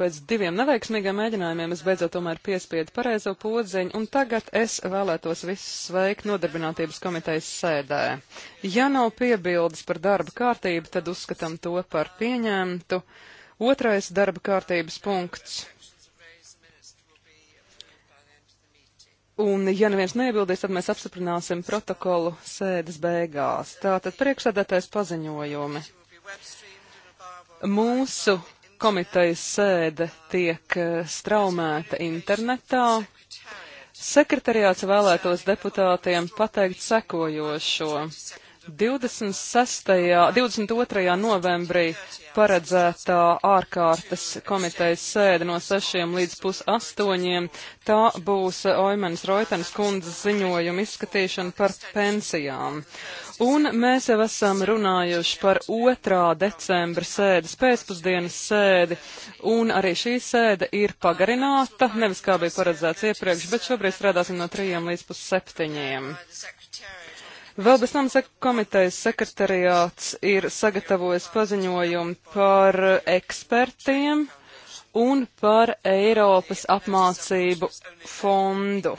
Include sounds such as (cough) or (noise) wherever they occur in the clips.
Pēc diviem neveiksmīgiem mēģinājumiem es beidzot tomēr piespiedu pareizo podziņu, un tagad es vēlētos visus sveikt nodarbinātības komitejas sēdē. Ja nav piebildes par darba kārtību, tad uzskatām to par pieņemtu. Otrais darba kārtības punkts. Un, ja neviens neiebildīs, tad mēs apstiprināsim protokolu sēdes beigās. Tātad priekšsēdētais paziņojumi. Mūsu komitejas sēde tiek eh, straumēta internetā. Sekretariāts vēlētos deputātiem pateikt sekojošo. 26. 22. novembrī paredzētā ārkārtas komitejas sēde no 6 līdz pusastoņiem. Tā būs Oimenes Roitenes kundzes ziņojuma izskatīšana par pensijām. Un mēs jau esam runājuši par 2. decembra sēdes pēcpusdienas sēdi, un arī šī sēde ir pagarināta, nevis kā bija paredzēts iepriekš, bet šobrīd strādāsim no 3 līdz pusseptiņiem. Vēl bez tam sek komitejas sekretariāts ir sagatavojis paziņojumu par ekspertiem un par Eiropas apmācību fondu.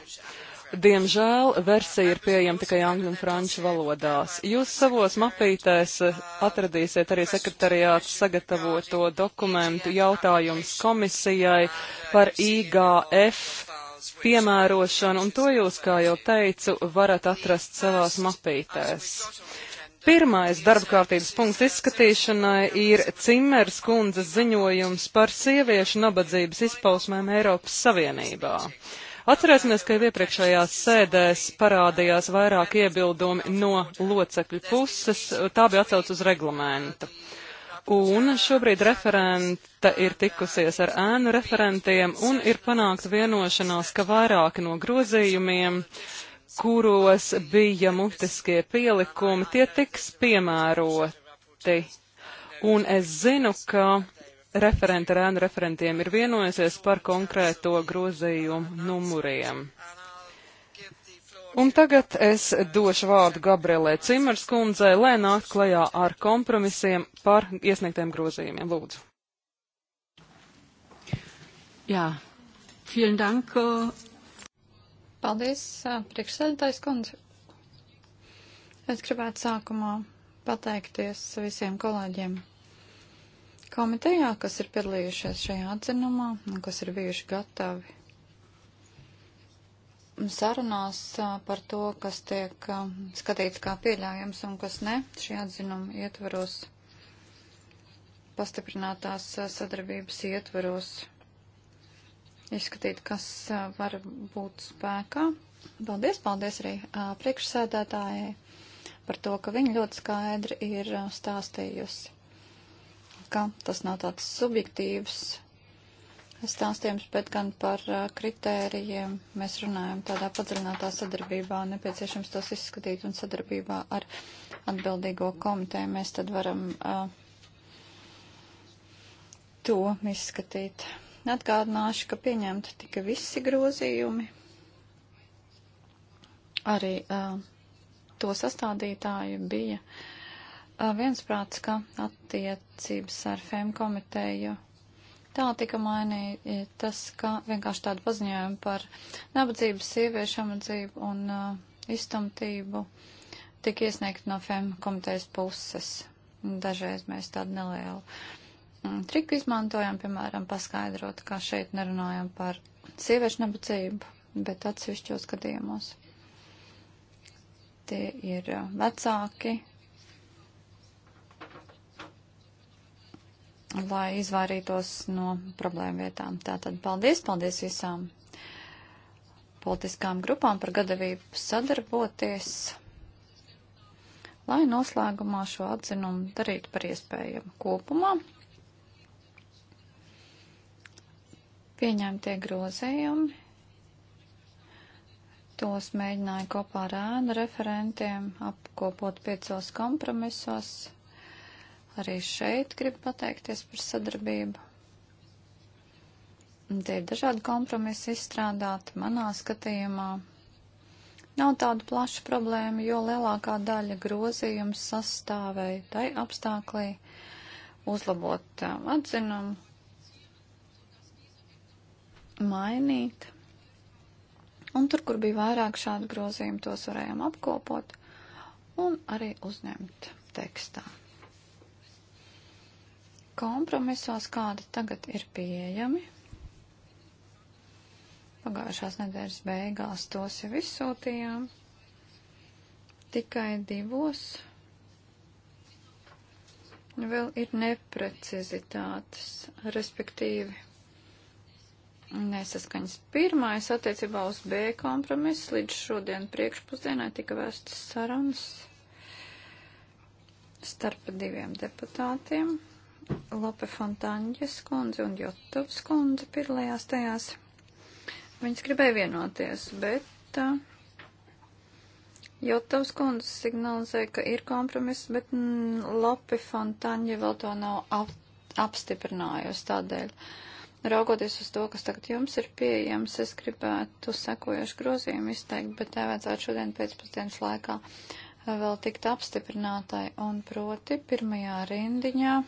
Diemžēl versija ir pieejama tikai angļu un franču valodās. Jūs savos mapītēs eh, atradīsiet arī sekretariāts sagatavoto dokumentu jautājums komisijai par IGF piemērošanu, un to jūs, kā jau teicu, varat atrast savās mapītēs. Pirmais darba kārtības punkts izskatīšanai ir Cimers kundzes ziņojums par sieviešu nabadzības izpausmēm Eiropas Savienībā. Atcerēsimies, ka jau iepriekšējās sēdēs parādījās vairāk iebildumi no locekļu puses, tā bija atsauc uz reglamentu. Uh, Un šobrīd referenta ir tikusies ar ēnu referentiem un ir panākta vienošanās, ka vairāki no grozījumiem, kuros bija mutiskie pielikumi, tie tiks piemēroti. Un es zinu, ka referenta ar ēnu referentiem ir vienojusies par konkrēto grozījumu numuriem. Un tagad es došu vārdu Gabrielē Cimers kundzei, lai nāk klajā ar kompromisiem par iesniegtiem grozījumiem. Lūdzu. Jā, vielen dank. Uh, Paldies, uh, priekšsēdētājs kundze. Es gribētu sākumā pateikties visiem kolēģiem komitejā, kas ir piedalījušies šajā atzinumā un kas ir bijuši gatavi sarunās par to, kas tiek skatīts kā pieļaujams un kas ne, šī atzinuma ietvaros, pastiprinātās sadarbības ietvaros, izskatīt, kas var būt spēkā. Paldies, paldies arī priekšsēdētājai par to, ka viņa ļoti skaidri ir stāstījusi, ka tas nav tāds subjektīvs stāstījums, bet gan par kritērijiem. Mēs runājam tādā padziļinātā sadarbībā, nepieciešams tos izskatīt un sadarbībā ar atbildīgo komiteju. Mēs tad varam uh, to izskatīt. Atgādināšu, ka pieņemta tika visi grozījumi, arī uh, to sastādītāji bija uh, viensprāts, ka attiecības ar FEM komiteju Tā tika mainīja eh, tas, ka vienkārši tādu paziņojumu par nabadzību, sieviešu amadzību un uh, iztumtību tika iesniegt no FEM komitejas puses. Dažreiz mēs tādu nelielu um, triku izmantojam, piemēram, paskaidrot, kā šeit nerunājam par sieviešu nabadzību, bet atsevišķos gadījumos tie ir eh, vecāki, lai izvairītos no problēmu vietām. Tātad paldies, paldies visām politiskām grupām par gadavību sadarboties, lai noslēgumā šo atzinumu darītu par iespējamu kopumā. Pieņemtie grozējumi, tos mēģināja kopā ar ēnu referentiem apkopot piecos kompromisos Arī šeit gribu pateikties par sadarbību. Tie ir dažādi kompromisi izstrādāti manā skatījumā. Nav tāda plaša problēma, jo lielākā daļa grozījums sastāvēja tai apstāklī uzlabot eh, atzinumu, mainīt. Un tur, kur bija vairāk šādu grozījumu, tos varējām apkopot un arī uzņemt tekstā kompromisos, kādi tagad ir pieejami. Pagājušās nedēļas beigās tos jau izsūtījām. Tikai divos vēl ir neprecizitātes, respektīvi nesaskaņas. Pirmais attiecībā uz B kompromisu līdz šodien priekšpusdienai tika vēstas sarunas starp diviem deputātiem. Lope Fontaņģes kundze un Jotovs kundze piedalījās tajās. Viņas gribēja vienoties, bet uh, Jotovs kundze signalizēja, ka ir kompromiss, bet mm, Lope Fontaņģe vēl to nav ap, apstiprinājusi tādēļ. Raugoties uz to, kas tagad jums ir pieejams, es gribētu sekojuši grozījumu izteikt, bet tā vajadzētu šodien pēcpusdienas laikā vēl tikt apstiprinātai un proti pirmajā rindiņā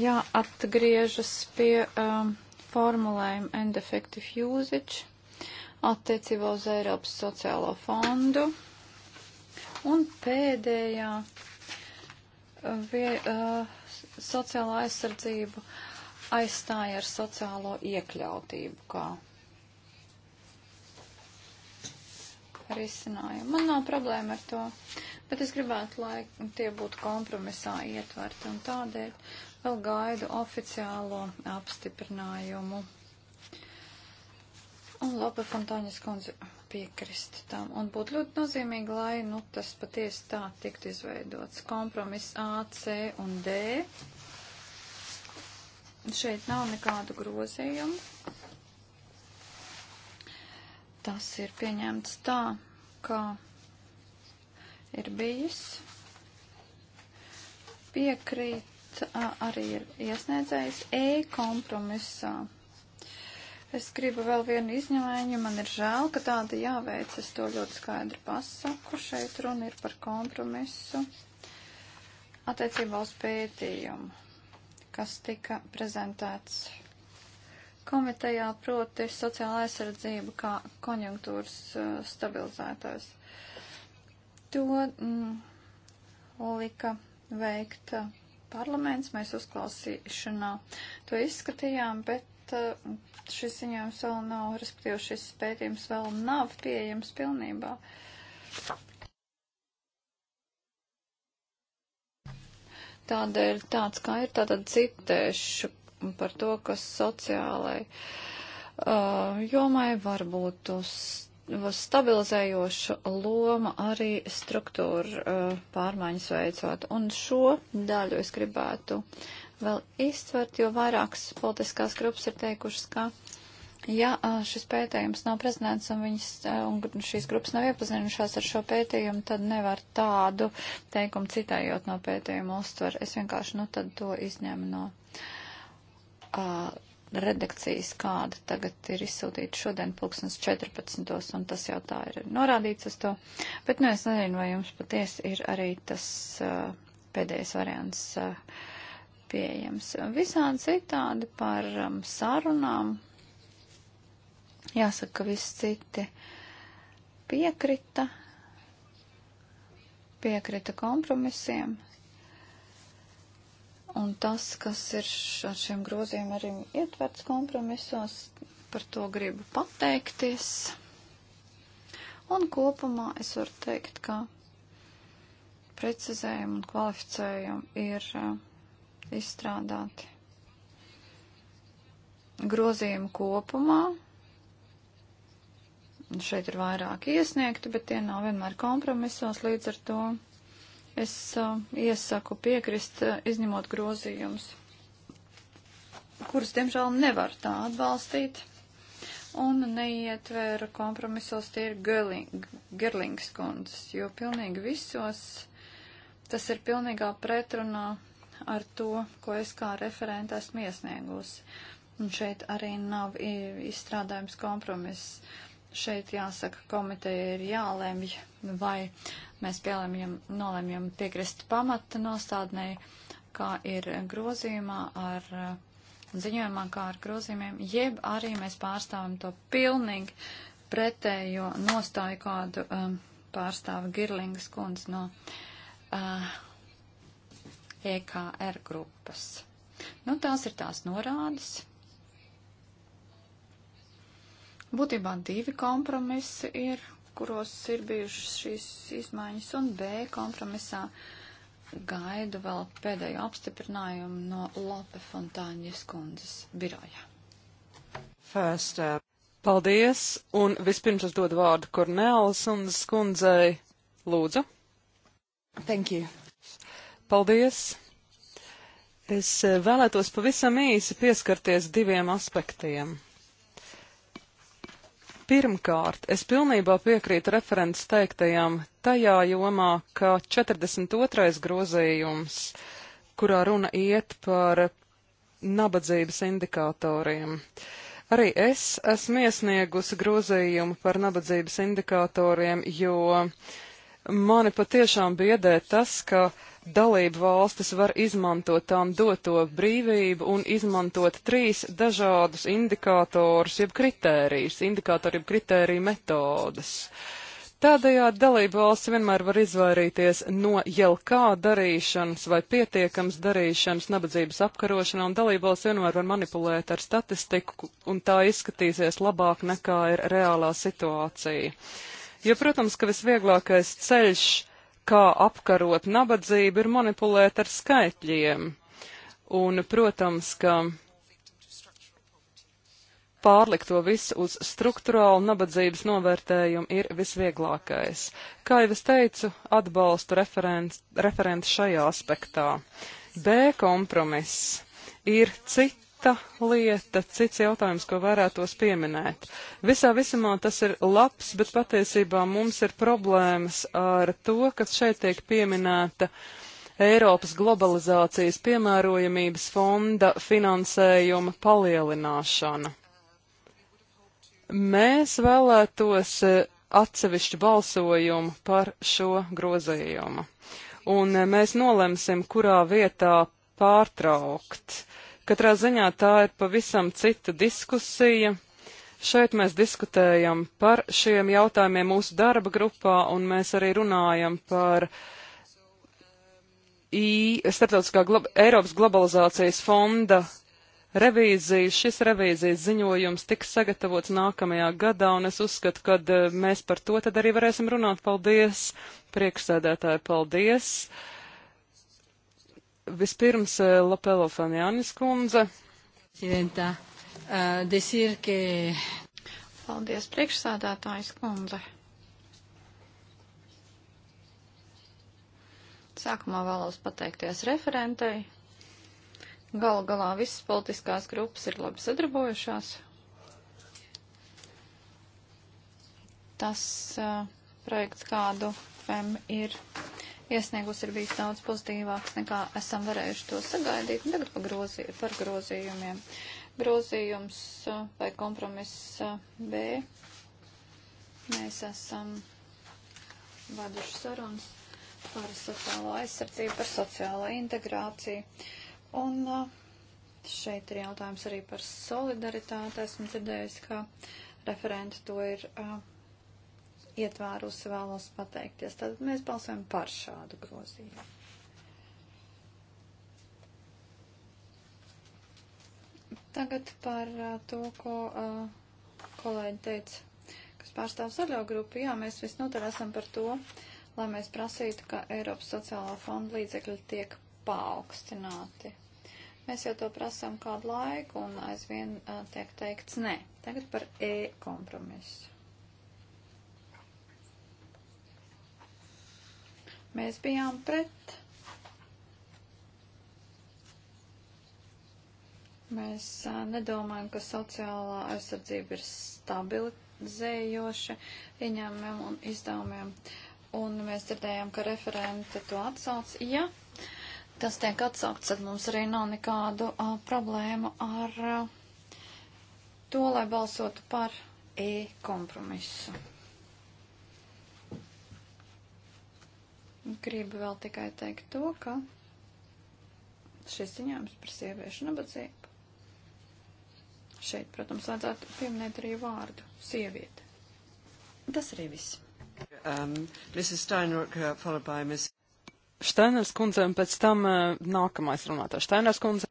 jāatgriežas pie um, formulējuma and effective usage attiecībā uz Eiropas sociālo fondu. Un pēdējā uh, vie, uh, sociālo aizsardzību aizstāja ar sociālo iekļautību kā risinājumu. Man nav problēma ar to, bet es gribētu, lai tie būtu kompromisā ietverti un tādēļ Vēl gaidu oficiālo apstiprinājumu. Un Lope Fontāņas kundze piekrist tam. Un būtu ļoti nozīmīgi, lai nu, tas patiesi tā tiktu izveidots. Kompromiss A, C un D. Šeit nav nekādu grozījumu. Tas ir pieņemts tā, kā ir bijis. Piekrīt arī ir iesniedzējis E kompromisā. Es gribu vēl vienu izņēmumu. Man ir žēl, ka tāda jāveic. Es to ļoti skaidri pasaku. Šeit runa ir par kompromisu attiecībā uz pētījumu, kas tika prezentēts komitejā, proti sociāla aizsardzība kā konjunktūras stabilizētājs. To mm, lika veikt parlaments. Mēs uzklausīšanā to izskatījām, bet uh, šis ziņojums vēl nav, respektīvi šis pētījums vēl nav pieejams pilnībā. Tādēļ tāds kā ir, tātad citēšu par to, kas sociālai uh, jomai var būt uz stabilizējoša loma arī struktūra uh, pārmaiņas veicot. Un šo daļu es gribētu vēl iztvert, jo vairākas politiskās grupas ir teikušas, ka, ja uh, šis pētījums nav prezentēts un, viņas, uh, un šīs grupas nav iepazinušās ar šo pētījumu, tad nevar tādu teikumu citējot no pētījuma uztver. Es vienkārši nu tad to izņemu no. Uh, redakcijas, kāda tagad ir izsūtīta šodien pulkstens 14. un tas jau tā ir norādīts uz to. Bet, nu, es nezinu, vai jums patiesi ir arī tas uh, pēdējais variants uh, pieejams. Visādi citādi par um, sarunām. Jāsaka, ka viss citi piekrita, piekrita kompromisiem, Un tas, kas ir ar šiem groziem arī ietverts kompromisos, par to gribu pateikties. Un kopumā es varu teikt, ka precizējumi un kvalificējumi ir uh, izstrādāti. Grozījumi kopumā Un šeit ir vairāk iesniegti, bet tie nav vienmēr kompromisos, līdz ar to Es uh, iesaku piekrist, uh, izņemot grozījumus, kurus, diemžēl, nevar tā atbalstīt. Un neietvēra kompromisos tie ir Gerling, Gerlings kundzes, jo pilnīgi visos tas ir pilnīgā pretrunā ar to, ko es kā referenta esmu iesniegusi. Un šeit arī nav izstrādājums kompromiss. Šeit jāsaka, komiteja ir jālemj, vai Mēs pielemjam, nolemjam piekrist pamata nostādnei, kā ir grozījumā ar ziņojumā, kā ar grozījumiem, jeb arī mēs pārstāvam to pilnīgi pretējo nostāju, kādu um, pārstāva Girlingas kundze no uh, EKR grupas. Nu, tās ir tās norādes. Būtībā divi kompromisi ir, kuros ir bijušas šīs izmaiņas, un B kompromisā gaidu vēl pēdējo apstiprinājumu no Lope Fontāņas kundzes birojā. First, uh, paldies, un vispirms es dodu vārdu Kornēlas un skundzei Lūdzu. Thank you. Paldies. Es eh, vēlētos pavisam īsi pieskarties diviem aspektiem. Pirmkārt, es pilnībā piekrītu referents teiktajam tajā jomā, ka 42. grozījums, kurā runa iet par nabadzības indikatoriem. Arī es esmu iesniegusi grozījumu par nabadzības indikatoriem, jo uh, Mani patiešām biedē tas, ka dalību valstis var izmantot tām doto brīvību un izmantot trīs dažādus indikātorus, jeb kritērijus, indikātori jeb kritēriju metodas. Tādējādi dalību valsts vienmēr var izvairīties no jau kā darīšanas vai pietiekams darīšanas nabadzības apkarošanā, un dalību valsts vienmēr var manipulēt ar statistiku, un tā izskatīsies labāk nekā ir reālā situācija. Jo, protams, ka visvieglākais ceļš, kā apkarot nabadzību, ir manipulēt ar skaitļiem. Un, protams, ka pārlikt to visu uz struktūrālu nabadzības novērtējumu ir visvieglākais. Kā jau es teicu, atbalstu referents, referents šajā aspektā. B kompromiss ir cits cita lieta, cits jautājums, ko varētos pieminēt. Visā visumā tas ir labs, bet patiesībā mums ir problēmas ar to, kas šeit tiek pieminēta Eiropas globalizācijas piemērojamības fonda finansējuma palielināšana. Mēs vēlētos e, atsevišķu balsojumu par šo grozījumu. Un e, mēs nolemsim, kurā vietā pārtraukt. Uh, Katrā ziņā tā ir pavisam cita diskusija. Šeit mēs diskutējam par šiem jautājumiem mūsu darba grupā, un mēs arī runājam par I, Startautiskā glo Eiropas globalizācijas fonda revīziju. Šis revīzijas ziņojums tiks sagatavots nākamajā gadā, un es uzskatu, ka eh, mēs par to tad arī varēsim runāt. Paldies, priekšsēdētāji, paldies! Vispirms eh, Lapelo Fanjānis kundze. Presidentā, uh, eh, desir, ka. Paldies, priekšsādātājs kundze. Sākumā vēlos pateikties referentei. Galu galā visas politiskās grupas ir labi sadarbojušās. Tas uh, projekts, kādu FEM ir iesniegums ir bijis daudz pozitīvāks, nekā esam varējuši to sagaidīt. Tagad par, grozī, par grozījumiem. Grozījums uh, vai kompromiss uh, B. Mēs esam vaduši sarunas par sociālo aizsardzību, par sociālo integrāciju. Un uh, šeit ir jautājums arī par solidaritāti. Esmu dzirdējusi, ka referenti to ir. Uh, ietvārusi, vēlos pateikties. Tad mēs balsojam par šādu grozījumu. Tagad par to, ko kolēģi teica, kas pārstāv zaļo grupu. Jā, mēs visnotaļ esam par to, lai mēs prasītu, ka Eiropas sociālā fonda līdzekļi tiek paaugstināti. Mēs jau to prasām kādu laiku un aizvien tiek teikts nē. Tagad par e-kompromisu. Mēs bijām pret. Mēs a, nedomājam, ka sociālā aizsardzība ir stabilizējoša ieņēmumiem un izdevumiem. Un mēs dzirdējām, ka referente to atsauc. Ja tas tiek atsaukt, tad mums arī nav nekādu a, problēmu ar a, to, lai balsotu par e-kompromisu. Gribu vēl tikai teikt to, ka šis ziņojums par sieviešu nabadzību. Šeit, protams, vajadzētu pieminēt arī vārdu sieviete. Tas arī viss. Um, Mrs. Steinrock, uh, followed by Ms. Steiners kundze, un pēc tam uh, nākamais runātājs. Steiners kundze.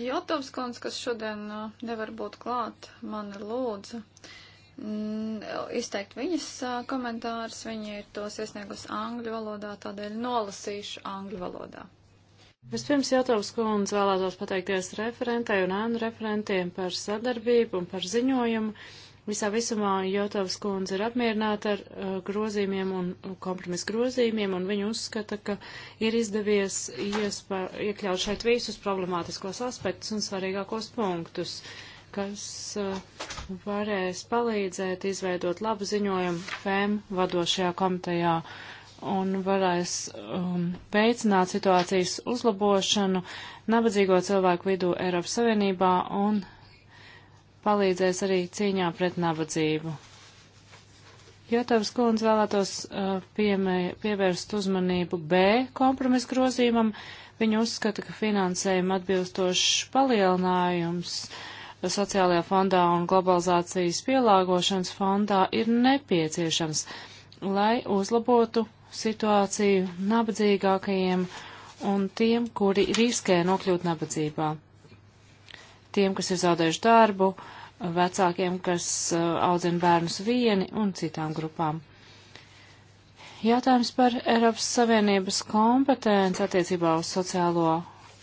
Jotovs kundze, kas šodien uh, nevar būt klāt, mani lūdzu. Uh, Mm, izteikt viņas komentārus. Viņa ir tos iesniegusi angļu valodā, tādēļ nolasīšu angļu valodā. Vispirms jautājums, kundze, vēlētos pateikties referentai un ēnu referentiem par sadarbību un par ziņojumu. Visā visumā jautājums, kundze, ir apmierināta ar uh, grozījumiem un kompromisu grozījumiem, un viņa uzskata, ka ir izdevies iespār, iekļaut šeit visus problemātiskos aspektus un svarīgākos punktus. Uh, kas eh, varēs palīdzēt izveidot labu ziņojumu FEM vadošajā komitejā un varēs um, veicināt situācijas uzlabošanu nabadzīgo cilvēku vidū Eiropas Savienībā un palīdzēs arī cīņā pret nabadzību. Jotovs kundze vēlētos uh, piemē, pievērst uzmanību B kompromisu grozījumam. Viņa uzskata, ka finansējuma atbilstošs palielinājums uh, sociālajā fondā un globalizācijas pielāgošanas fondā ir nepieciešams, lai uzlabotu situāciju nabadzīgākajiem un tiem, kuri riskē nokļūt nabadzībā. Tiem, kas ir zaudējuši darbu, vecākiem, kas uh, audzina bērnus vieni un citām grupām. Jautājums par Eiropas Savienības kompetenci attiecībā uz sociālo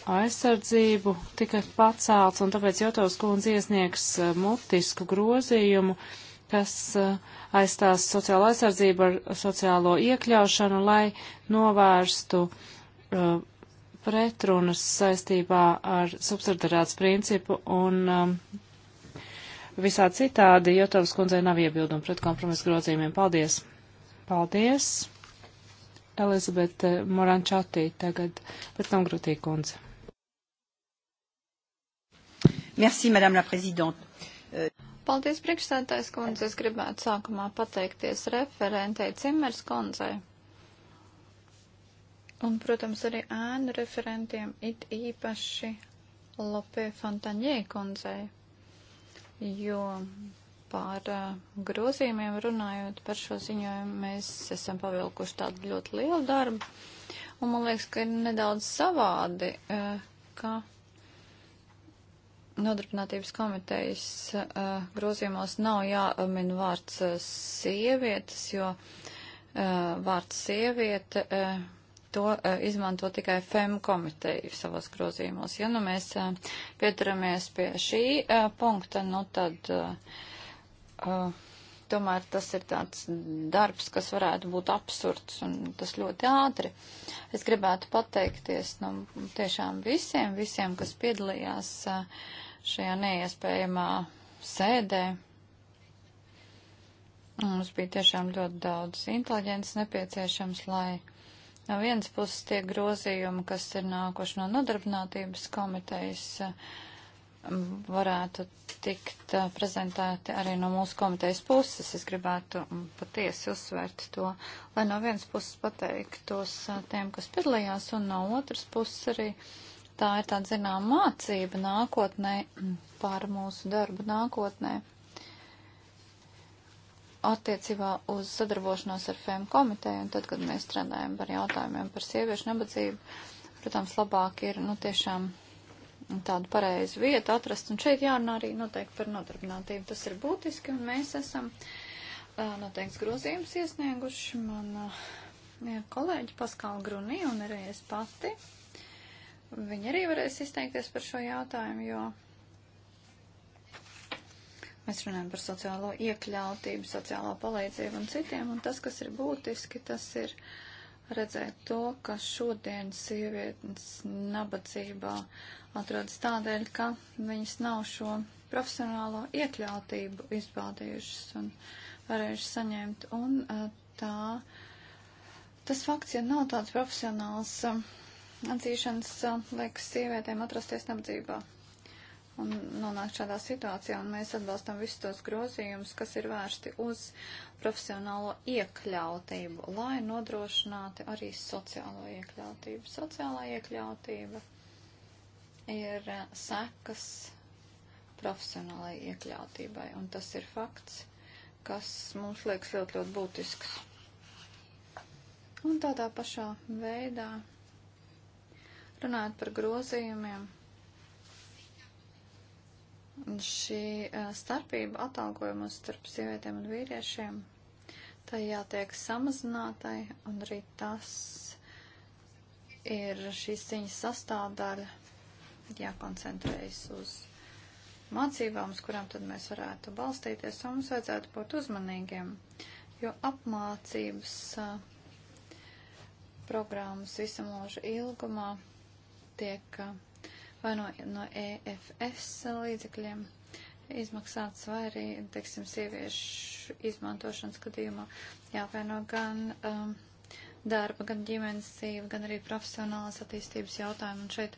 aizsardzību tika pacelts, un tāpēc Jotovs kundze iesniegs eh, mutisku grozījumu, kas eh, aizstās sociālo aizsardzību ar sociālo iekļaušanu, lai novērstu uh, pretrunas saistībā ar subsidarāts principu un um, visā citādi Jotovs kundzei nav iebildumu pret kompromisu grozījumiem. Paldies! Paldies! Elizabete Morančatī tagad, pēc tam Grutī kundze. Merci, Madame la Présidente. Paldies, priekšsētājs kundze. Es gribētu sākumā pateikties referentei Cimers kundzei. Un, protams, arī ēnu referentiem it īpaši Lopē Fontaņē kundzei, jo pār uh, grozījumiem runājot par šo ziņojumu, mēs esam pavilkuši tādu ļoti lielu darbu. Un man liekas, ka ir nedaudz savādi, uh, ka Nodarbinātības komitejas uh, grozījumos nav jāmin vārds uh, sievietes, jo uh, vārds sieviete uh, to uh, izmanto tikai FEM komiteju savos grozījumos. Ja nu mēs uh, pieturamies pie šī uh, punkta, nu tad. Uh, uh, tomēr tas ir tāds darbs, kas varētu būt absurds un tas ļoti ātri. Es gribētu pateikties nu, tiešām visiem, visiem, kas piedalījās. Uh, šajā neiespējamā sēdē. Mums bija tiešām ļoti daudz inteliģents nepieciešams, lai no vienas puses tie grozījumi, kas ir nākuši no nodarbinātības komitejas, varētu tikt uh, prezentēti arī no mūsu komitejas puses. Es gribētu mm, patiesi uzsvērt to, lai no vienas puses pateiktos uh, tiem, kas piedalījās, un no otras puses arī uh, tā ir tāda zinām mācība nākotnē par mūsu darbu nākotnē attiecībā uz sadarbošanos ar FEM komiteju, un tad, kad mēs strādājam par jautājumiem par sieviešu nabadzību, protams, labāk ir, nu, tiešām tādu pareizu vietu atrast, un šeit jārunā arī noteikti par nodarbinātību. Tas ir būtiski, un mēs esam uh, noteikts grozījums iesnieguši. Man uh, kolēģi Paskāla Grunī un arī es pati. Uh, Viņi arī varēs izteikties par šo jautājumu, jo mēs runājam par sociālo iekļautību, sociālo palīdzību un citiem, un tas, kas ir būtiski, tas ir redzēt to, ka šodien sievietes nabadzībā atrodas tādēļ, ka viņas nav šo profesionālo iekļautību izbaudījušas un varējušas saņemt. Un eh, tā, tas fakts, ja nav tāds profesionāls. Uh, atzīšanas liekas sievietēm atrasties nabadzībā un nonākt šādā situācijā, un mēs atbalstam visus tos grozījumus, kas ir vērsti uz profesionālo iekļautību, lai nodrošinātu arī sociālo iekļautību. Sociālā iekļautība ir sekas profesionālai iekļautībai, un tas ir fakts, kas mums liekas ļoti, ļoti būtisks. Un tādā pašā veidā Runājot par grozījumiem, šī starpība atalgojumos starp sievietēm un vīriešiem, tai jātiek samazinātai, un arī tas ir šīs ciņas sastāvdaļa, jākoncentrējas uz mācībām, uz kurām tad mēs varētu balstīties, un mums vajadzētu būt uzmanīgiem, jo apmācības programmas visamūža ilgumā tiek vai no, no EFS līdzekļiem izmaksāts, vai arī, teiksim, sieviešu izmantošanas gadījumā jāapvieno gan um, darba, gan ģimenes dzīve, gan arī profesionālās attīstības jautājumi. Un šeit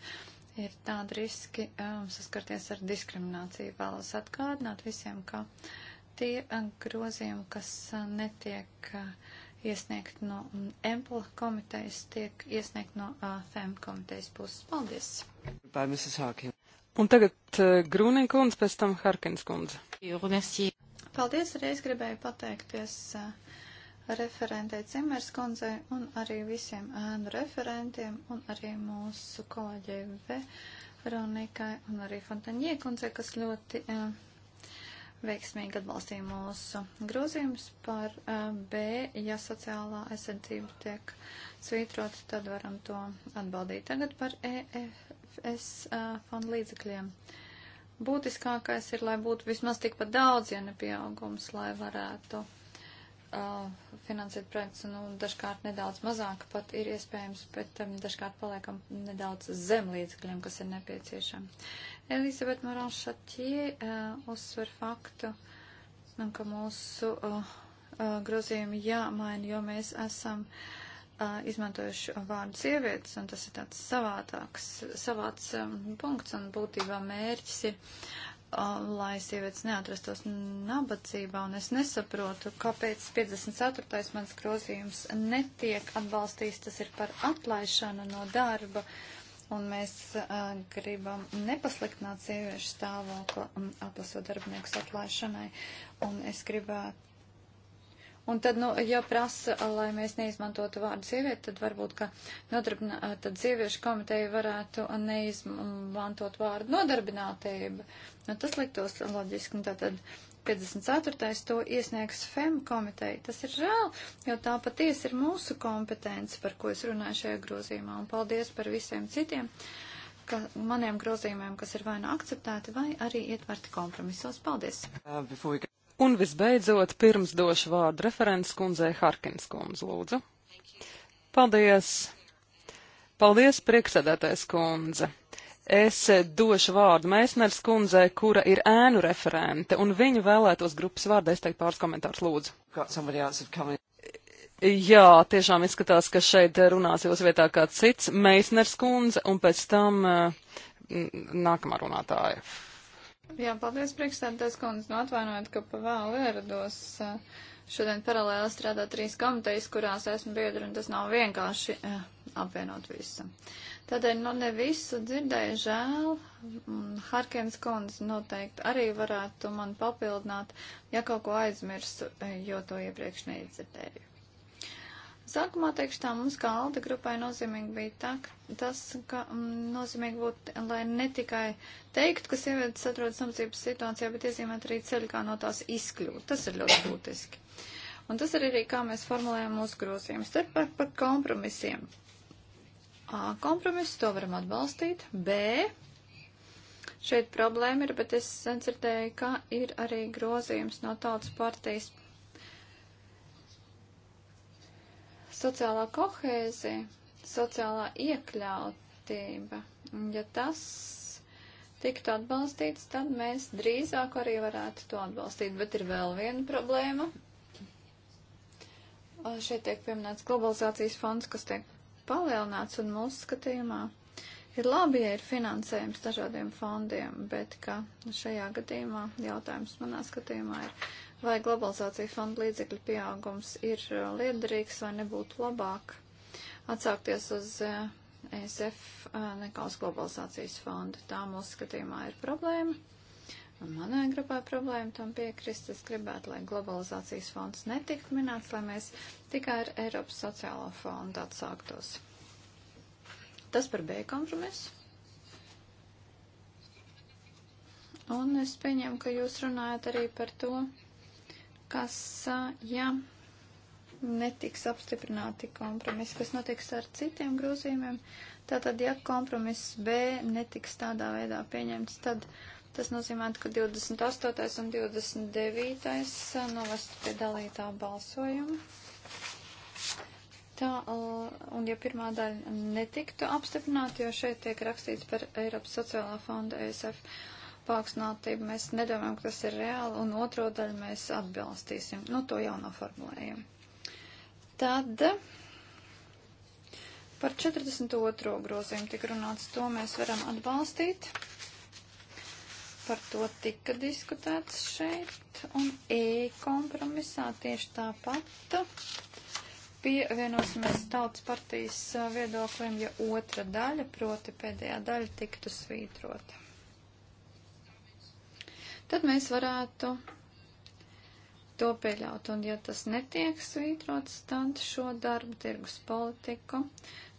ir tādi riski um, saskarties ar diskrimināciju. Vēlos atgādināt visiem, ka tie um, grozījumi, kas uh, netiek uh, iesniegt no EMPLA komitejas, tiek iesniegt no AFM komitejas puses. Paldies! Bye, Mrs. Harkin. Un tagad uh, Grūniņa kundze, pēc tam Harkins kundze. Paldies, arī es gribēju pateikties uh, referentei Cimers kundzei un arī visiem ēnu referentiem un arī mūsu kolēģei Veronikai un arī Fontaņie kundzei, kas ļoti uh, veiksmīgi atbalstīja mūsu grozījumus par B. Ja sociālā aizsardzība tiek svītrot, tad varam to atbaldīt. Tagad par EFS fondu līdzekļiem. Būtiskākais ir, lai būtu vismaz tikpat daudz, ja ne pieaugums, lai varētu uh, finansēt projekts, nu, dažkārt nedaudz mazāk pat ir iespējams, bet um, dažkārt paliekam nedaudz zem līdzekļiem, kas ir nepieciešami. Elizabete Morāns Šatjie uh, uzsver faktu, un, nu, ka mūsu uh, uh, grozījumi jāmaina, jo mēs esam uh, izmantojuši vārdu sievietes, un tas ir tāds savātāks, savāds um, punkts, un būtībā mērķis ir lai sievietes neatrastos nabadzībā, un es nesaprotu, kāpēc 54. mans grozījums netiek atbalstīts, tas ir par atlaišanu no darba, un mēs uh, gribam nepasliktināt sieviešu stāvokli, atlasot darbiniekus atlaišanai, un es gribētu Un tad, nu, ja prasa, lai mēs neizmantotu vārdu sieviete, tad varbūt, ka nodarbinā, tad sieviešu komiteja varētu neizmantot vārdu nodarbinātība. Nu, tas liktos loģiski, un tātad 54. to iesniegs FEM komiteja. Tas ir žēl, jo tā patiesi ir mūsu kompetence, par ko es runāju šajā grozījumā, un paldies par visiem citiem ka maniem grozījumiem, kas ir vai nu akceptēti, vai arī ietverti kompromisos. Paldies! Uh, Un visbeidzot, pirms došu vārdu referents kundzei Harkins kundz, lūdzu. Paldies! Paldies, prieksēdētais kundze! Es došu vārdu Mēsners kundzei, kura ir ēnu referente, un viņu vēlētos grupas vārdā izteikt pāris komentārus, lūdzu. Jā, tiešām izskatās, ka šeit runās jūs vietā kāds cits, Meisners kundze, un pēc tam uh, nākamā runātāja. Jā, paldies, priekšstādātais kundze. Nu, atvainojiet, ka pavēlu ierados. Šodien paralēli strādā trīs komitejas, kurās esmu biedri, un tas nav vienkārši eh, apvienot visu. Tādēļ, nu, ne visu dzirdēju žēl. Harkins kundze noteikti arī varētu man papildināt, ja kaut ko aizmirsu, jo to iepriekš neizdzirdēju. Sākumā teikšu tā, mums kā Alda grupai nozīmīgi bija tā, ka tas, ka mm, nozīmīgi būtu, lai ne tikai teikt, ka sievietes atrodas nabadzības situācijā, bet iezīmēt arī ceļu, kā no tās izkļūt. Tas ir ļoti būtiski. Un tas ir arī, kā mēs formulējam mūsu grozījumus. Tad par, par kompromisiem. A, kompromisu to varam atbalstīt. B. Šeit problēma ir, bet es dzirdēju, ka ir arī grozījums no tautas partijas Sociālā kohēzija, sociālā iekļautība, ja tas tiktu atbalstīts, tad mēs drīzāk arī varētu to atbalstīt. Bet ir vēl viena problēma. Šeit tiek pieminēts globalizācijas fonds, kas tiek palielināts un mūsu skatījumā. Ir labi, ja ir finansējums dažādiem fondiem, bet ka šajā gadījumā jautājums manā skatījumā ir, vai globalizācija fonda līdzekļu pieaugums ir uh, liederīgs vai nebūtu labāk atsaukties uz uh, ESF uh, nekā uz globalizācijas fondu. Tā mūsu skatījumā ir problēma. Un manai grupai problēma tam piekrist. Es gribētu, lai globalizācijas fonds netiktu minēts, lai mēs tikai ar Eiropas sociālo fondu atsāktos. Tas par B kompromisu. Un es pieņemu, ka jūs runājat arī par to, kas, ja netiks apstiprināti kompromisi, kas notiks ar citiem grozījumiem, tātad, ja kompromiss B netiks tādā veidā pieņemts, tad tas nozīmē, ka 28. un 29. novestu pie dalītā balsojuma. Tā, un ja pirmā daļa netiktu apstiprināta, jo šeit tiek rakstīts par Eiropas sociālā fonda ESF, pāksnātību, mēs nedomājam, ka tas ir reāli, un otro daļu mēs atbalstīsim. Nu, to jau noformulējam. Tad par 42. grozījumu tik runāts, to mēs varam atbalstīt. Par to tika diskutēts šeit, un e-kompromisā tieši tāpat pievienosimies tautas partijas viedoklim, ja otra daļa, proti pēdējā daļa, tiktu svītrota tad mēs varētu to pieļaut. Un ja tas netiek svītrots, tad šo darbu tirgus politiku,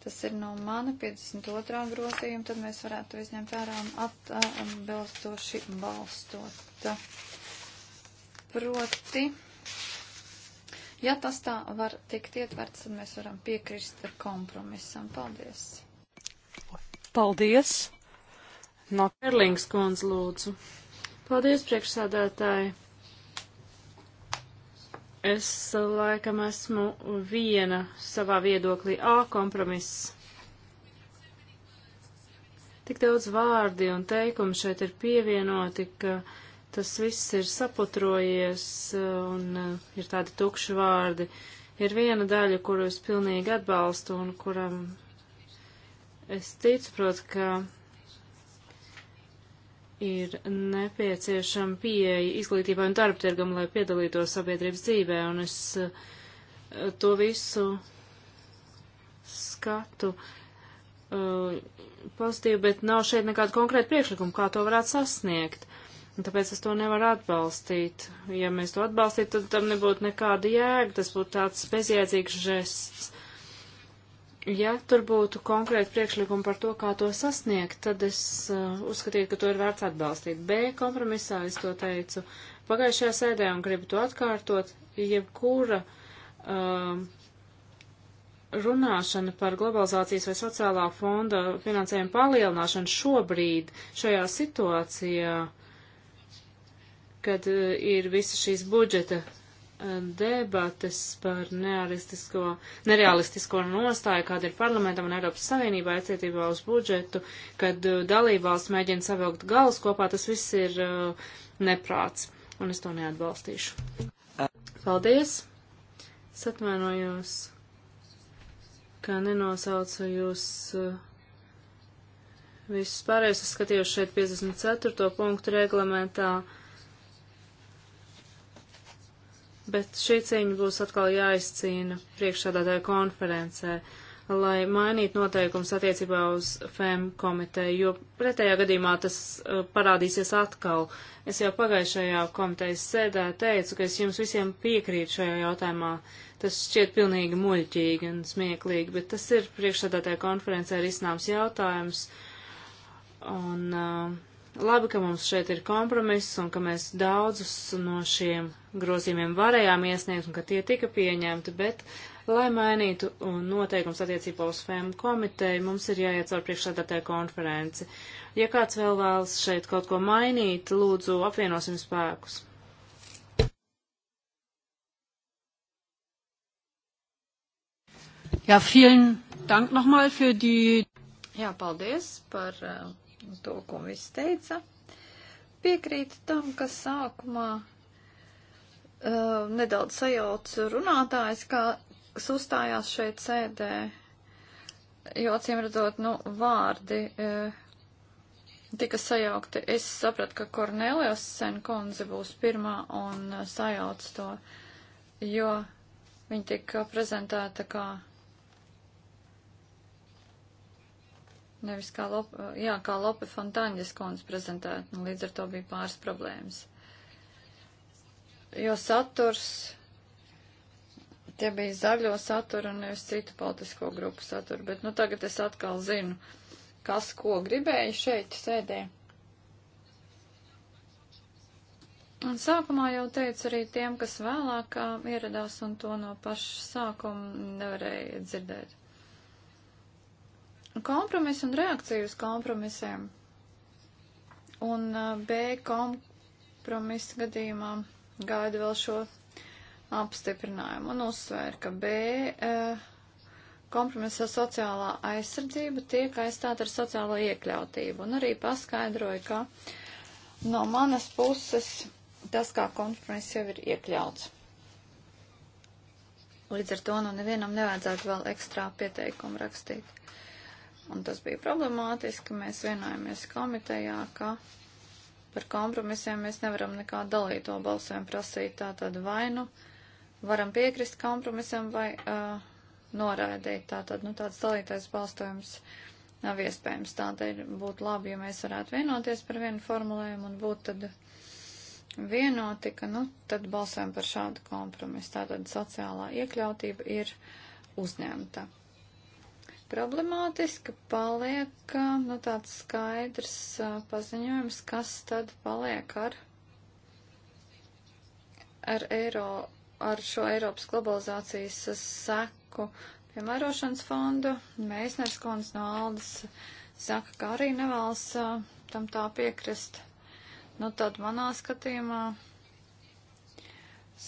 tas ir no mana 52. grozījuma, tad mēs varētu izņemt vērā un atbilstoši balstot. Proti, ja tas tā var tikt ietverts, tad mēs varam piekrist kompromisam. Paldies! Paldies! No Erlings kundze lūdzu. Paldies, priekšsādātāji. Es laikam esmu viena savā viedoklī A kompromiss. Tik daudz vārdi un teikumu šeit ir pievienoti, ka tas viss ir saputrojies un uh, ir tādi tukši vārdi. Ir viena daļa, kuru es pilnīgi atbalstu un kuram es ticu, prot, ka ir nepieciešama pieeja izglītībai un darbtirgam, lai piedalītos sabiedrības dzīvē, un es eh, to visu skatu uh, pozitīvi, bet nav šeit nekāda konkrēta priekšlikuma, kā to varētu sasniegt. Un tāpēc es to nevaru atbalstīt. Ja mēs to atbalstītu, tad tam nebūtu nekāda jēga, tas būtu tāds bezjēdzīgs žests ja tur būtu konkrēti priekšlikumi par to, kā to sasniegt, tad es uh, uzskatītu, ka to ir vērts atbalstīt. B kompromisā es to teicu pagājušajā sēdē un gribu to atkārtot, jebkura uh, runāšana par globalizācijas vai sociālā fonda finansējumu palielināšanu šobrīd, šajā situācijā, kad uh, ir visa šīs budžeta debates par nerealistisko, nerealistisko nostāju, kāda ir parlamentam un Eiropas Savienībā attiecībā uz budžetu, kad uh, dalībvalsts mēģina savilkt galus kopā, tas viss ir uh, neprāts, un es to neatbalstīšu. Paldies! Es atvainojos, ka nenosaucu jūs. Uh, Visus pārējos es skatījos šeit 54. punktu reglamentā. Uh, bet šī cīņa būs atkal jāizcīna priekšsādātāju konferencē, lai mainītu noteikums attiecībā uz FEM komiteju, jo pretējā gadījumā tas uh, parādīsies atkal. Es jau pagājušajā komitejas sēdē teicu, ka es jums visiem piekrītu šajā jautājumā. Tas šķiet pilnīgi muļķīgi un smieklīgi, bet tas ir priekšsādātāju konferencē risināms jautājums. Un, uh, Labi, ka mums šeit ir kompromiss un ka mēs daudzus no šiem grozījumiem varējām iesniegt un ka tie tika pieņemti, bet, lai mainītu noteikums attiecībā uz FEM komiteju, mums ir jāiet caur priekšsēdētāju konferenci. Ja kāds vēl vēlas šeit kaut ko mainīt, lūdzu apvienosim spēkus. Jā, vielen dank nochmal für die. Jā, paldies par uh, to, ko viss teica. Piekrītu tam, kas sākumā uh, nedaudz sajauc runātājs, kas uzstājās šeit sēdē, jo acīm redzot, nu, vārdi uh, tika sajaukti. Es sapratu, ka Kornelijas senkundze būs pirmā un uh, sajauc to, jo viņa tika prezentēta kā Nevis kā, Lop, jā, kā Lope Fontāņas kundze prezentēja, nu, līdz ar to bija pāris problēmas. Jo saturs, tie bija zaļo saturu un nevis citu politisko grupu saturu, bet nu tagad es atkal zinu, kas ko gribēja šeit sēdē. Un sākumā jau teicu arī tiem, kas vēlāk ieradās un to no paša sākuma nevarēja dzirdēt. Kompromiss un reakcija uz kompromisiem. Un uh, B kompromisa gadījumā gaida vēl šo apstiprinājumu un uzsvēra, ka B uh, kompromisa sociālā aizsardzība tiek aizstāta ar sociālo iekļautību un arī paskaidroja, ka no manas puses tas, kā kompromiss jau ir iekļauts. Līdz ar to nu nevienam nevajadzētu vēl ekstrā pieteikumu rakstīt. Un tas bija problemātiski, mēs vienojāmies komitejā, ka par kompromisiem mēs nevaram nekā dalīto balsojumu prasīt. Tātad vai nu varam piekrist kompromisam vai uh, noraidīt. Tātad nu, tāds dalītais balstojums nav iespējams. Tādēļ būtu labi, ja mēs varētu vienoties par vienu formulējumu un būtu tad vienoti, ka nu, tad balsojam par šādu kompromisu. Tātad sociālā iekļautība ir uzņemta problemātiski paliek nu, tāds skaidrs paziņojums, kas tad paliek ar, ar, Eiro, ar šo Eiropas globalizācijas seku piemērošanas fondu. Mēsners kundz no Aldas saka, ka arī nevēlas tam tā piekrist. Nu, tad manā skatījumā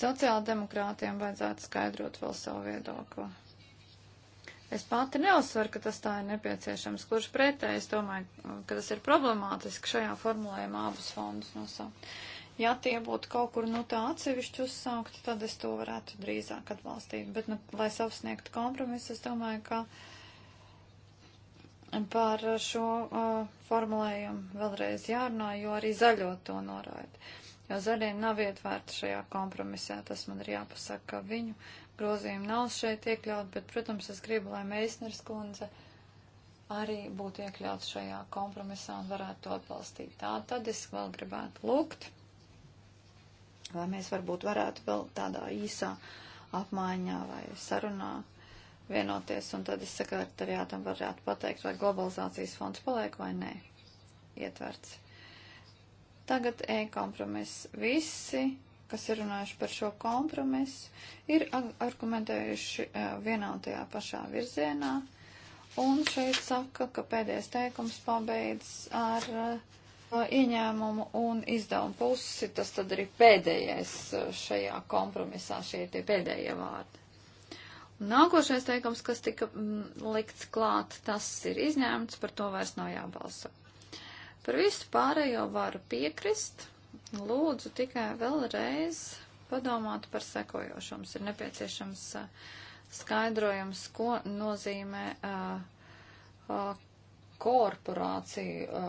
sociāldemokrātiem vajadzētu skaidrot vēl savu viedokli. Es pati neuzsveru, ka tas tā ir nepieciešams. Kurš pretēji, es domāju, ka tas ir problemātiski šajā formulējumā abus fondus nosaukt. Ja tie būtu kaut kur nu tā atsevišķi uzsaukti, tad es to varētu drīzāk atbalstīt. Bet, nu, lai savsniegtu kompromisu, es domāju, ka par šo uh, formulējumu vēlreiz jārunā, jo arī zaļo to norāda jo zaļie nav ietvērti šajā kompromisā. Tas man ir jāpasaka, ka viņu grozījumi nav šeit iekļaut, bet, protams, es gribu, lai Meisners kundze arī būtu iekļauts šajā kompromisā un varētu to atbalstīt. Tā tad es vēl gribētu lūgt, vai mēs varbūt varētu vēl tādā īsā apmaiņā vai sarunā vienoties, un tad es sekretariātam varētu pateikt, vai globalizācijas fonds paliek vai nē. Ietverts. Tagad e-kompromiss. Visi kas ir runājuši par šo kompromisu, ir argumentējuši vienā un tajā pašā virzienā. Un šeit saka, ka pēdējais teikums pabeidz ar ieņēmumu un izdevumu pusi. Tas tad arī pēdējais šajā kompromisā, šie ir tie pēdējie vārdi. Un nākošais teikums, kas tika likts klāt, tas ir izņēmts, par to vairs nav jābalso. Par visu pārējo varu piekrist lūdzu tikai vēlreiz padomāt par sekojošo. Mums ir nepieciešams uh, skaidrojums, ko nozīmē uh, uh, korporācija.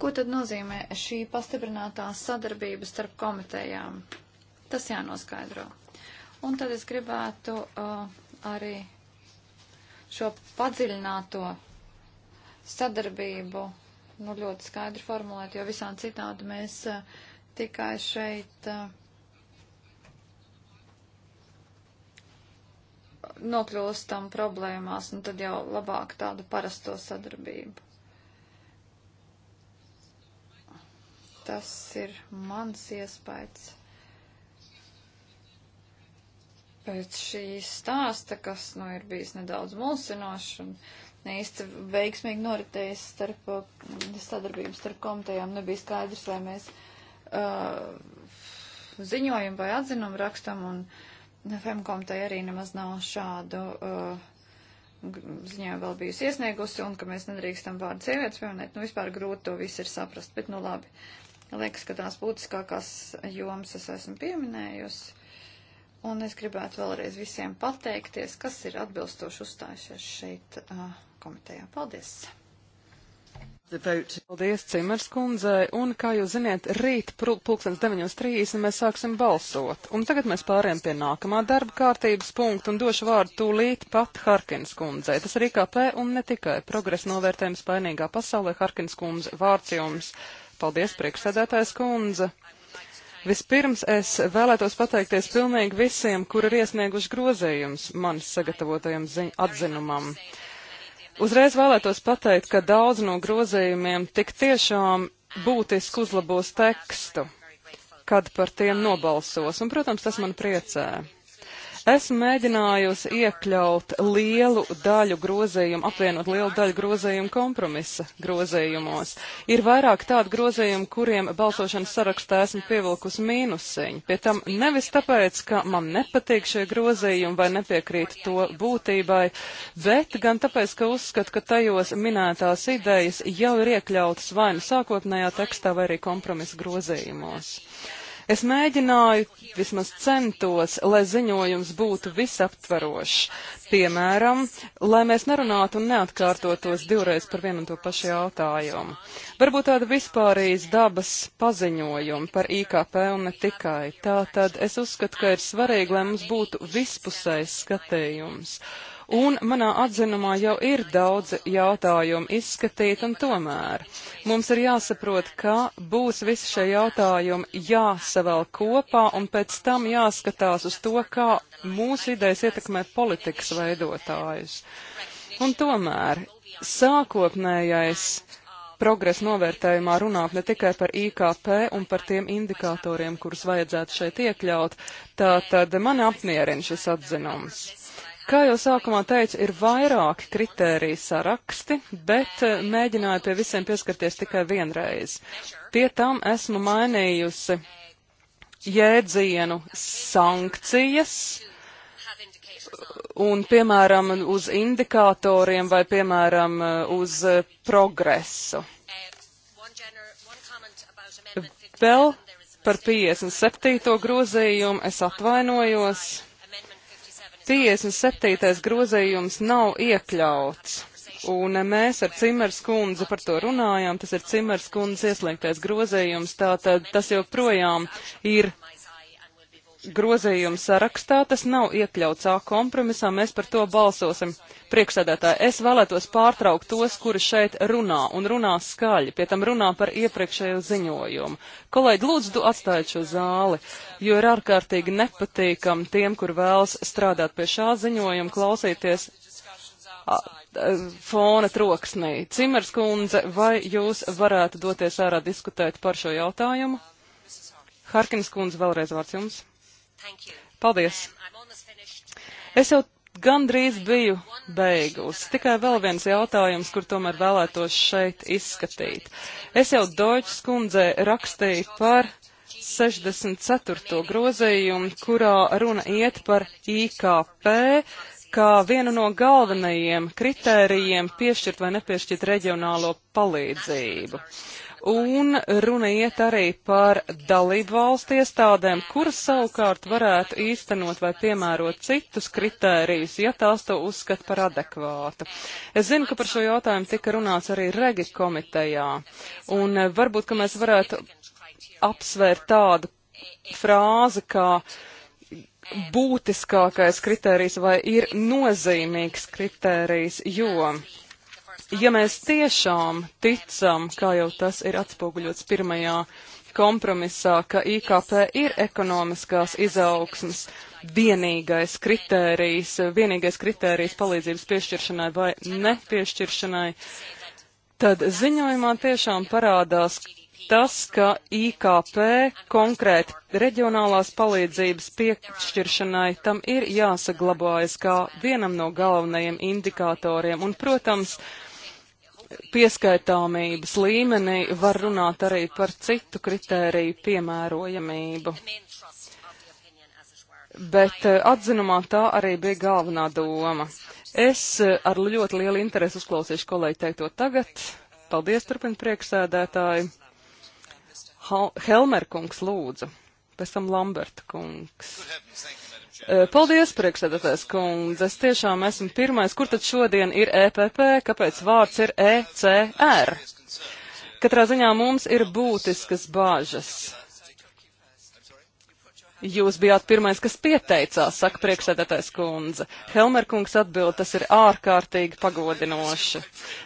Ko tad nozīmē šī pastiprinātā sadarbība starp komitejām? Tas jānoskaidro. Un tad es gribētu uh, arī šo padziļināto sadarbību nu, ļoti skaidri formulēt, jo visādi citādi mēs eh, tikai šeit eh, nokļūstam problēmās, nu tad jau labāk tādu parasto sadarbību. Tas ir mans iespējas pēc šī stāsta, kas, nu, ir bijis nedaudz mulsinošs un neīsti veiksmīgi noritējis starp uh, sadarbības starp komitejām. Nebija skaidrs, vai mēs uh, ziņojam vai atzinumu rakstam, un FM komiteja arī nemaz nav šādu uh, ziņojumu vēl bijusi iesniegusi, un ka mēs nedrīkstam vārdu sievietes pieminēt. Nu, vispār grūti to visu ir saprast, bet nu labi. Liekas, ka tās būtiskākās jomas es esmu pieminējusi. Un es gribētu vēlreiz visiem pateikties, kas ir atbilstoši uzstājušies šeit. Uh, komitejā. Paldies! Paldies Cimers kundzei, un kā jūs ziniet, rīt pulkstens 9.30 mēs sāksim balsot. Un tagad mēs pāriem pie nākamā darba kārtības punkta un došu vārdu tūlīt pat Harkins kundzei. Tas ir IKP un ne tikai progresa novērtējums painīgā pasaulē. Harkins kundze, vārds jums. Paldies, priekšsēdētājs kundze. Vispirms es vēlētos pateikties pilnīgi visiem, kuri ir iesnieguši grozējums manis sagatavotajam atzinumam. Ziņ Uzreiz vēlētos pateikt, ka daudz no grozījumiem tik tiešām būtiski uzlabos tekstu, kad par tiem nobalsos, un, protams, tas man priecē. Esmu mēģinājusi iekļaut lielu daļu grozījumu, apvienot lielu daļu grozījumu kompromisa grozījumos. Ir vairāk tādu grozījumu, kuriem balsošanas sarakstā esmu pievilkusi mīnusiņu. Pie tam nevis tāpēc, ka man nepatīk šie grozījumi vai nepiekrīt to būtībai, bet gan tāpēc, ka uzskatu, ka tajos minētās idejas jau ir iekļautas vai nu sākotnējā tekstā vai arī kompromisa grozījumos. Es mēģināju, vismaz centos, lai ziņojums būtu visaptverošs. Piemēram, lai mēs nerunātu un neatkārtotos divreiz par vienu un to pašu jautājumu. Varbūt tāda vispārīs dabas paziņojuma par IKP un ne tikai. Tātad es uzskatu, ka ir svarīgi, lai mums būtu vispusējs skatījums. Uh, un manā atzinumā jau ir daudz jautājumu izskatīt, un tomēr mums ir jāsaprot, ka būs visi šie jautājumi jāsavēl kopā, un pēc tam jāskatās uz to, kā mūsu idejas ietekmē politikas veidotājus. Un tomēr sākotnējais progresa novērtējumā runāt ne tikai par IKP un par tiem indikatoriem, kurus vajadzētu šeit iekļaut, tā tad man apmierina šis atzinums. Kā jau sākumā teicu, ir vairāki kritēriju saraksti, bet eh, mēģināju pie visiem pieskarties tikai vienreiz. Pie tam esmu mainījusi jēdzienu sankcijas un, piemēram, uz indikatoriem vai, piemēram, uz eh, progresu. Vēl par 57. grozījumu es atvainojos. 57. grozējums nav iekļauts. Un mēs ar Cimers kundzi par to runājām, tas ir Cimers kundzes iesliegtais grozējums, tātad tas joprojām ir grozījumu sarakstā, tas nav iekļauts A kompromisā, mēs par to balsosim. Priekšsēdētāji, es vēlētos pārtraukt tos, kuri šeit runā un runā skaļi, pie tam runā par iepriekšējo ziņojumu. Kolēģi, lūdzu, atstājiet šo zāli, jo ir ārkārtīgi nepatīkam tiem, kur vēlas strādāt pie šā ziņojuma, klausīties fona troksnī. Cimers kundze, vai jūs varētu doties ārā diskutēt par šo jautājumu? Harkins kundze, vēlreiz vārds jums. Paldies! Um, es jau gandrīz biju beigusi. Tikai vēl viens jautājums, kur tomēr vēlētos šeit izskatīt. Es jau Deutsche skundzē rakstīju par 64. grozījumu, kurā runa iet par IKP, kā vienu no galvenajiem kritērijiem piešķirt vai nepiešķirt reģionālo palīdzību. Uh, un runa iet arī par dalību valstu iestādēm, kuras savukārt varētu īstenot vai piemērot citus kritērijus, ja tās to uzskata par adekvātu. Es zinu, ka par šo jautājumu tika runāts arī Regi komitejā, un eh, varbūt, ka mēs varētu apsvērt tādu frāzi, kā būtiskākais kritērijs vai ir nozīmīgs kritērijs, jo ja mēs tiešām ticam, kā jau tas ir atspoguļots pirmajā kompromisā, ka IKP ir ekonomiskās izaugsmas vienīgais kritērijs, vienīgais kritērijs palīdzības piešķiršanai vai nepiešķiršanai, tad ziņojumā tiešām parādās tas, ka IKP konkrēti reģionālās palīdzības piešķiršanai tam ir jāsaglabājas kā vienam no galvenajiem indikatoriem. Un, protams, uh, pieskaitāmības līmenī var runāt arī par citu kritēriju piemērojamību. Bet eh, atzinumā tā arī bija galvenā doma. Es eh, ar ļoti lielu interesi uzklausīšu kolēģi teikto tagad. Paldies, turpina priekšsēdētāji. Helmer kungs lūdzu, pēc tam Lamberta kungs. Paldies, priekšsēdētājs kundze. Es tiešām esmu pirmais. Kur tad šodien ir EPP? Kāpēc vārds ir ECR? Katrā ziņā mums ir būtiskas bāžas. Jūs bijāt pirmais, kas pieteicās, saka priekšsēdētājs kundze. Helmerkungs atbild, tas ir ārkārtīgi pagodinoši.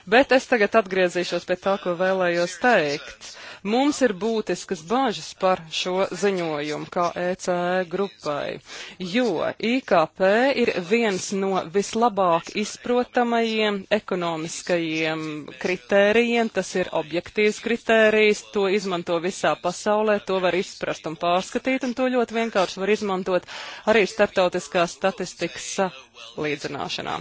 Bet es tagad atgriezīšos pie tā, ko vēlējos teikt. Mums ir būtiskas bažas par šo ziņojumu kā ECE e grupai, jo IKP ir viens no vislabāk izprotamajiem ekonomiskajiem kritērijiem, tas ir objektīvs kritērijs, to izmanto visā pasaulē, to var izprast un pārskatīt, un to ļoti vienkārši vienkārši var izmantot arī starptautiskās statistikas līdzināšanā.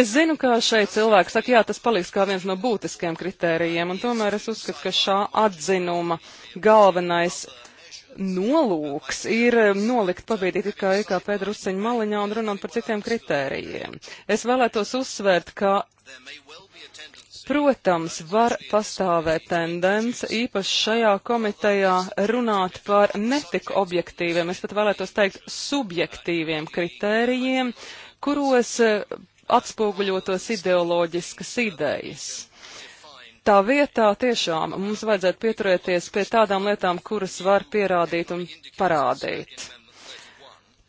Es zinu, ka šeit cilvēki saka, jā, tas paliks kā viens no būtiskiem kritērijiem, un tomēr es uzskatu, ka šā atzinuma galvenais nolūks ir nolikt pabīdīt it kā IKP drusciņu maliņā un runāt par citiem kritērijiem. Es vēlētos uzsvērt, ka Protams, var pastāvēt tendence īpaši šajā komitejā runāt par netik objektīviem, es pat vēlētos teikt subjektīviem kritērijiem, kuros e, atspoguļotos ideoloģiskas idejas. Tā vietā tiešām mums vajadzētu pieturēties pie tādām lietām, kuras var pierādīt un parādīt.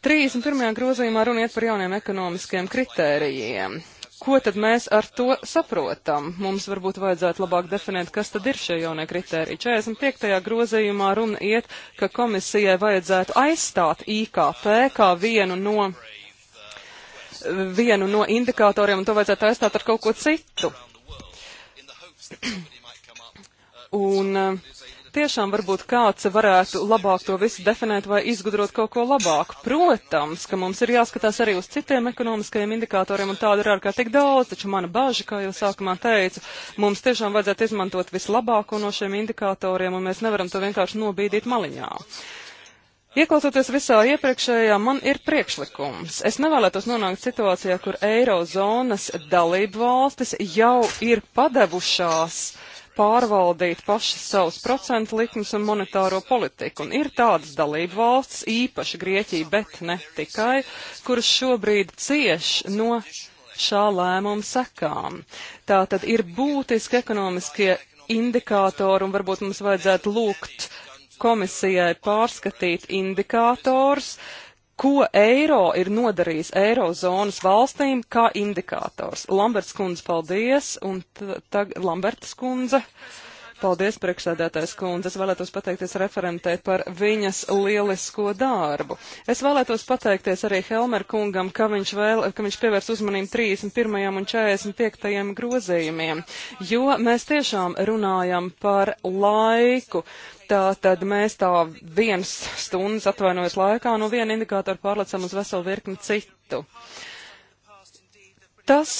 31. grozījumā runiet par jauniem ekonomiskiem kritērijiem ko tad mēs ar to saprotam? Mums varbūt vajadzētu labāk definēt, kas tad ir šie jaunie kriteriji. 45. grozījumā runa iet, ka komisijai vajadzētu aizstāt IKP kā vienu no, vienu no indikatoriem, un to vajadzētu aizstāt ar kaut ko citu. (clears throat) Un uh, tiešām varbūt kāds varētu labāk to visu definēt vai izgudrot kaut ko labāku. Protams, ka mums ir jāskatās arī uz citiem ekonomiskajiem indikatoriem, un tādu ir ārkārtīgi daudz, taču mana bāža, kā jau sākumā teicu, mums tiešām vajadzētu izmantot vislabāko no šiem indikatoriem, un mēs nevaram to vienkārši nobīdīt maliņā. Ieklausoties visā iepriekšējā, man ir priekšlikums. Es nevēlētos nonākt situācijā, kur Eirozonas dalību valstis jau ir padevušās uh, pārvaldīt paši savus procentu likmes un monetāro politiku. Un ir tādas dalību valsts, īpaši Grieķija, bet ne tikai, kuras šobrīd cieš no šā lēmuma sekām. Tā tad ir būtiski ekonomiskie indikātori un varbūt mums vajadzētu lūgt komisijai pārskatīt indikātors, uh, ko eiro ir nodarījis eirozonas valstīm kā indikators. Lamberts kundze, paldies, un tagad Lamberts kundze. Uh, Paldies, priekšsēdētājs kundze. Es vēlētos pateikties referentē par viņas lielisko darbu. Es vēlētos pateikties arī Helmer kungam, ka viņš, vēl, ka viņš pievērs uzmanību 31. un 45. grozījumiem, jo mēs tiešām runājam par laiku. Tā tad mēs tā viens stundas atvainojas laikā no viena indikātora pārlecam uz veselu virkni citu. Tas,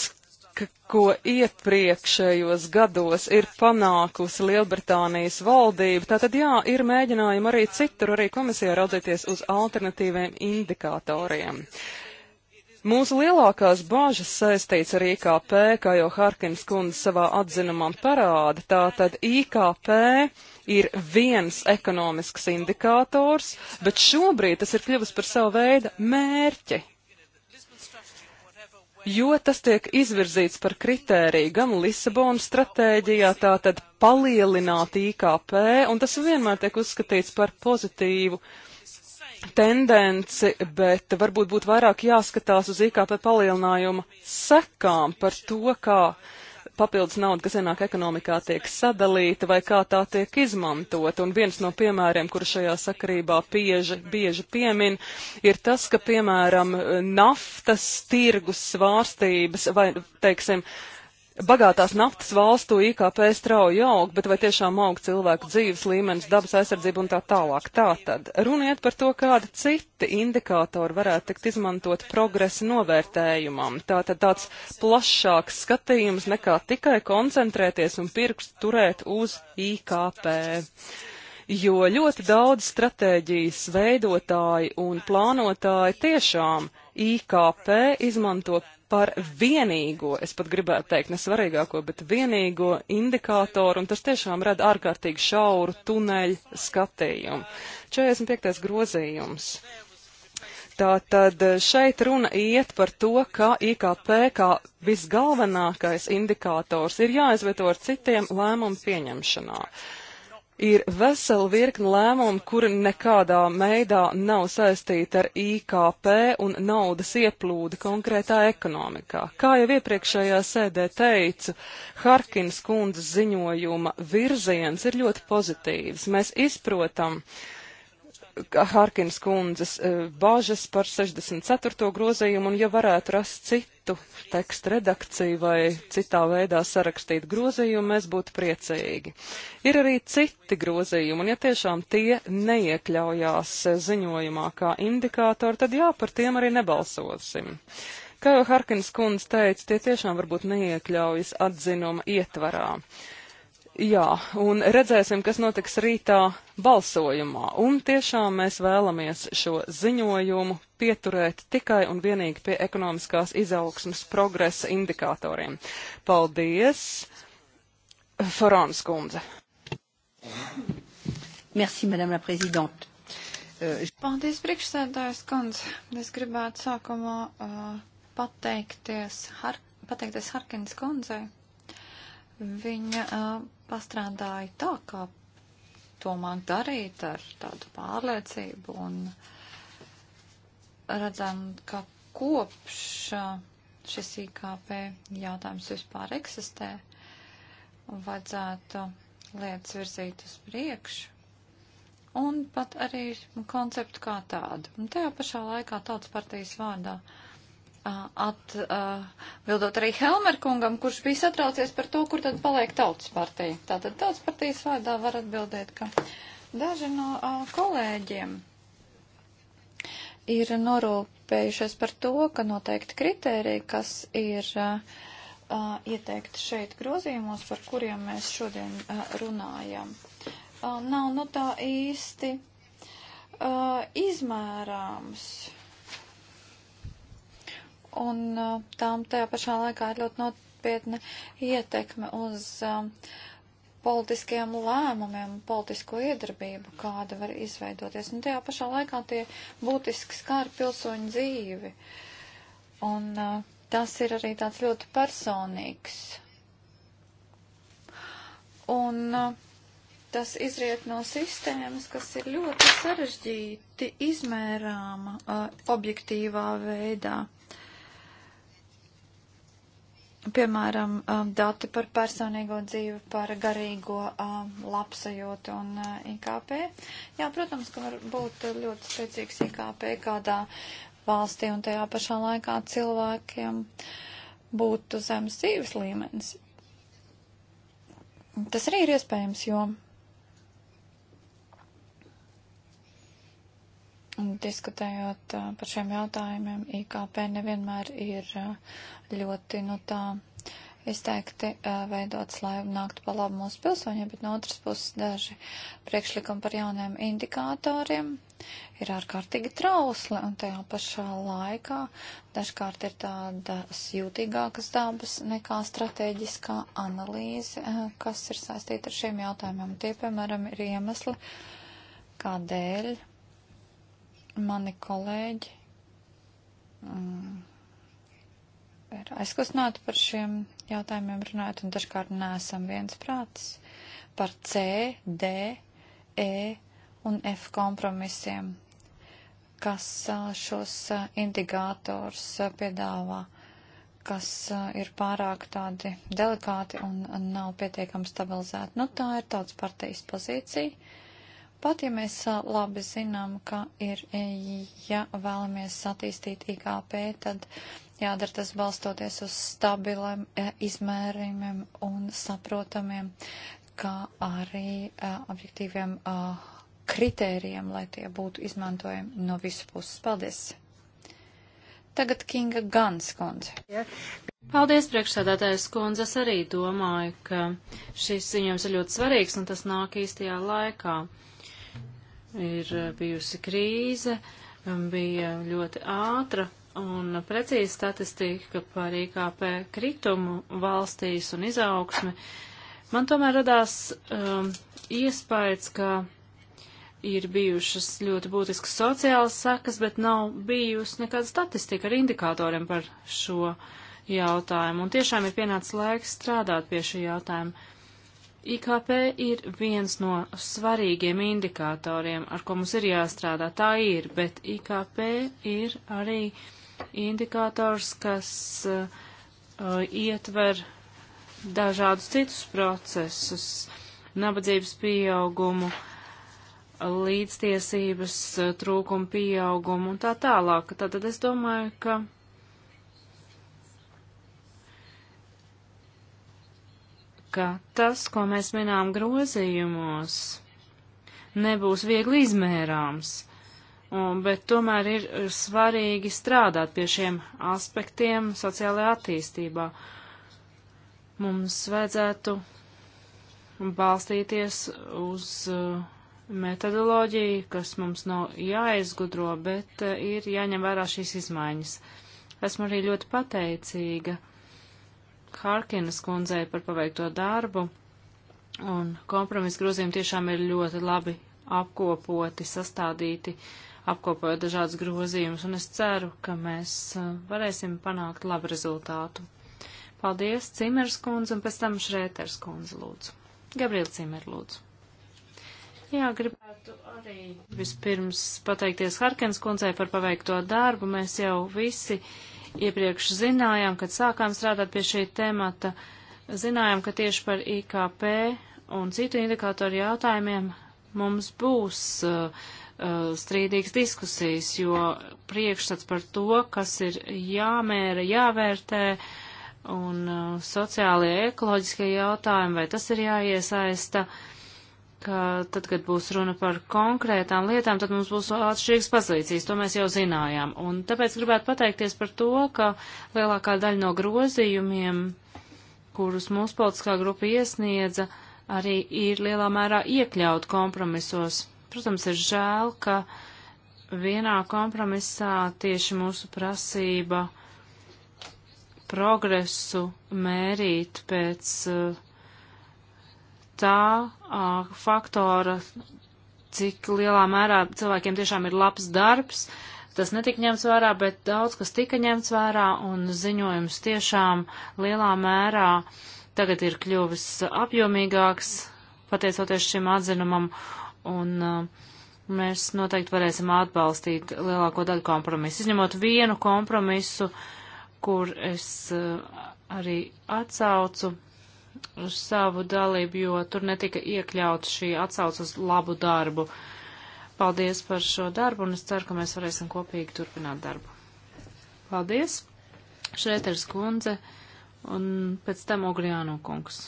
ko iepriekšējos gados ir panākusi Lielbritānijas valdība. Tātad jā, ir mēģinājumi arī citur, arī komisijā raudzīties uz alternatīviem indikatoriem. Mūsu lielākās bāžas saistīts ar IKP, kā jau Harkins kundze savā atzinumam parāda, tātad IKP ir viens ekonomisks indikators, bet šobrīd tas ir kļuvis par savu veidu mērķi jo tas tiek izvirzīts par kritēriju gan Lisabonas stratēģijā, tātad palielināt IKP, un tas vienmēr tiek uzskatīts par pozitīvu tendenci, bet varbūt būtu vairāk jāskatās uz IKP palielinājuma sekām par to, kā uh, papildus nauda, kas ienāk ekonomikā, tiek sadalīta vai kā tā tiek izmantota. Un viens no piemēriem, kuru šajā sakarībā bieži, bieži piemin, ir tas, ka, piemēram, naftas tirgus svārstības vai, teiksim, uh, Bagātās naftas valstu IKP strauji aug, bet vai tiešām aug cilvēku dzīves līmenis, dabas aizsardzība un tā tālāk? Tātad runiet par to, kādi citi indikātori varētu tikt izmantot progresa novērtējumam. Tātad tāds plašāks skatījums nekā tikai koncentrēties un pirkstu turēt uz IKP jo ļoti daudz stratēģijas veidotāji un plānotāji tiešām IKP izmanto par vienīgo, es pat gribētu teikt, nesvarīgāko, bet vienīgo indikātoru, un tas tiešām rada ārkārtīgi šauru tuneļu skatījumu. 45. grozījums. Tātad šeit runa iet par to, ka IKP kā visgalvenākais indikators ir jāizvieto ar citiem lēmumu pieņemšanā. Uh, ir vesela virkna lēmumu, kuri nekādā meidā nav saistīti ar IKP un naudas ieplūdi konkrētā ekonomikā. Kā jau iepriekšējā sēdē teicu, Harkins kundzes ziņojuma virziens ir ļoti pozitīvs. Mēs izprotam, uh, Harkins kundzes e, bažas par 64. grozījumu, un ja varētu rast citu tekstu redakciju vai citā veidā sarakstīt grozījumu, mēs būtu priecīgi. Ir arī citi grozījumi, un ja tiešām tie neiekļaujās ziņojumā kā indikātori, tad jā, par tiem arī nebalsosim. Kā jau Harkins kundze teica, tie tiešām varbūt neiekļaujas atzinuma ietvarā. Jā, un redzēsim, kas notiks rītā balsojumā. Un tiešām mēs vēlamies šo ziņojumu pieturēt tikai un vienīgi pie ekonomiskās izaugsmas progresa indikatoriem. Paldies, Forāns kundze. Merci, madame la présidente. Euh, Paldies, priekšsēdājas kundze. Es gribētu sākumā uh, pateikties, har, pateikties Harkins kundzei. Viņa uh, pastrādāju tā, kā to man darīt ar tādu pārliecību un redzam, ka kopš šis IKP jautājums vispār eksistē un vajadzētu lietas virzīt uz priekšu un pat arī konceptu kā tādu. Un tajā pašā laikā tautas partijas vārdā uh, atbildot arī Helmer kungam, kurš bija satraucies par to, kur tad paliek tautas partija. Tātad tautas partijas vārdā var atbildēt, ka daži no a, kolēģiem ir norūpējušies par to, ka noteikti kritēriji, kas ir a, a, ieteikti šeit grozījumos, par kuriem mēs šodien runājam, nav nu tā īsti izmērāms un uh, tām tajā pašā laikā ir ļoti nopietna ietekme uz um, politiskiem lēmumiem, politisko iedarbību, kāda var izveidoties. Un tajā pašā laikā tie būtiski skār pilsoņu dzīvi. Un uh, tas ir arī tāds ļoti personīgs. Un uh, tas izriet no sistēmas, kas ir ļoti sarežģīti izmērāma uh, objektīvā veidā piemēram, um, dati par personīgo dzīvi, par garīgo um, labsajūtu un uh, IKP. Jā, protams, ka var būt ļoti spēcīgs IKP kādā valstī un tajā pašā laikā cilvēkiem būtu zemes dzīves līmenis. Tas arī ir iespējams, jo Diskutējot par šiem jautājumiem, IKP nevienmēr ir ļoti, nu tā, izteikti veidots, lai nāktu pa labu mūsu pilsoņiem, bet no otras puses daži priekšlikumi par jauniem indikātoriem ir ārkārtīgi trausli, un tajā pašā laikā dažkārt ir tādas jūtīgākas dabas nekā strateģiskā analīze, kas ir saistīta ar šiem jautājumiem. Tie, piemēram, ir iemesli, kādēļ Mani kolēģi mm, ir aizkustināti par šiem jautājumiem runājot, un dažkārt nesam viens prātis par C, D, E un F kompromisiem, kas šos indikātors piedāvā kas ir pārāk tādi delikāti un nav pietiekami stabilizēti. Nu, tā ir tāds partijas pozīcija. Pat ja mēs labi zinām, ka ir, ja vēlamies attīstīt IKP, tad jādara tas balstoties uz stabiliem izmērījumiem un saprotamiem, kā arī objektīviem kritērijiem, lai tie būtu izmantojami no visu puses. Paldies! Tagad Kinga Gans kundze. Yeah. Paldies, priekšsēdētājs kundze. Es arī domāju, ka šis ziņojums ir ļoti svarīgs un tas nāk īstajā laikā. Uh, ir eh, bijusi krīze, um, bija ļoti ātra un precīza statistika par IKP kritumu valstīs un izaugsmi. Man tomēr radās um, iespējas, ka ir bijušas ļoti būtiskas sociālas sekas, bet nav bijusi nekāda statistika ar indikatoriem par šo jautājumu. Un tiešām ir pienācis laiks strādāt pie šī jautājuma. IKP ir viens no svarīgiem indikatoriem, ar ko mums ir jāstrādā. Tā ir, bet IKP ir arī indikators, kas uh, ietver dažādus citus procesus, nabadzības pieaugumu, līdztiesības uh, trūkumu pieaugumu un tā tālāk. Tātad es domāju, ka ka tas, ko mēs minām grozījumos, nebūs viegli izmērāms, un, bet tomēr ir svarīgi strādāt pie šiem aspektiem sociālajā attīstībā. Mums vajadzētu balstīties uz uh, metodoloģiju, kas mums nav jāizgudro, bet uh, ir jāņem vērā šīs izmaiņas. Esmu arī ļoti pateicīga Harkinas kundzei par paveikto darbu, un kompromisa grozījumi tiešām ir ļoti labi apkopoti, sastādīti, apkopojot dažādas grozījumus, un es ceru, ka mēs uh, varēsim panākt labu rezultātu. Paldies, Cimers kundze, un pēc tam Šrēters kundze, lūdzu. Gabriela Cimer, lūdzu. Jā, gribētu arī vispirms pateikties Harkens kundzei par paveikto darbu. Mēs jau visi uh, iepriekš zinājām, kad sākām strādāt pie šī temata, zinājām, ka tieši par IKP un citu indikātoru jautājumiem mums būs uh, uh, strīdīgas diskusijas, jo priekšstats par to, kas ir jāmēra, jāvērtē, un uh, sociālie ekoloģiskie jautājumi, vai tas ir jāiesaista, uh, ka tad, kad būs runa par konkrētām lietām, tad mums būs atšķirīgas pozīcijas, to mēs jau zinājām. Un tāpēc gribētu pateikties par to, ka lielākā daļa no grozījumiem, kurus mūsu politiskā grupa iesniedza, arī ir lielā mērā iekļaut kompromisos. Protams, ir žēl, ka vienā kompromisā tieši mūsu prasība progresu mērīt pēc uh, tā, uh, faktora, cik lielā mērā cilvēkiem tiešām ir labs darbs. Tas netika ņemts vērā, bet daudz kas tika ņemts vērā, un ziņojums tiešām lielā mērā tagad ir kļuvis apjomīgāks, pateicoties šim atzinumam, un uh, mēs noteikti varēsim atbalstīt lielāko daļu kompromisu, izņemot vienu kompromisu, kur es uh, arī atsaucu uz savu dalību, jo tur netika iekļauts šī atsauc uz labu darbu. Paldies par šo darbu, un es ceru, ka mēs varēsim kopīgi turpināt darbu. Paldies, Šreiters kundze, un pēc tam Ogriāno kungs.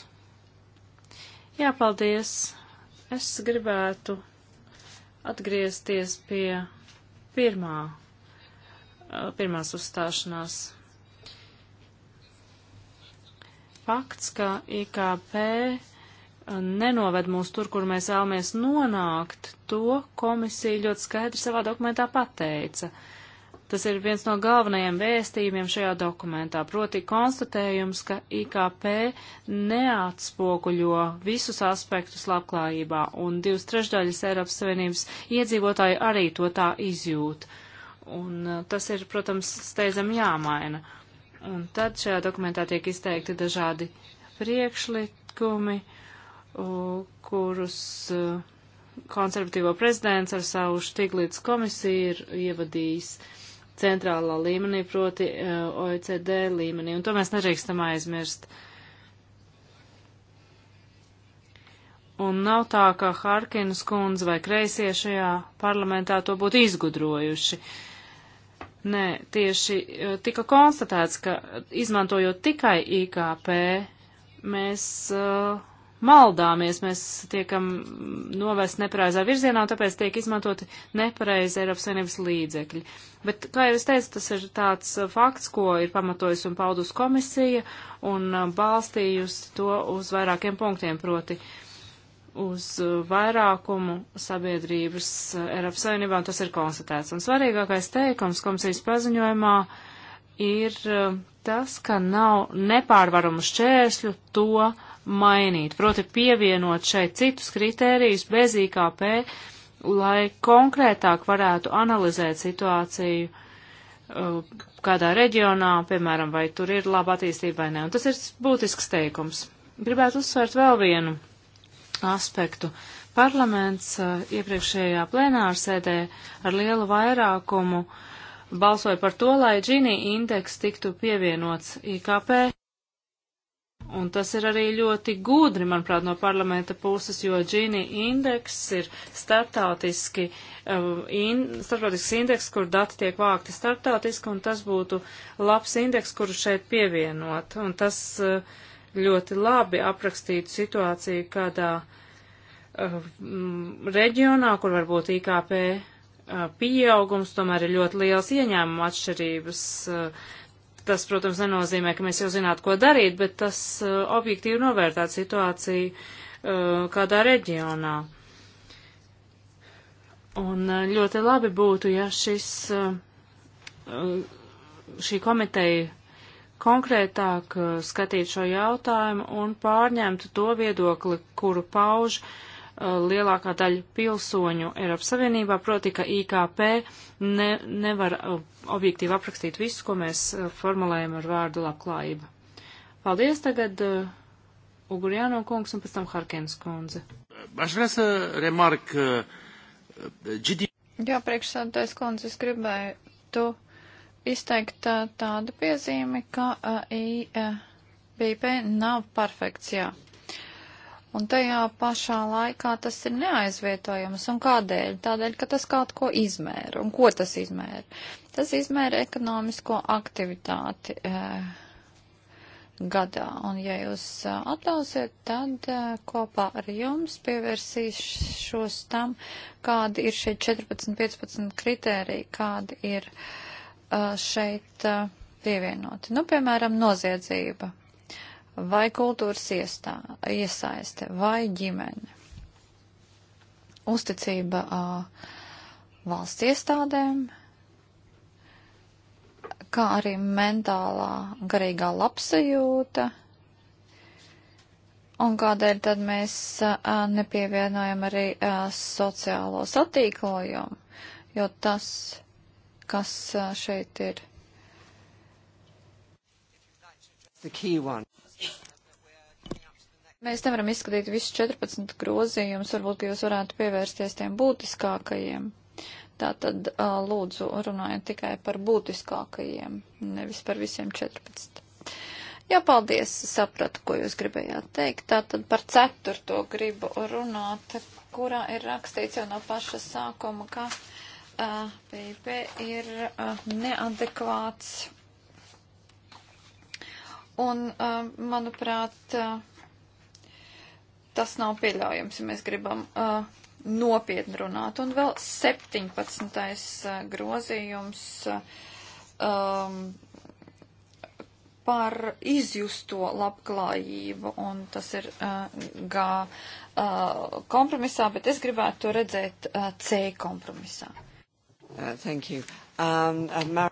Jā, paldies. Es gribētu atgriezties pie pirmā, pirmās uzstāšanās fakts, ka IKP uh, nenoved mūs tur, kur mēs vēlamies nonākt, to komisija ļoti skaidri savā dokumentā pateica. Tas ir viens no galvenajiem vēstījumiem šajā dokumentā, proti konstatējums, ka IKP neatspoguļo visus aspektus labklājībā, un divas trešdaļas Eiropas Savienības iedzīvotāji arī to tā izjūt. Un uh, tas ir, protams, steidzam jāmaina. Uh, Un tad šajā dokumentā tiek izteikti dažādi priekšlikumi, kurus konservatīvo prezidents ar savu Štiglītas komisiju ir ievadījis centrālā līmenī, proti e, OECD līmenī. Un to mēs nedrīkstam aizmirst. Un nav tā, ka Harkinas kundze vai kreisie šajā parlamentā to būtu izgudrojuši. Uh, Nē, tieši eh, tika konstatēts, ka izmantojot tikai IKP, mēs uh, maldāmies, mēs tiekam novest nepareizā virzienā, un tāpēc tiek izmantoti nepareizi Eiropas Savienības līdzekļi. Bet, kā jau es teicu, tas ir tāds eh, fakts, ko ir pamatojis un paudus komisija un balstījus to uz vairākiem punktiem, proti uh, uz uh, vairākumu sabiedrības uh, Eiropas Savienībā, un tas ir konstatēts. Un svarīgākais teikums komisijas paziņojumā ir uh, tas, ka nav nepārvaramu šķēršļu to mainīt, proti pievienot šeit citus kritērijus bez IKP, lai konkrētāk varētu analizēt situāciju kādā reģionā, piemēram, vai tur ir laba attīstība vai ne. Un tas ir būtisks teikums. Gribētu uzsvērt vēl vienu aspektu. Parlaments eh, iepriekšējā plenārsēdē ar lielu vairākumu balsoja par to, lai Gini indeks tiktu pievienots IKP. Un tas ir arī ļoti gudri, manuprāt, no parlamenta puses, jo Gini indeks ir startautiski, eh, in, startautisks indeks, kur dati tiek vākti startautiski, un tas būtu labs indeks, kuru šeit pievienot. Un tas uh, ļoti labi aprakstītu situāciju kādā uh, mm, reģionā, kur varbūt IKP uh, pieaugums tomēr ir ļoti liels ieņēmuma atšķirības. Uh, tas, protams, nenozīmē, ka mēs jau zinātu, ko darīt, bet tas uh, objektīvi novērtāt situāciju uh, kādā reģionā. Un uh, ļoti labi būtu, ja šis, šī komiteja konkrētāk eh, skatīt šo jautājumu un pārņemt to viedokli, kuru pauž eh, lielākā daļa pilsoņu Eiropas Savienībā, proti, ka IKP ne, nevar eh, objektīvi aprakstīt visu, ko mēs formulējam ar vārdu labklājība. Paldies tagad Ugurjāno kungs un pēc tam Harkens kundze. Aš vrea să remarc, GDP. Jā, priekšsādātais kundze, es gribēju tu izteikt tādu piezīmi, ka IBP nav perfekts, jā. Un tajā pašā laikā tas ir neaizvietojams. Un kādēļ? Tādēļ, ka tas kaut ko izmēra. Un ko tas izmēra? Tas izmēra ekonomisko aktivitāti e, gadā. Un ja jūs atlausiet, tad e, kopā ar jums pievērsīšos tam, kādi ir šie 14-15 kritēriji, kādi ir. E, šeit pievienoti. Nu, piemēram, noziedzība vai kultūras iestā, iesaiste vai ģimene. Uzticība valsts iestādēm, kā arī mentālā, garīgā labsajūta. Un kādēļ tad mēs a, nepievienojam arī a, sociālo satīklojumu, jo tas kas šeit ir. Mēs nevaram izskatīt visus 14 grozījumus, varbūt, ka jūs varētu pievērsties tiem būtiskākajiem. Tātad lūdzu runājiet tikai par būtiskākajiem, nevis par visiem 14. Jā, paldies, sapratu, ko jūs gribējāt teikt. Tātad par ceturto gribu runāt, kurā ir rakstīts jau no paša sākuma, ka uh, PIP ir uh, neadekvāts. Un, uh, manuprāt, uh, tas nav pieļaujams, ja mēs gribam uh, nopietni runāt. Un vēl 17. grozījums um, par izjusto labklājību, un tas ir uh, gā uh, kompromisā, bet es gribētu to redzēt uh, C kompromisā. Uh, thank you. Um, uh, Mar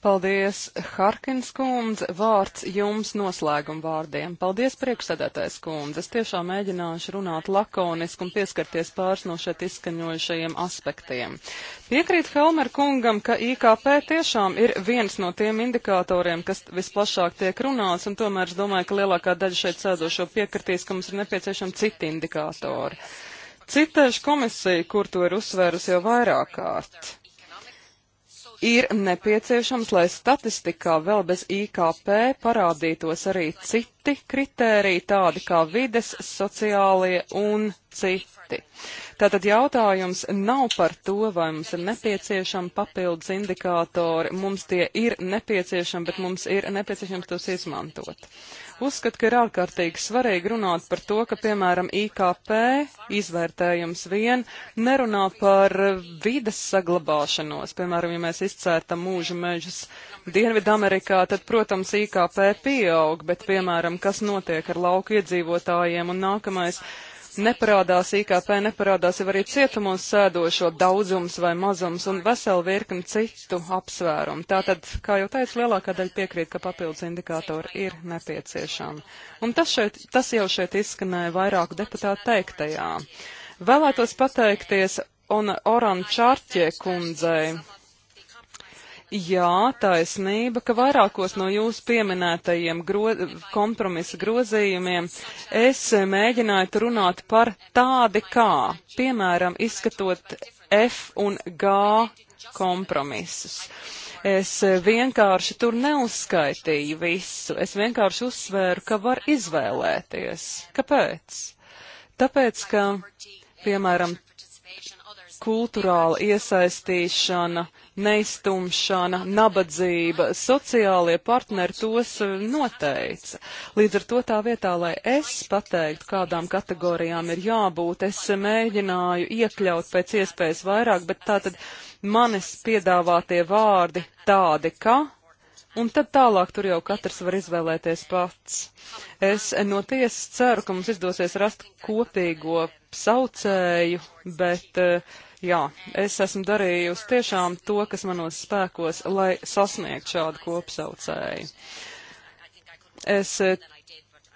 Paldies, Harkins kundze, vārds jums noslēguma vārdiem. Paldies, priekšsēdētājs kundze. Es tiešām mēģināšu runāt lakoniski un pieskarties pāris no šeit izskaņojušajiem aspektiem. Piekrīt Helmer kungam, ka IKP tiešām ir viens no tiem indikatoriem, kas visplašāk tiek runāts, un tomēr es domāju, ka lielākā daļa šeit sēdošo piekritīs, ka mums ir nepieciešami citi indikatori. Citēšu komisiju, kur to ir uzsvērusi jau vairāk kārt ir nepieciešams, lai statistikā vēl bez IKP parādītos arī citi kritēriji, tādi kā vides, sociālie un citi. Tātad jautājums nav par to, vai mums ir nepieciešami papildus indikātori, mums tie ir nepieciešami, bet mums ir nepieciešams tos izmantot. Uzskat, ka ir ārkārtīgi svarīgi runāt par to, ka, piemēram, IKP izvērtējums vien nerunā par vides saglabāšanos. Piemēram, ja mēs izcērtam mūža mežus Dienvidamerikā, tad, protams, IKP pieaug, bet, piemēram, kas notiek ar lauku iedzīvotājiem un nākamais neparādās IKP, neparādās jau arī cietumos sēdošo daudzums vai mazums un veselu virkni citu apsvērumu. Tātad, kā jau teicu, lielākā daļa piekrīt, ka papildus indikātori ir nepieciešami. Un tas, šeit, tas jau šeit izskanēja vairāku deputātu teiktajā. Vēlētos pateikties un Oran Čārķie kundzei Jā, taisnība, ka vairākos no jūsu pieminētajiem gro kompromisa grozījumiem es mēģināju runāt par tādi kā, piemēram, izskatot F un G kompromisus. Es vienkārši tur neuzskaitīju visu, es vienkārši uzsvēru, ka var izvēlēties. Kāpēc? Tāpēc, ka, piemēram, kultūrāla iesaistīšana neiztumšana, nabadzība, sociālie partneri tos eh, noteica. Līdz ar to tā vietā, lai es pateiktu, kādām kategorijām ir jābūt, es mēģināju iekļaut pēc iespējas vairāk, bet tātad manis piedāvātie vārdi tādi, ka Un tad tālāk tur jau katrs var izvēlēties pats. Es no tiesas ceru, ka mums izdosies rast kopīgo saucēju, bet uh, Jā, es esmu darījusi tiešām to, kas manos spēkos, lai sasniegtu šādu kopsaucēju. Es eh,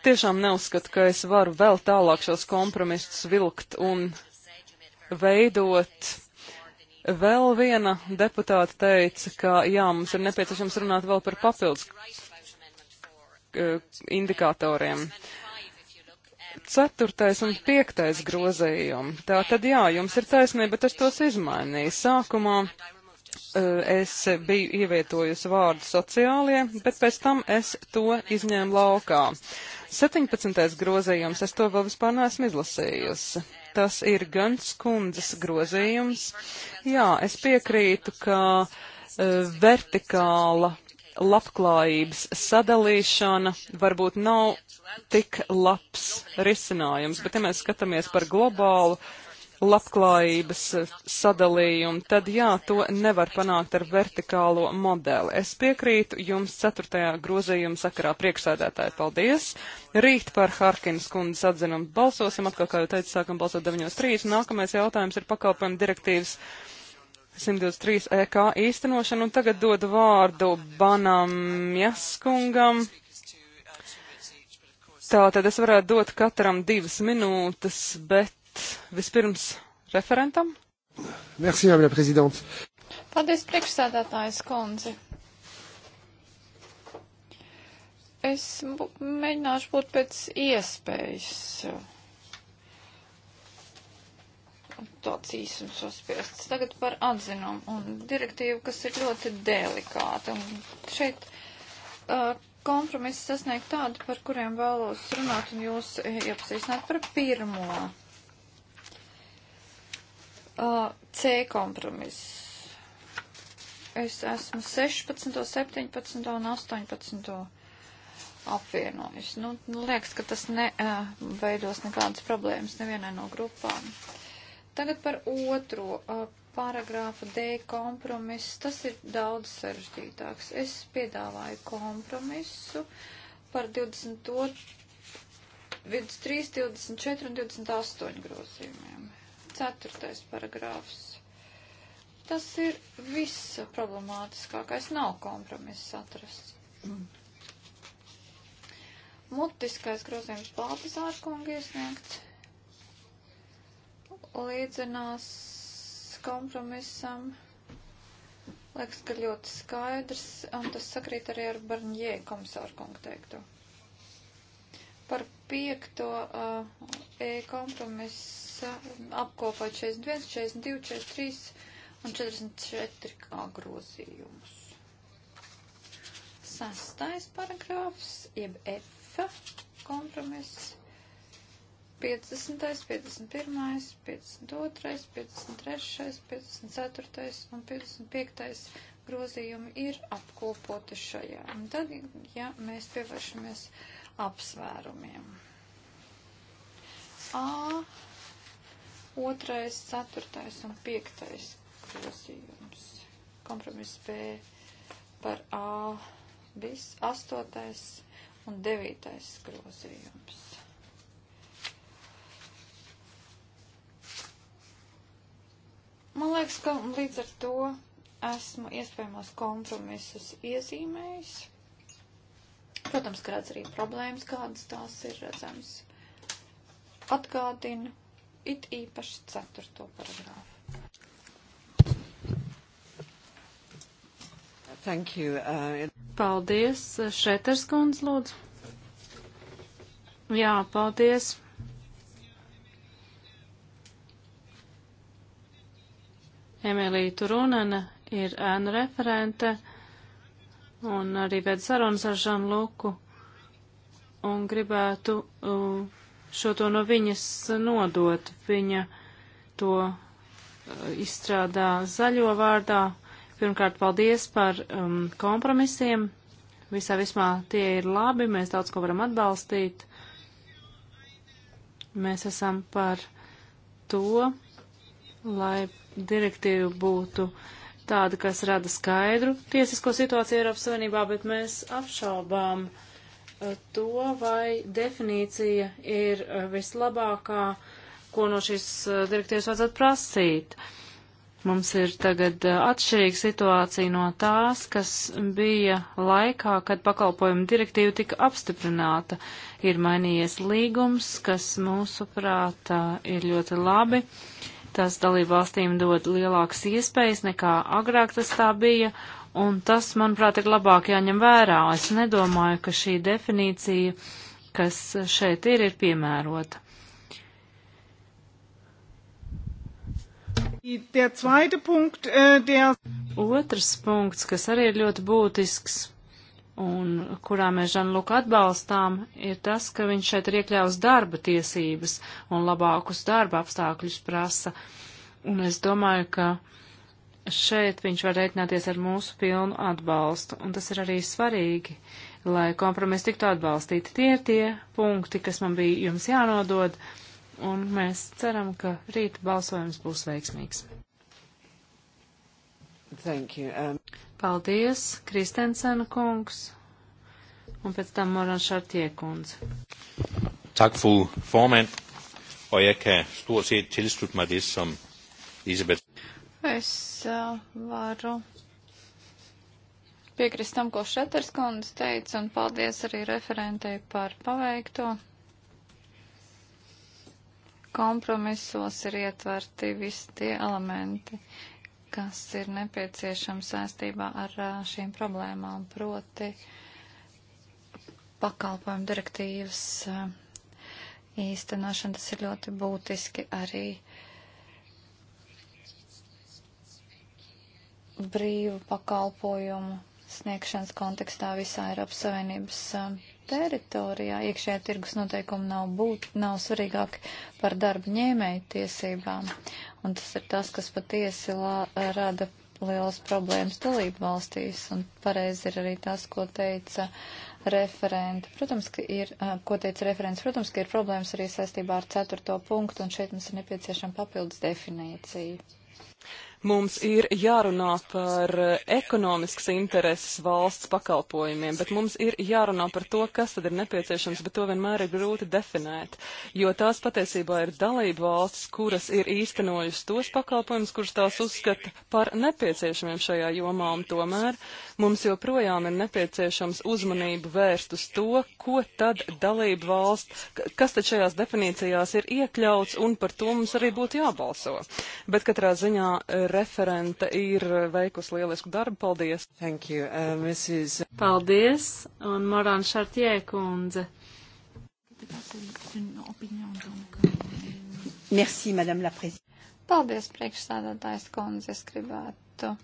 tiešām neuzskatu, ka es varu vēl tālāk šos kompromisus vilkt un veidot. Vēl viena deputāta teica, ka jā, mums ir nepieciešams runāt vēl par papildus eh, indikatoriem. Uh, 4. un 5. grozējumi. Tā tad jā, jums ir taisnība, bet es tos izmainīju. Sākumā eh, es biju ievietojusi vārdu sociālie, bet pēc tam es to izņēmu laukā. 17. grozījums, es to vēl vispār neesmu izlasījusi. Tas ir gan skundzes grozījums. Jā, es piekrītu, ka uh, vertikāla labklājības sadalīšana varbūt nav tik labs risinājums, bet ja mēs skatāmies par globālu labklājības sadalījumu, tad jā, to nevar panākt ar vertikālo modeli. Es piekrītu jums ceturtajā grozījuma sakarā priekšsēdētāji, paldies. Rīt par Harkins kundzes atzinumu balsosim, atkal, kā jau teicu, sākam balsot 9.3. Nākamais jautājums ir pakalpojumu direktīvas 123 EK īstenošanu, un tagad dodu vārdu Banam Jaskungam. Tā tad es varētu dot katram divas minūtes, bet vispirms referentam. Merci, Jāmļa prezidents. Paldies, priekšsēdētājs kundze. Es mēģināšu būt pēc iespējas tāds īsums uzspiests. Tagad par atzinumu un direktīvu, kas ir ļoti delikāta. Un šeit uh, kompromisi sasniegt tādu, par kuriem vēlos runāt un jūs iepazīstināt par pirmo. Uh, C kompromiss. Es esmu 16, 17 un 18 apvienojis. Nu, liekas, ka tas neveidos uh, nekādas problēmas nevienai no grupām. Uh, Tagad par otro uh, paragrāfu D kompromisu. Tas ir daudz sarežģītāks. Es piedāvāju kompromisu par 22, 23, 24 un 28 grozījumiem. Ceturtais paragrāfs. Tas ir viss problemātiskākais. Nav kompromiss atrasts. Mm. Mutiskais grozījums Baltasārs kungi iesniegts līdzinās kompromisam. Liekas, ka ļoti skaidrs, un tas sakrīt arī ar Barņē komisāru kungu teikto. Par piekto uh, e-kompromisa apkopot 41, 42, 43 un 44 kā grozījumus. Sastais paragrāfs, jeb F kompromiss 50, 51, 52, 53, 54 un 55 grozījumi ir apkopoti šajā. Un tad, ja mēs pievēršamies apsvērumiem. A, otrais, ceturtais un piektais grozījums. Kompromiss B par A, viss astotais un devītais grozījums. Man liekas, ka līdz ar to esmu iespējamos kompromisus iezīmējis. Protams, ka redz arī problēmas, kādas tās ir redzams. Atgādinu it īpaši ceturto paragrāfu. Thank you. Uh, it... Paldies. Šeters kundz, lūdzu. Jā, paldies. Emīlija Turunena ir ēnu referente un arī pēc sarunas ar Žanu Luku un gribētu uh, šo to no viņas nodot. Viņa to uh, izstrādā zaļo vārdā. Pirmkārt, paldies par um, kompromisiem. Visā vismā tie ir labi, mēs daudz ko varam atbalstīt. Mēs esam par to, lai direktīva būtu tāda, kas rada skaidru tiesisko situāciju Eiropas Savienībā, bet mēs apšaubām uh, to, vai definīcija ir uh, vislabākā, ko no šīs uh, direktīvas vajadzētu prasīt. Mums ir tagad atšķirīga situācija no tās, kas bija laikā, kad pakalpojuma direktīva tika apstiprināta. Ir mainījies līgums, kas mūsuprāt ir ļoti labi. Uh, Tas dalību valstīm dod lielākas iespējas nekā agrāk tas tā bija, un tas, manuprāt, ir labāk jāņem vērā. Es nedomāju, ka šī definīcija, kas šeit ir, ir piemērota. Äh, Otrs punkts, kas arī ir ļoti būtisks un kurā mēs Žanluku atbalstām, ir tas, ka viņš šeit ir iekļāvis darba tiesības un labākus darba apstākļus prasa. Un es domāju, ka šeit viņš var rēķināties ar mūsu pilnu atbalstu, un tas ir arī svarīgi, lai kompromis tiktu atbalstīti. Tie ir tie punkti, kas man bija jums jānodod, un mēs ceram, ka rīt balsojums būs veiksmīgs. Thank you. Um... Paldies, Kristensena kungs, un pēc tam Moran Šartie kungs. Tak, fru formand, og jeg kan stort set tilslutte mig det, som Elisabeth. Es uh, varu piekrist tam, ko Šeters kundze teica, un paldies arī referentei par paveikto. Kompromisos ir ietverti visi tie elementi, kas ir nepieciešams saistībā ar šīm problēmām, proti pakalpojumu direktīvas īstenošana. Tas ir ļoti būtiski arī brīvu pakalpojumu sniegšanas kontekstā visā Eiropas Savienības teritorijā. Iekšējā tirgus noteikumi nav, būt, nav svarīgāki par darba ņēmēju tiesībām. Un tas ir tas, kas patiesi lā, rada lielas problēmas dalību valstīs. Un pareizi ir arī tas, ko teica referenti. Protams, ka ir, ko teica referents, protams, ka ir problēmas arī saistībā ar ceturto punktu, un šeit mums ir nepieciešama papildus definīcija. Mums ir jārunā par eh, ekonomiskas intereses valsts pakalpojumiem, bet mums ir jārunā par to, kas tad ir nepieciešams, bet to vienmēr ir grūti definēt, jo tās patiesībā ir dalība valsts, kuras ir īstenojusi tos pakalpojumus, kurus tās uzskata par nepieciešamiem šajā jomā, un tomēr Mums joprojām ir nepieciešams uzmanību vērst uz to, ko tad dalību valsts, kas tad šajās definīcijās ir iekļauts, un par to mums arī būtu jābalso. Bet katrā ziņā eh, referente ir eh, veikusi lielisku darbu. Paldies! Thank you, uh, Mrs. Paldies, un Moran Šartie kundze. Merci, Madame la Présidente. Paldies, priekšstādātājs kundze. Es gribētu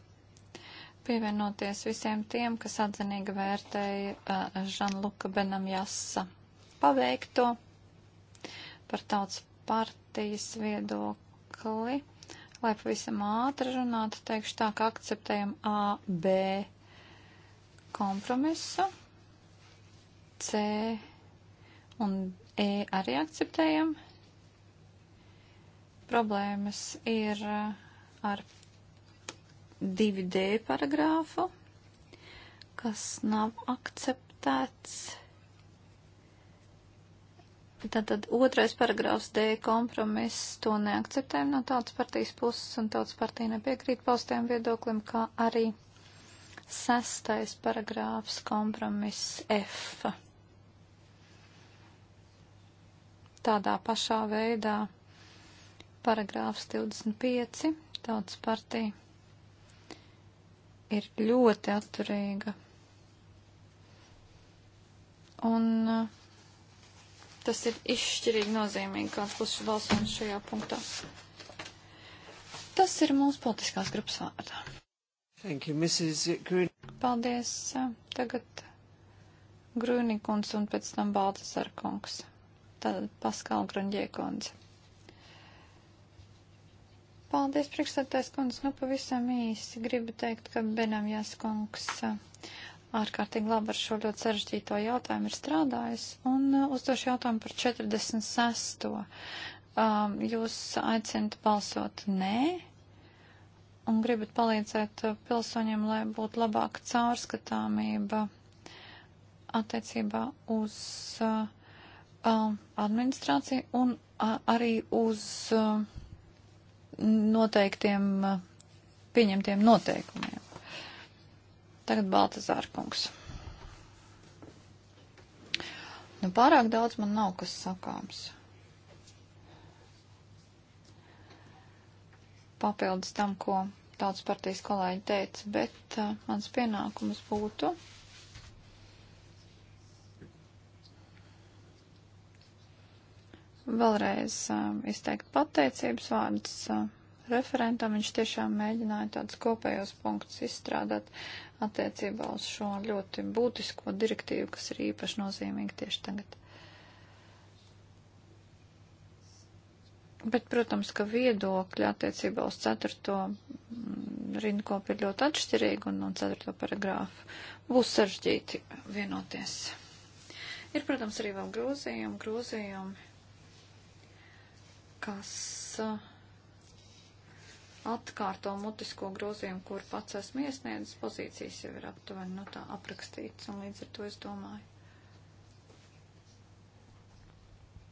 pievienoties visiem tiem, kas atzinīgi vērtēja Žanluka Benamjasa paveikto par tautas partijas viedokli. Lai pavisam ātri runātu, teikšu tā, ka akceptējam A, B kompromisu, C un E arī akceptējam. Problēmas ir ar 2D paragrāfu, kas nav akceptēts. Tātad otrais paragrāfs D kompromiss to neakceptējam no tautas partijas puses, un tautas partija nepiekrīt paustajam viedoklim, kā arī sastais paragrāfs kompromiss F. Tādā pašā veidā paragrāfs 25 tautas partija ir ļoti atturīga. Un uh, tas ir izšķirīgi nozīmīgi, kāds būs balsojums šajā punktā. Tas ir mūsu politiskās grupas vārdā. Thank you, Mrs. Green. Paldies. Uh, tagad Grūnikuns un pēc tam Baltasar kungs. Tad Paskal Grunģie kundze. Paldies, priekšstādājs kundze. Nu, pavisam īsi gribu teikt, ka Benamjas kungs uh, ārkārtīgi labi ar šo ļoti sarežģīto jautājumu ir strādājis un uh, uzdošu jautājumu par 46. Um, jūs aicinat balsot nē un gribat palīdzēt uh, pilsoņiem, lai būtu labāka caurskatāmība attiecībā uz uh, um, administrāciju un uh, arī uz. Uh, noteiktiem eh, pieņemtiem noteikumiem. Tagad Baltazāra kungs. Nu, pārāk daudz man nav kas sakāms. Papildus tam, ko tautas partijas kolēģi teica, bet uh, mans pienākums būtu vēlreiz um, izteikt pateicības vārdus um, referentam. Viņš tiešām mēģināja tādus kopējos punktus izstrādāt attiecībā uz šo ļoti būtisko direktīvu, kas ir īpaši nozīmīga tieši tagad. Bet, protams, ka viedokļi attiecībā uz ceturto mm, rindkopu ir ļoti atšķirīgi un, un ceturto paragrāfu būs sarežģīti vienoties. Ir, protams, arī vēl grozījumi, grozījumi kas uh, atkārto mutisko grozījumu, kur pats esmu iesniedzis, pozīcijas jau ir aptuveni no nu, tā aprakstīts, un līdz ar to es domāju.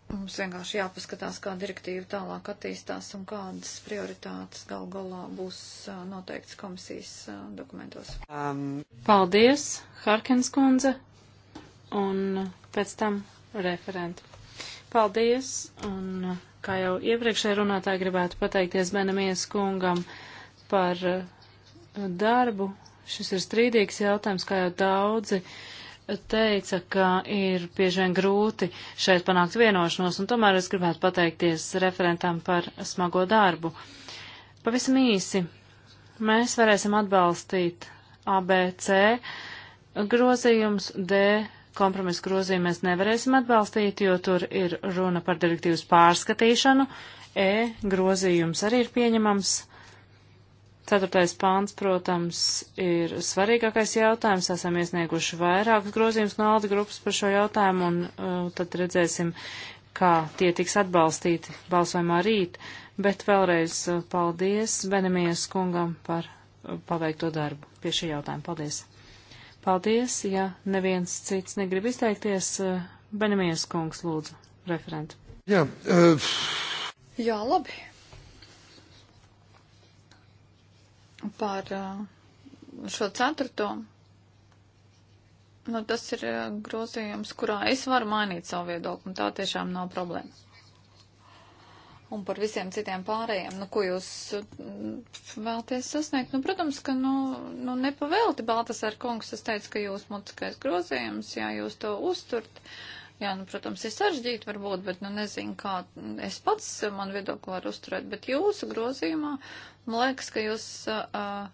Mums vienkārši jāpaskatās, kā direktīva tālāk attīstās un kādas prioritātes gal galā būs uh, noteikts komisijas uh, dokumentos. Um. Paldies, Harkins kundze, un pēc tam referentu. Paldies, un Kā jau iepriekšēji runātāji gribētu pateikties Benamies kungam par eh, darbu. Šis ir strīdīgs jautājums, kā jau daudzi teica, ka ir bieži vien grūti šeit panākt vienošanos, un tomēr es gribētu pateikties referentam par smago darbu. Pavisam īsi, mēs varēsim atbalstīt ABC grozījums D kompromisu grozījumu mēs nevarēsim atbalstīt, jo tur ir runa par direktīvas pārskatīšanu. E grozījums arī ir pieņemams. Ceturtais pāns, protams, ir svarīgākais jautājums. Esam iesnieguši vairākus grozījumus no Alda grupas par šo jautājumu, un uh, tad redzēsim, kā tie tiks atbalstīti balsojumā rīt. Bet vēlreiz uh, paldies Benemijas kungam par uh, paveikto darbu pie šī jautājuma. Paldies! Paldies, ja neviens cits negrib izteikties. Eh, Benamijas kungs, lūdzu, referent. Jā, uh... Jā labi. Par eh, šo ceturto. Nu, tas ir grozījums, kurā es varu mainīt savu viedokli, un tā tiešām nav problēma un par visiem citiem pārējiem, nu, ko jūs mm, vēlties sasniegt. Nu, protams, ka, nu, nu nepavēlti Baltasar kungs, es teicu, ka jūs mutiskais grozījums, jā, jūs to uzturt. Jā, nu, protams, ir saržģīti varbūt, bet, nu, nezinu, kā es pats man viedokli varu uzturēt, bet jūsu grozījumā, man liekas, ka jūs uh, uh,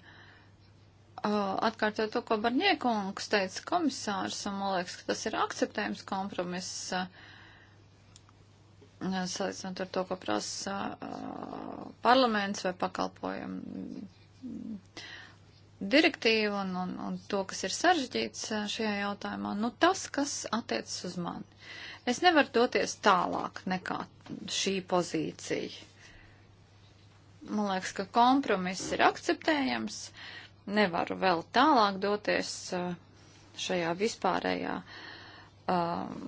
atkārtot to, ko Barņiekungs teica komisārs, un man liekas, ka tas ir akceptējums kompromiss. Uh, salīdzinot ar to, ko prasa parlaments vai pakalpojumu direktīva un, un, un to, kas ir sarežģīts šajā jautājumā, nu tas, kas attiecas uz mani. Es nevaru doties tālāk nekā šī pozīcija. Man liekas, ka kompromiss ir akceptējams. Nevaru vēl tālāk doties šajā vispārējā um,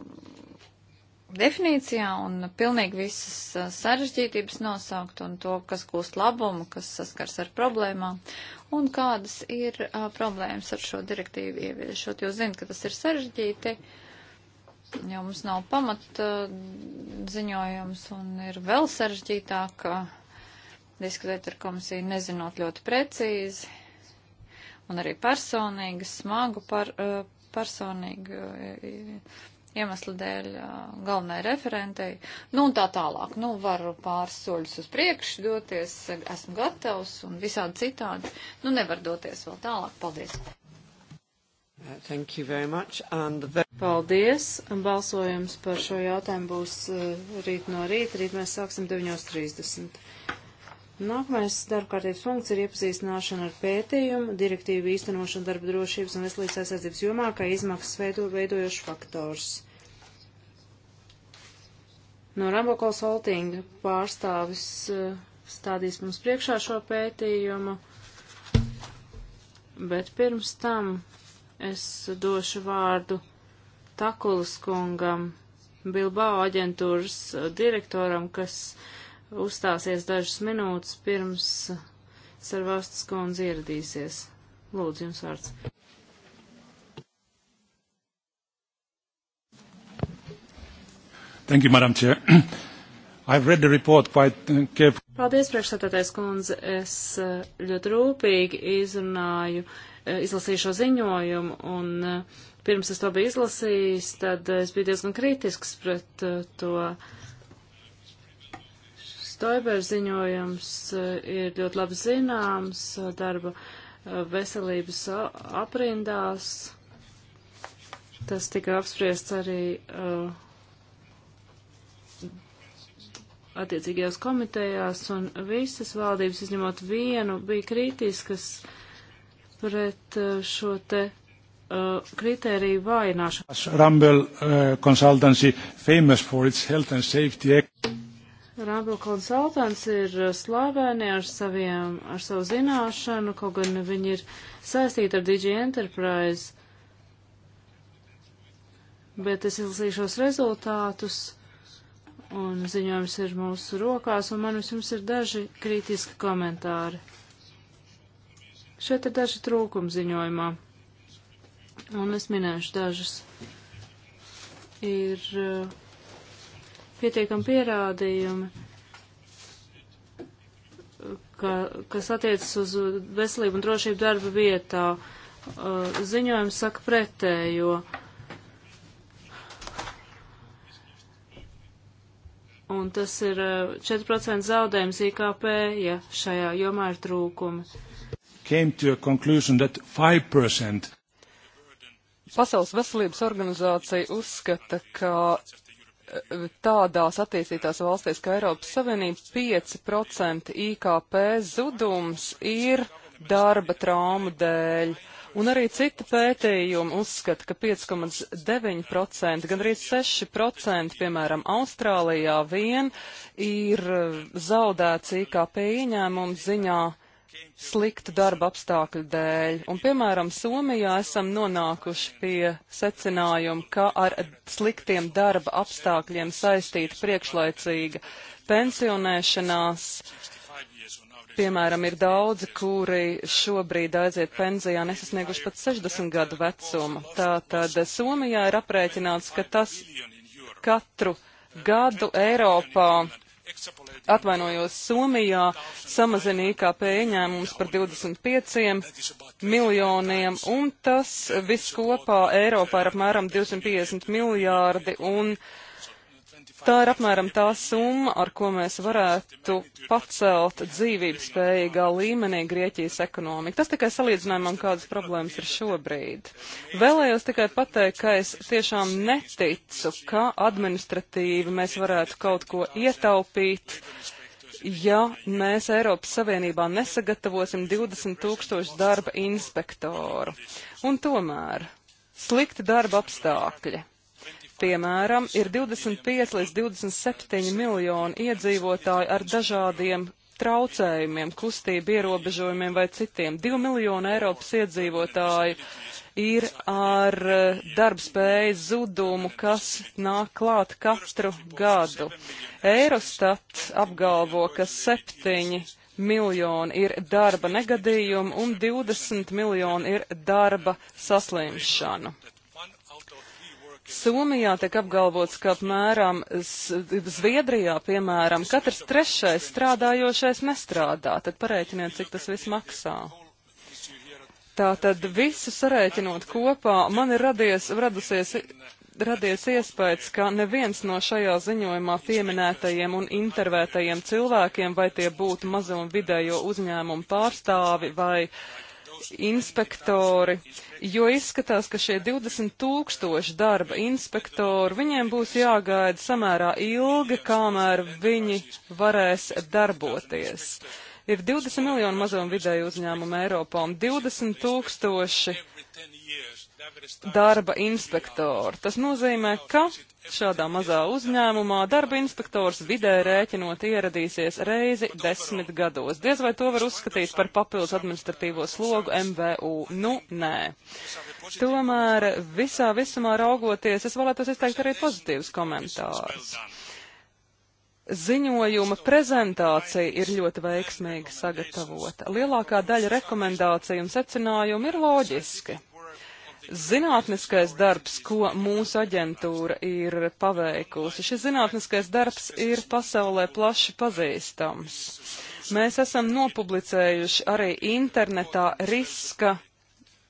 definīcijā un pilnīgi visas sarežģītības nosaukt un to, kas gūst labumu, kas saskars ar problēmām un kādas ir uh, problēmas ar šo direktīvu ieviešot. Jūs zinat, ka tas ir sarežģīti, jo mums nav pamat uh, ziņojums un ir vēl sarežģītāk uh, diskutēt ar komisiju, nezinot ļoti precīzi un arī personīgi, smagu par, personīgi iemesla dēļ galvenai referentei. Nu un tā tālāk. Nu varu pāris soļus uz priekšu doties, esmu gatavs un visādi citādi. Nu nevar doties vēl tālāk. Paldies. Thank you very much. And the... Paldies. Balsojums par šo jautājumu būs rīt no rīta. Rīt mēs sāksim 9.30. Nākamais darbkārtības punkts ir iepazīstināšana ar pētījumu, direktīvu īstenošanu darba drošības un veselības aizsardzības jomā, kā izmaksas veido, veidojošs faktors. No Rambokols Holtinga pārstāvis eh, stādīs mums priekšā šo pētījumu, bet pirms tam es došu vārdu Takulas kungam, Bilbao aģentūras eh, direktoram, kas uzstāsies dažas minūtes pirms Sarvastas kundze ieradīsies. Lūdzu, jums vārds. Thank you, Madam Chair. (clears throat) I've read the report quite uh, carefully. Paldies, priekšsētātais kundze. Es uh, ļoti rūpīgi izrunāju, uh, izlasīju šo ziņojumu, un pirms es to biju izlasījis, tad es biju diezgan kritisks pret to. Stoiber ziņojums ir ļoti labi zināms darba veselības aprindās. Tas tika apspriests arī uh, attiecīgajās komitejās, un visas valdības, izņemot vienu, bija kritiskas pret uh, šo te uh, kritēriju vājināšanu. Rumble uh, Consultancy famous for its health and safety act. Rumble Consultants ir uh, slavēni ar, saviem, ar savu zināšanu, kaut gan viņi ir saistīti ar DG Enterprise. Bet es izlasīšos rezultātus un ziņojums ir mūsu rokās, un man jums ir daži kritiski komentāri. Šeit ir daži trūkumi ziņojumā, un es minēšu dažus. Ir uh, pietiekami pierādījumi ka, kas attiecas uz veselību un drošību darba vietā, uh, ziņojums saka pretējo. un tas ir 4% eh, zaudējums IKP, ja šajā jomā ir trūkumi. Pasaules veselības organizācija uzskata, ka eh, tādās attīstītās valstīs kā Eiropas Savienība 5% IKP zudums ir darba traumu dēļ. Uh, Un arī citi pētījumi uzskata, ka 5,9%, gandrīz 6%, piemēram, Austrālijā vien ir eh, zaudēts IKP ieņēmumu ziņā sliktu darba apstākļu dēļ. Un, piemēram, Somijā esam nonākuši pie secinājuma, ka ar sliktiem darba apstākļiem saistīta priekšlaicīga pensionēšanās Piemēram, ir daudzi, kuri šobrīd aiziet pensijā nesasnieguši pat 60 gadu vecumu. Tātad Somijā ir aprēķināts, ka tas katru gadu Eiropā, atvainojos Somijā, samazina IKP ieņēmums par 25 miljoniem, un tas viss kopā Eiropā ir apmēram 250 miljārdi, un uh, Tā ir apmēram tā summa, ar ko mēs varētu pacelt dzīvībspējīgā līmenī Grieķijas ekonomiku. Tas tikai salīdzinājumam, kādas problēmas ir šobrīd. Vēlējos tikai pateikt, ka es tiešām neticu, ka administratīvi mēs varētu kaut ko ietaupīt ja mēs Eiropas Savienībā nesagatavosim 20 tūkstošu darba inspektoru. Un tomēr slikti darba apstākļi, Piemēram, ir 25 līdz 27 miljoni iedzīvotāji ar dažādiem traucējumiem, kustību ierobežojumiem vai citiem. 2 miljoni Eiropas iedzīvotāji ir ar e, darbspējas zudumu, kas nāk klāt katru gadu. Eirostat apgalvo, ka 7 miljoni ir darba negadījumi un 20 miljoni ir darba saslimšanu. Somijā tiek apgalvots, ka apmēram Zviedrijā, piemēram, katrs trešais strādājošais nestrādā. Tad pareiķiniet, cik tas viss maksā. Tātad visu sarēķinot kopā, man ir radies, radusies radies iespējas, ka neviens no šajā ziņojumā pieminētajiem un intervētajiem cilvēkiem, vai tie būtu mazo un vidējo uzņēmumu pārstāvi vai uh, inspektori, jo izskatās, ka šie 20 tūkstoši darba inspektori, viņiem būs jāgaida samērā ilgi, kamēr viņi varēs darboties. Ir 20 miljonu mazo un vidēju uzņēmumu Eiropā un 20 tūkstoši darba inspektoru. Tas nozīmē, ka šādā mazā uzņēmumā darba inspektors vidē rēķinot ieradīsies reizi desmit gados. Diez vai to var uzskatīt par papildus administratīvo slogu MVU? Nu, nē. Tomēr visā visumā raugoties, es vēlētos izteikt arī pozitīvus komentārus. Ziņojuma prezentācija ir ļoti veiksmīgi sagatavota. Lielākā daļa rekomendāciju un secinājumu ir loģiski zinātniskais darbs, ko mūsu aģentūra ir paveikusi. Šis zinātniskais darbs ir pasaulē plaši pazīstams. Mēs esam nopublicējuši arī internetā riska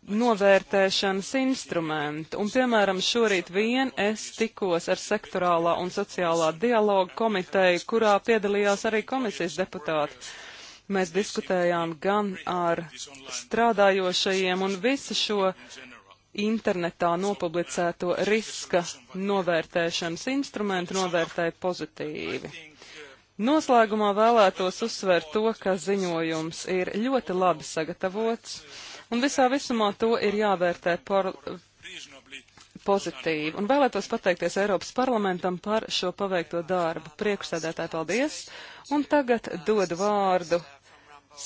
novērtēšanas instrumentu. Un, piemēram, šorīt vien es tikos ar sektorālā un sociālā dialoga komiteju, kurā piedalījās arī komisijas deputāti mēs diskutējām gan ar strādājošajiem, un visu šo internetā nopublicēto riska novērtēšanas instrumentu novērtēja pozitīvi. Noslēgumā vēlētos uzsvērt to, ka ziņojums ir ļoti labi sagatavots, un visā visumā to ir jāvērtē par pozitīvi. Un vēlētos pateikties Eiropas parlamentam par šo paveikto darbu. Priekšsēdētāji, paldies! Un tagad dodu vārdu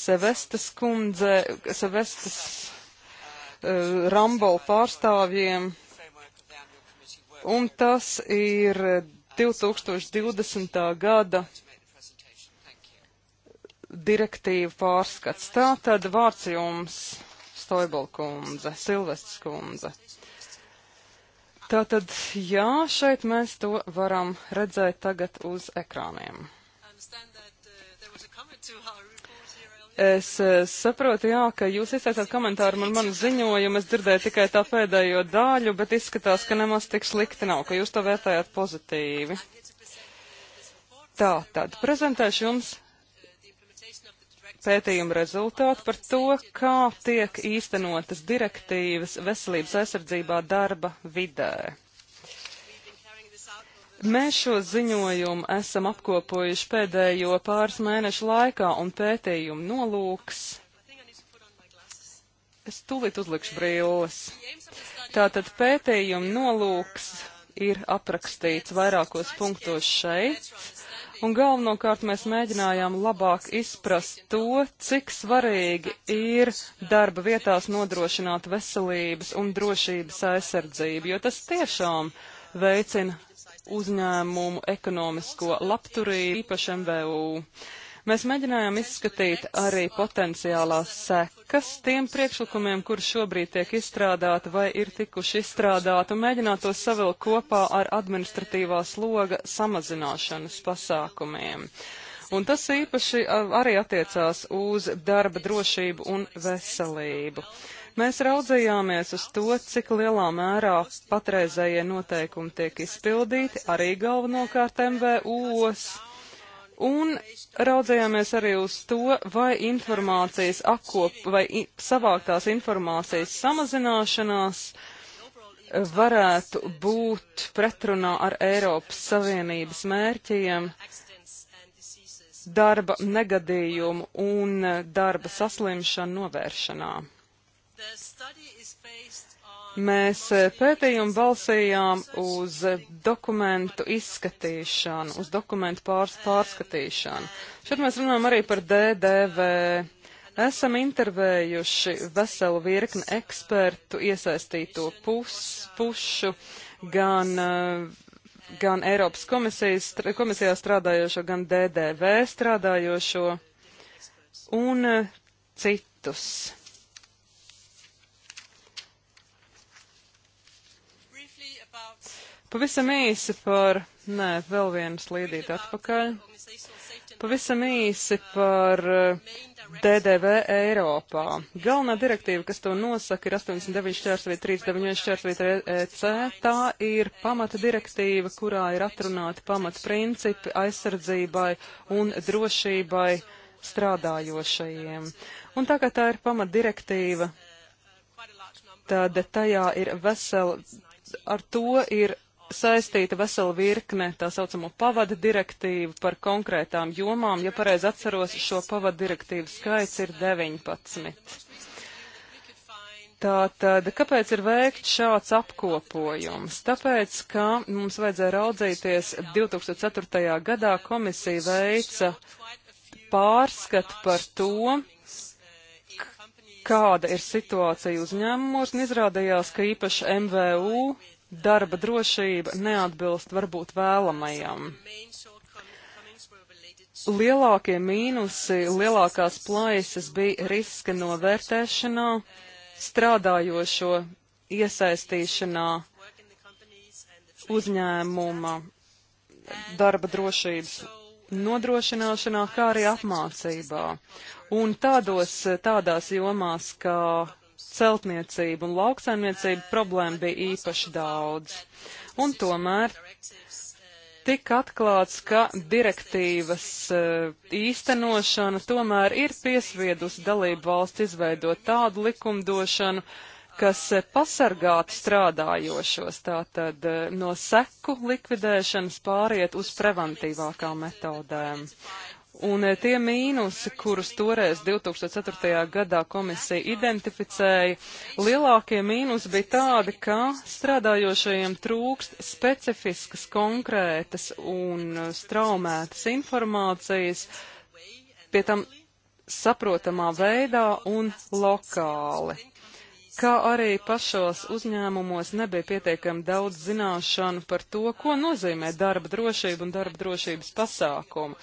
Sevestas kundze, Sevestas Eh, Rambo pārstāvjiem, un tas ir 2020. gada direktīva pārskats. Tā tad vārds jums, Stoibalkundze, Silvestris kundze. Tātad, jā, šeit mēs to varam redzēt tagad uz ekrāniem. Es eh, saprotu, jā, ka jūs izteicāt komentāru man manu ziņojumu, es dzirdēju tikai tā pēdējo daļu, bet izskatās, ka nemaz tik slikti nav, ka jūs to vērtējāt pozitīvi. Tā, tad prezentēšu jums pētījuma rezultātu par to, kā tiek īstenotas direktīvas veselības aizsardzībā darba vidē. Mēs šo ziņojumu esam apkopojuši pēdējo pāris mēnešu laikā un pētījumu nolūks. Es tūlīt uzlikšu brīles. Tātad pētījumu nolūks ir aprakstīts vairākos punktos šeit, un galvenokārt mēs mēģinājām labāk izprast to, cik svarīgi ir darba vietās nodrošināt veselības un drošības aizsardzību, jo tas tiešām veicina uzņēmumu ekonomisko labturību, īpaši MVU. Mēs mēģinājām izskatīt arī potenciālās sekas tiem priekšlikumiem, kur šobrīd tiek izstrādāti vai ir tikuši izstrādāti, un mēģināt to savilkt kopā ar administratīvā sloga samazināšanas pasākumiem. Un tas īpaši arī attiecās uz darba drošību un veselību. Uh, Mēs raudzījāmies uz to, cik lielā mērā patreizējie noteikumi tiek izpildīti, arī galvenokārt MVUs. Un raudzījāmies arī uz to, vai informācijas akop vai savāktās informācijas samazināšanās varētu būt pretrunā ar Eiropas Savienības mērķiem darba negadījumu un darba saslimšanu novēršanā. Mēs eh, pētījumu balsījām uz dokumentu izskatīšanu, uz dokumentu pārs, pārskatīšanu. Šeit mēs runājam arī par DDV. Esam intervējuši veselu virkni ekspertu iesaistīto pus, pušu, gan, eh, gan Eiropas komisijas, komisijā strādājošo, gan DDV strādājošo un eh, citus. Pavisam īsi par, nē, vēl vienu slīdīt atpakaļ. Pavisam īsi par eh, DDV Eiropā. Galvenā direktīva, kas to nosaka, ir 89 šķērsvīt 39 šķērsvīt EC. Tā ir pamata direktīva, kurā ir atrunāti pamata principi aizsardzībai un drošībai strādājošajiem. Un tā kā tā ir pamata direktīva, tad tajā ir vesela, ar to ir saistīta vesela virkne tā saucamo pavada direktīvu par konkrētām jomām. Ja pareizi atceros, šo pavada direktīvu skaits ir 19. Tātad, kāpēc ir veikt šāds apkopojums? Tāpēc, ka mums vajadzēja raudzīties 2004. gadā komisija veica pārskatu par to, kāda ir situācija uzņēmumos, un izrādījās, ka īpaši MVU darba drošība neatbilst varbūt vēlamajam. Lielākie mīnusi, lielākās plaisas bija riska novērtēšanā, strādājošo iesaistīšanā uzņēmuma darba drošības nodrošināšanā, kā arī apmācībā. Un tādos, tādās jomās, kā celtniecību un lauksaimniecību problēma bija īpaši daudz. Un tomēr tika atklāts, ka direktīvas eh, īstenošana tomēr ir piesviedusi dalību valsts izveidot tādu likumdošanu, kas eh, pasargātu strādājošos, tātad eh, no seku likvidēšanas pāriet uz preventīvākām metodēm. Un e, tie mīnusi, kurus toreiz 2004. gadā komisija identificēja, lielākie mīnusi bija tādi, ka strādājošajiem trūkst specifiskas, konkrētas un e, straumētas informācijas, pie tam saprotamā veidā un lokāli kā arī pašos uzņēmumos nebija pietiekami daudz zināšanu par to, ko nozīmē darba drošība un darba drošības pasākumi.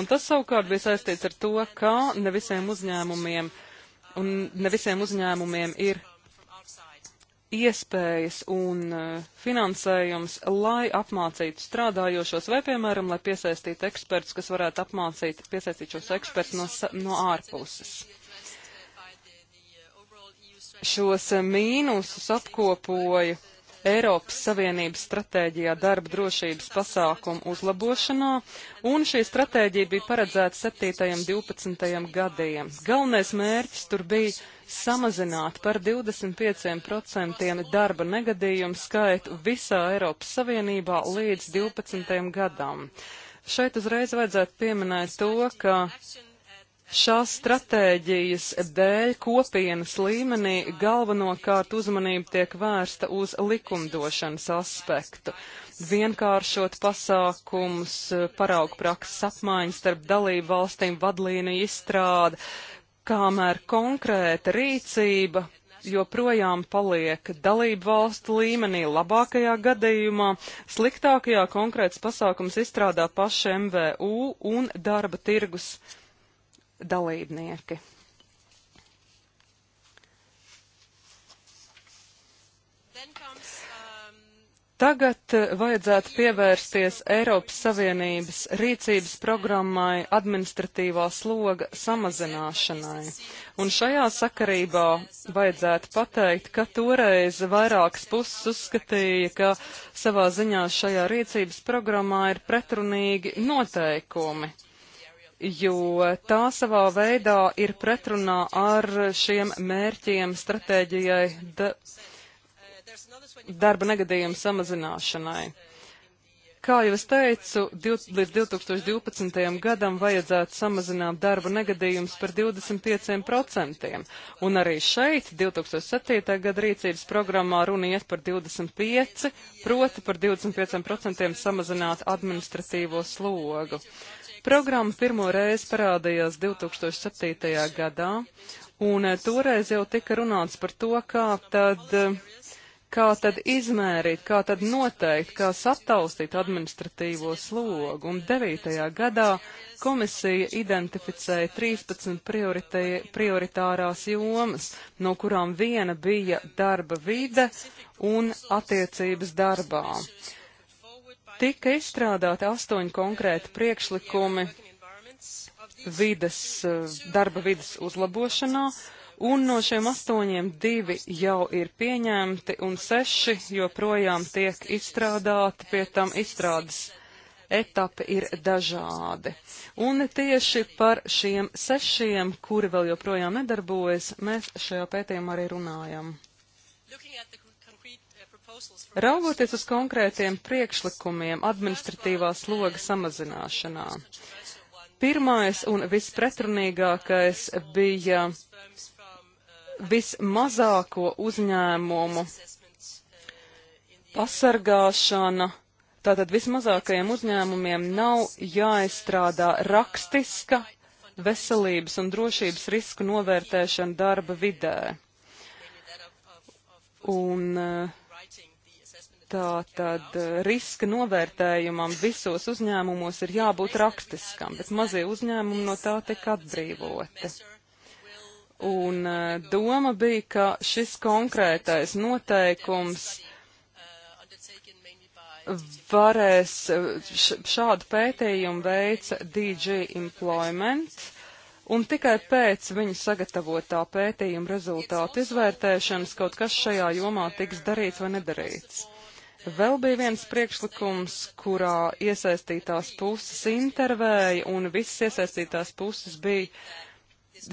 Un tas savukārt bija saistīts ar to, kā ne visiem uzņēmumiem, un ne visiem uzņēmumiem ir iespējas un e, finansējums, lai apmācītu strādājošos vai, piemēram, lai piesaistītu ekspertus, kas varētu apmācīt, piesaistīt šos ekspertus no, no ārpuses šos eh, mīnusus apkopoja Eiropas Savienības stratēģijā darba drošības pasākumu uzlabošanā, un šī stratēģija bija paredzēta 7. 12. gadiem. Galvenais mērķis tur bija samazināt par 25% darba negadījumu skaitu visā Eiropas Savienībā līdz 12. gadam. Šeit uzreiz vajadzētu pieminēt to, ka Šās stratēģijas dēļ kopienas līmenī galvenokārt uzmanība tiek vērsta uz likumdošanas aspektu. Vienkāršot pasākums, paraugu prakses apmaiņas starp dalību valstīm, vadlīniju izstrāda, kamēr konkrēta rīcība joprojām paliek dalību valstu līmenī labākajā gadījumā, sliktākajā konkrēts pasākums izstrādā paši MVU un darba tirgus dalībnieki. Tagad eh, vajadzētu pievērsties Eiropas Savienības rīcības programmai administratīvā sloga samazināšanai. Un šajā sakarībā vajadzētu pateikt, ka toreiz vairākas puses uzskatīja, ka savā ziņā šajā rīcības programmā ir pretrunīgi noteikumi jo tā savā veidā ir pretrunā ar šiem mērķiem stratēģijai da darba negadījumu samazināšanai. Kā jau es teicu, līdz 2012. gadam vajadzētu samazināt darba negadījumus par 25%, un arī šeit 2007. gada rīcības programmā runa iet par 25%, proti par 25% samazināt administratīvo slogu. Programma pirmo reizi parādījās 2007. gadā, un eh, toreiz jau tika runāts par to, kā tad, eh, kā tad izmērīt, kā tad noteikt, kā sataustīt administratīvo slogu. Un 9. gadā komisija identificēja 13 prioritārās jomas, no kurām viena bija darba vide un attiecības darbā. Uh, Tika izstrādāti astoņi konkrēti priekšlikumi vides, eh, darba vidas uzlabošanā, un no šiem astoņiem divi jau ir pieņemti, un seši joprojām tiek izstrādāti, pie tam izstrādes etapi ir dažādi. Un tieši par šiem sešiem, kuri vēl joprojām nedarbojas, mēs šajā pētījumā arī runājam. Raugoties uz konkrētiem priekšlikumiem administratīvās loga samazināšanā, pirmais un vispretrunīgākais bija vismazāko uzņēmumu pasargāšana. Tātad vismazākajiem uzņēmumiem nav jāizstrādā rakstiska veselības un drošības risku novērtēšana darba vidē. Un uh, Tā tad eh, riska novērtējumam visos uzņēmumos ir jābūt rakstiskam, bet mazie uzņēmumi no tā tiek atbrīvoti. Un eh, doma bija, ka šis konkrētais noteikums varēs, eh, šādu pētījumu veica DG Employment, un tikai pēc viņa sagatavotā pētījuma rezultātu izvērtēšanas kaut kas šajā jomā tiks darīts vai nedarīts. Vēl bija viens priekšlikums, kurā iesaistītās puses intervēja, un visas iesaistītās puses bija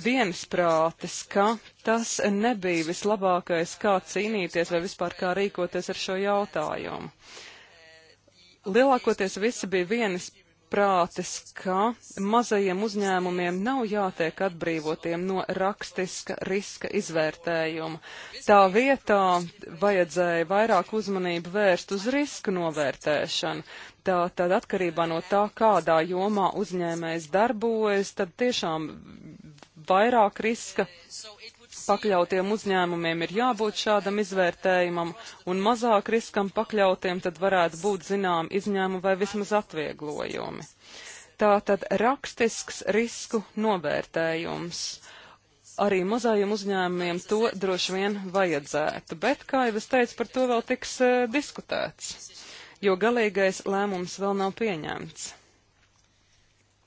viensprātis, ka tas nebija vislabākais, kā cīnīties vai vispār kā rīkoties ar šo jautājumu. Lielākoties visi bija vienas prātis, ka mazajiem uzņēmumiem nav jātiek atbrīvotiem no rakstiska riska izvērtējuma. Tā vietā vajadzēja vairāk uzmanību vērst uz risku novērtēšanu. Tā tad atkarībā no tā, kādā jomā uzņēmējs darbojas, tad tiešām vairāk riska pakļautiem uzņēmumiem ir jābūt šādam izvērtējumam, un mazāk riskam pakļautiem tad varētu būt zinām izņēmumi vai vismaz atvieglojumi. Tātad rakstisks risku novērtējums. Arī mazajiem uzņēmumiem to droši vien vajadzētu, bet, kā jau es teicu, par to vēl tiks uh, diskutēts, jo galīgais lēmums vēl nav pieņemts.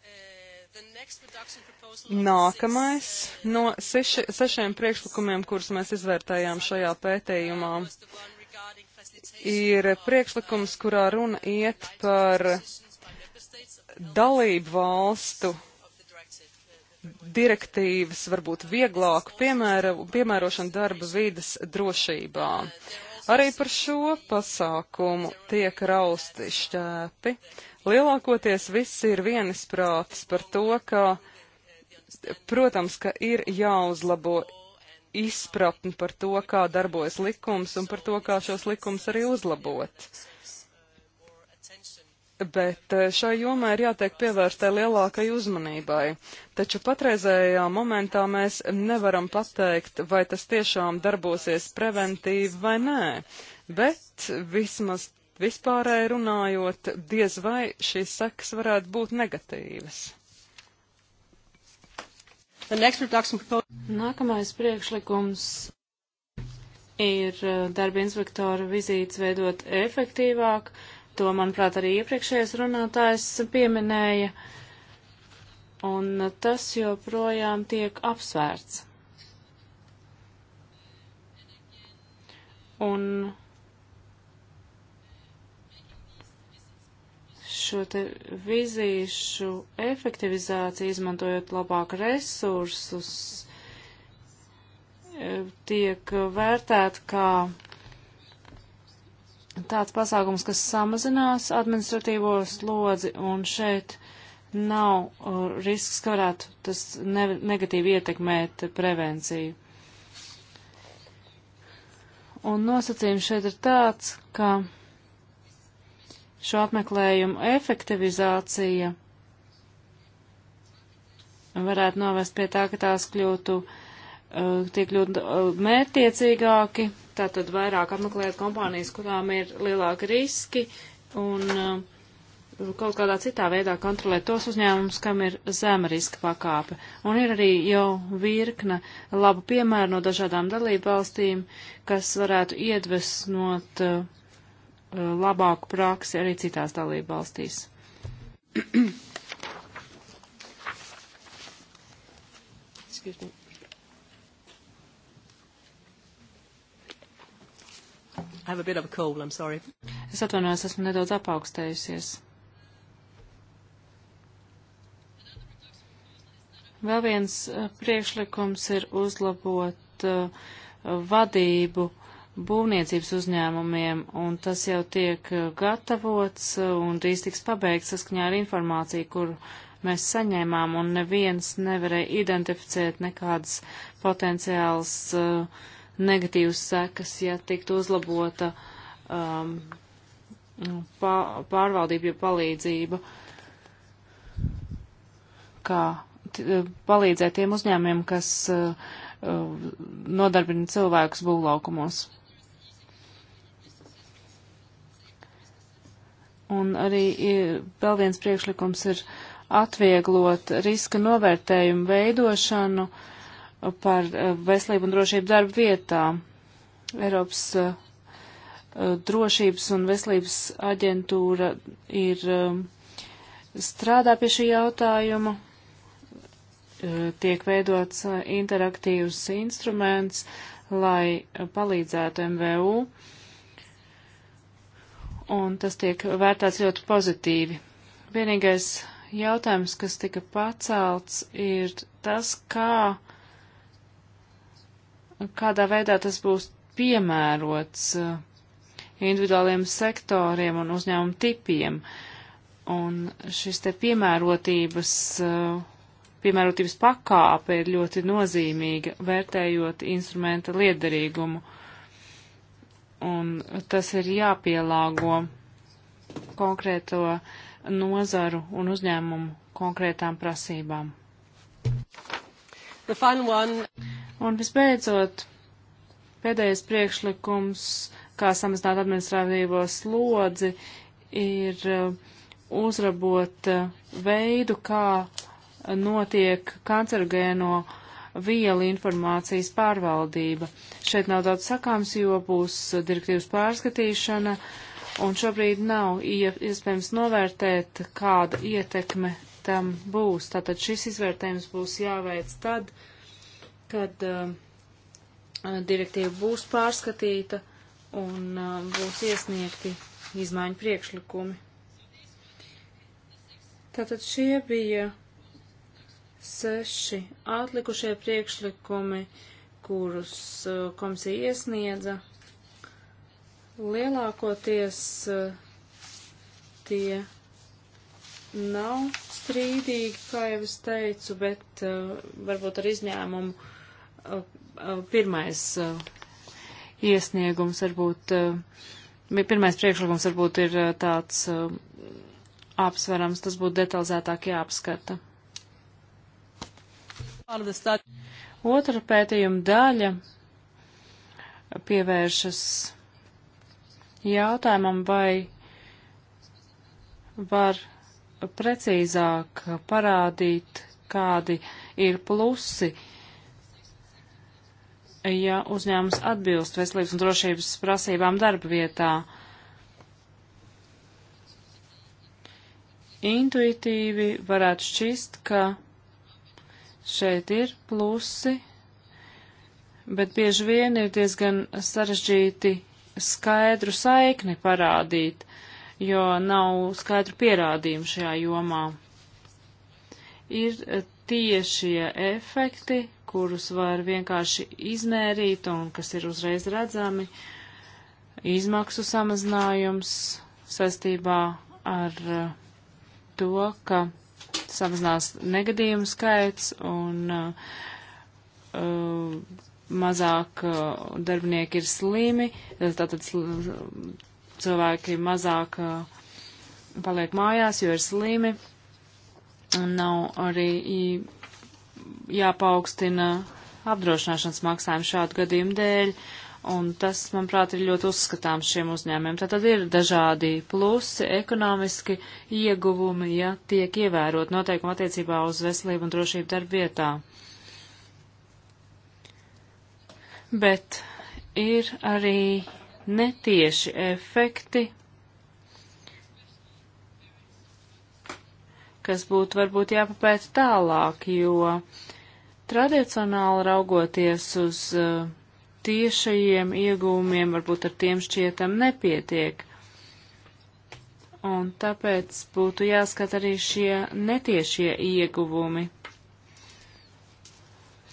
Uh, Nākamais no seši, sešiem priekšlikumiem, kurus mēs izvērtējām šajā pētījumā, ir priekšlikums, kurā runa iet par dalību valstu direktīvas varbūt vieglāku piemēra, piemērošanu darba vīdes drošībā. Arī par šo pasākumu tiek rausti šķēpi. Lielākoties viss ir vienisprātis par to, ka protams, ka ir jāuzlabo izpratni par to, kā darbojas likums un par to, kā šos likums arī uzlabot. Bet eh, šai jomai ir jātiek pievērstai lielākai uzmanībai. Taču patreizējā momentā mēs nevaram pateikt, vai tas tiešām darbosies preventīvi vai nē. Bet vismaz vispārēji runājot, diez vai šīs sekas varētu būt negatīvas. Nākamais priekšlikums ir uh, darba inspektora vizītes veidot efektīvāk. To, manuprāt, arī iepriekšējais runātājs pieminēja. Un uh, tas joprojām tiek apsvērts. Un šo te vizīšu efektivizāciju, izmantojot labāk resursus, e, tiek vērtēt kā tāds pasākums, kas samazinās administratīvo slodzi, un šeit nav uh, risks, ka varētu tas ne negatīvi ietekmēt prevenciju. Un nosacījums šeit ir tāds, ka šo apmeklējumu efektivizācija varētu novest pie tā, ka tās kļūtu, eh, tie kļūtu eh, mērtiecīgāki, tātad vairāk apmeklēt kompānijas, kurām ir lielāki riski un eh, kaut kādā citā veidā kontrolēt tos uzņēmumus, kam ir zema riska pakāpe. Un ir arī jau virkne labu piemēru no dažādām dalību valstīm, kas varētu iedvesmot uh, Uh, labāku praksi arī citās dalību valstīs. Excuse me. I have a bit of a cold, I'm sorry. Es atvainojos, esmu nedaudz apaugstējusies. Vēl viens uh, priekšlikums ir uzlabot uh, vadību būvniecības uzņēmumiem, un tas jau tiek uh, gatavots uh, un drīz tiks pabeigts saskaņā ar informāciju, kur mēs saņēmām, un neviens nevarēja identificēt nekādas potenciāls uh, negatīvas sekas, ja tiktu uzlabota um, pārvaldība, ja palīdzība, kā uh, palīdzēt tiem uzņēmiem, kas uh, nodarbina cilvēkus būvlaukumos. Un arī ir, vēl viens priekšlikums ir atvieglot riska novērtējumu veidošanu par e, veselību un drošību darba vietā. Eiropas uh, drošības un veselības aģentūra ir uh, strādā pie šī jautājuma, uh, tiek veidots interaktīvs instruments, lai palīdzētu MVU un tas tiek vērtēts ļoti pozitīvi. Vienīgais jautājums, kas tika pacelts, ir tas, kā, kādā veidā tas būs piemērots eh, individuāliem sektoriem un uzņēmumu tipiem. Un šis te piemērotības, eh, piemērotības pakāpe ir ļoti nozīmīga, vērtējot instrumenta liederīgumu un tas ir jāpielāgo konkrēto nozaru un uzņēmumu konkrētām prasībām. Un visbeidzot, pēdējais priekšlikums, kā samazināt administratīvo slodzi, ir uh, uzrabot uh, veidu, kā notiek kancerogēno uh, viela informācijas pārvaldība. Šeit nav daudz sakāms, jo būs direktīvas pārskatīšana, un šobrīd nav iespējams novērtēt, kāda ietekme tam būs. Tātad šis izvērtējums būs jāveic tad, kad uh, direktīva būs pārskatīta un uh, būs iesniegti izmaiņu priekšlikumi. Tātad šie bija seši atlikušie priekšlikumi, kurus uh, komisija iesniedza. Lielākoties uh, tie nav strīdīgi, kā jau es teicu, bet uh, varbūt ar izņēmumu pirmais iesniegums varbūt, pirmais priekšlikums varbūt ir tāds apsverams, tas būtu detalizētāk jāapskata. Otra pētījuma daļa pievēršas jautājumam, vai var precīzāk parādīt, kādi ir plusi, ja uzņēmums atbilst veselības un drošības prasībām darba vietā. Intuitīvi varētu šķist, ka Šeit ir plusi, bet bieži vien ir diezgan sarežģīti skaidru saikni parādīt, jo nav skaidru pierādījumu šajā jomā. Ir tiešie efekti, kurus var vienkārši izmērīt un kas ir uzreiz redzami, izmaksu samazinājums saistībā ar eh, to, ka samazinās negadījumu skaits un uh, uh, mazāk uh, darbinieki ir slimi, tātad sl cilvēki mazāk uh, paliek mājās, jo ir slimi. Un nav arī jāpaukstina apdrošināšanas maksājumu šādu gadījumu dēļ. Uh, Un tas, manuprāt, ir ļoti uzskatāms šiem uzņēmiem. Tātad ir dažādi plusi, ekonomiski ieguvumi, ja tiek ievērot noteikumi attiecībā uz veselību un drošību darbvietā. Bet ir arī netieši efekti, kas būtu varbūt jāpapēta tālāk, jo tradicionāli raugoties uz uh, tiešajiem iegūmiem varbūt ar tiem šķietam nepietiek. Un tāpēc būtu jāskat arī šie netiešie ieguvumi.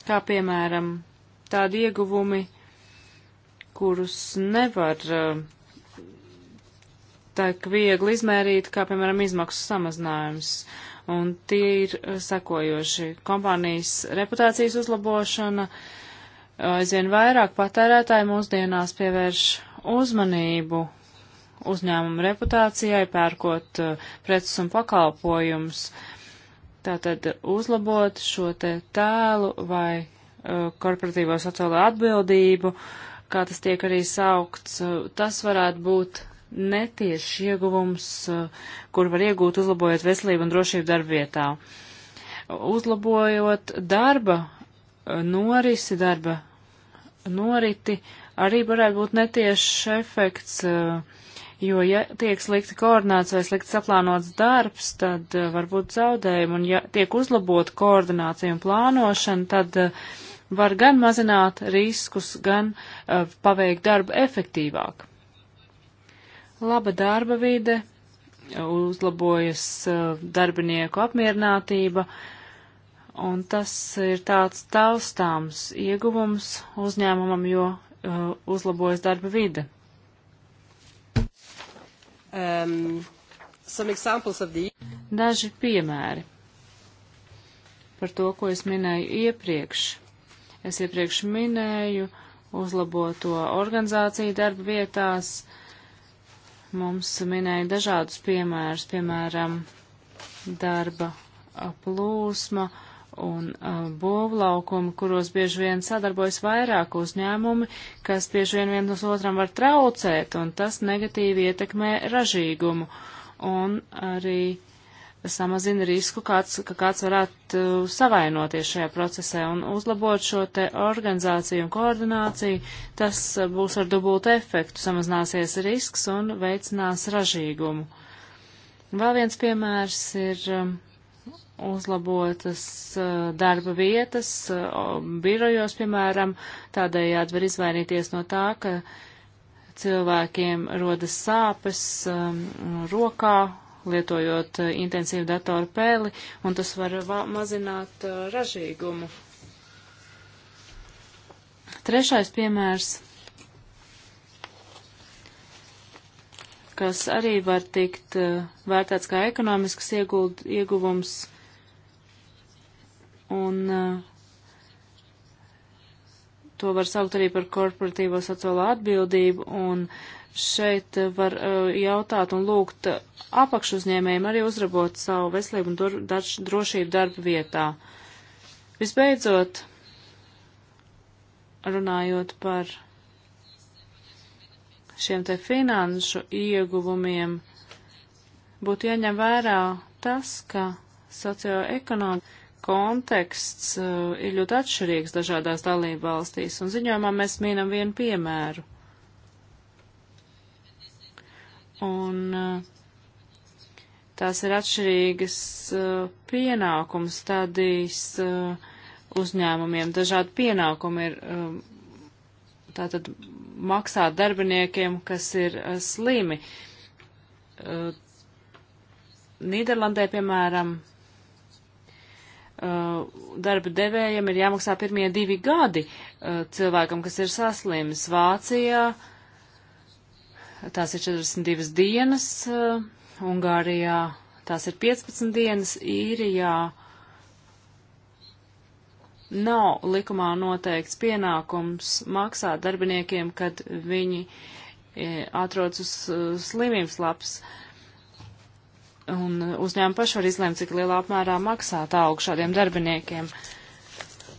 Kā piemēram tādi ieguvumi, kurus nevar eh, tā viegli izmērīt, kā piemēram izmaksu samazinājums. Un tie ir eh, sekojoši kompānijas reputācijas uzlabošana, uh, aizvien vairāk patērētāji mūsdienās pievērš uzmanību uzņēmumu reputācijai, pērkot uh, preces un pakalpojumus. Tātad uzlabot šo te tēlu vai uh, korporatīvo sociālo atbildību, kā tas tiek arī saukts, uh, tas varētu būt netiešs ieguvums, uh, kur var iegūt uzlabojot veselību un drošību darbvietā. Uzlabojot darba Eh, norisi, darba noriti, arī varētu būt netiešs efekts, eh, jo, ja tiek slikti koordināts vai slikti saplānots darbs, tad eh, var būt zaudējumi, un ja tiek uzlabota koordinācija un plānošana, tad var gan mazināt riskus, gan paveikt darbu efektīvāk. Laba darba vide, uzlabojas darbinieku apmierinātība, uh, un tas ir tāds taustāms ieguvums uzņēmumam, jo uh, uzlabojas darba vide. Um, the... Daži piemēri par to, ko es minēju iepriekš. Es iepriekš minēju uzlaboto organizāciju darba vietās. Mums minēja dažādus piemērus, piemēram, darba plūsma, uh, un uh, būvlaukumi, kuros bieži vien sadarbojas vairāk uzņēmumi, kas bieži vien viens otram var traucēt, un tas negatīvi ietekmē ražīgumu un arī samazina risku, kāds, ka kāds varētu uh, savainoties šajā procesē un uzlabot šo te organizāciju un koordināciju, tas uh, būs ar dubultu efektu, samazināsies risks un veicinās ražīgumu. Vēl viens piemērs ir um, uzlabotas uh, darba vietas uh, um, birojos, piemēram, tādējādi var izvainīties no tā, ka cilvēkiem rodas sāpes um, rokā, lietojot uh, intensīvu datoru pēli, un tas var mazināt ražīgumu. Trešais piemērs, kas arī var tikt vērtēts kā ekonomisks ieguld, ieguvums un uh, to var saukt arī par korporatīvo sociālo atbildību, un šeit var uh, jautāt un lūgt apakšuzņēmējiem arī uzrabot savu veselību un drošību darba vietā. Visbeidzot, runājot par šiem te finanšu ieguvumiem, būtu jāņem vērā tas, ka socioekonomika konteksts eh, ir ļoti atšķirīgs dažādās dalību valstīs, un ziņojumā mēs mīnam vienu piemēru. Un eh, tās ir atšķirīgas eh, pienākumu stadijas uzņēmumiem. Dažādi pienākumi ir tātad maksāt darbiniekiem, kas ir slimi. Nīderlandē, piemēram, Eh, darba devējiem ir jāmaksā pirmie divi gadi eh, cilvēkam, kas ir saslimis. Vācijā tās ir 42 dienas, eh, Ungārijā tās ir 15 dienas, Īrijā nav likumā noteikts pienākums maksāt darbiniekiem, kad viņi atrodas uz slimības labs. Uh, un uh, uzņēmumi paši var izlēmt, cik lielā apmērā maksāt algu šādiem darbiniekiem.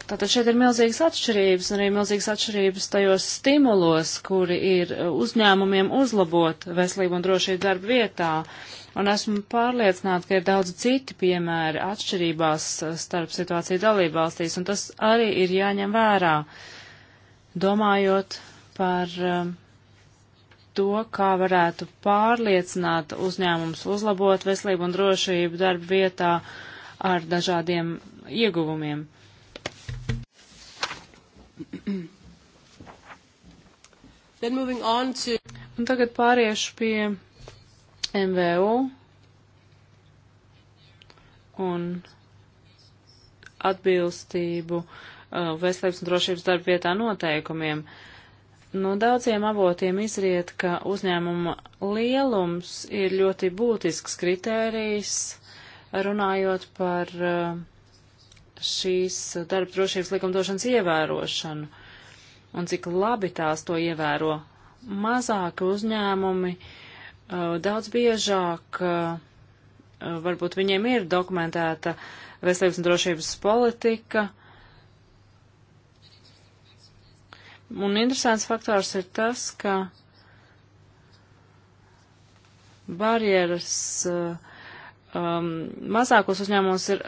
Tātad šeit ir milzīgas atšķirības, un arī milzīgas atšķirības tajos stimulos, kuri ir uh, uzņēmumiem uzlabot veselību un drošību darba vietā. Un esmu pārliecināta, ka ir daudz citi piemēri atšķirībās uh, starp situāciju dalībvalstīs, un tas arī ir jāņem vērā, domājot par uh, to, kā varētu pārliecināt uzņēmumus uzlabot veselību un drošību darba vietā ar dažādiem ieguvumiem. (clears throat) To... Un tagad pāriešu pie MVU un atbilstību uh, veselības un drošības darba vietā noteikumiem. Uh, No daudziem avotiem izriet, ka uzņēmuma lielums ir ļoti būtisks kritērijs, runājot par uh, šīs darba drošības likumdošanas ievērošanu un cik labi tās to ievēro. Mazāki uzņēmumi uh, daudz biežāk uh, varbūt viņiem ir dokumentēta veselības un drošības politika, uh, Un interesants faktors ir tas, ka barjeras uh, um, mazākos uzņēmumos ir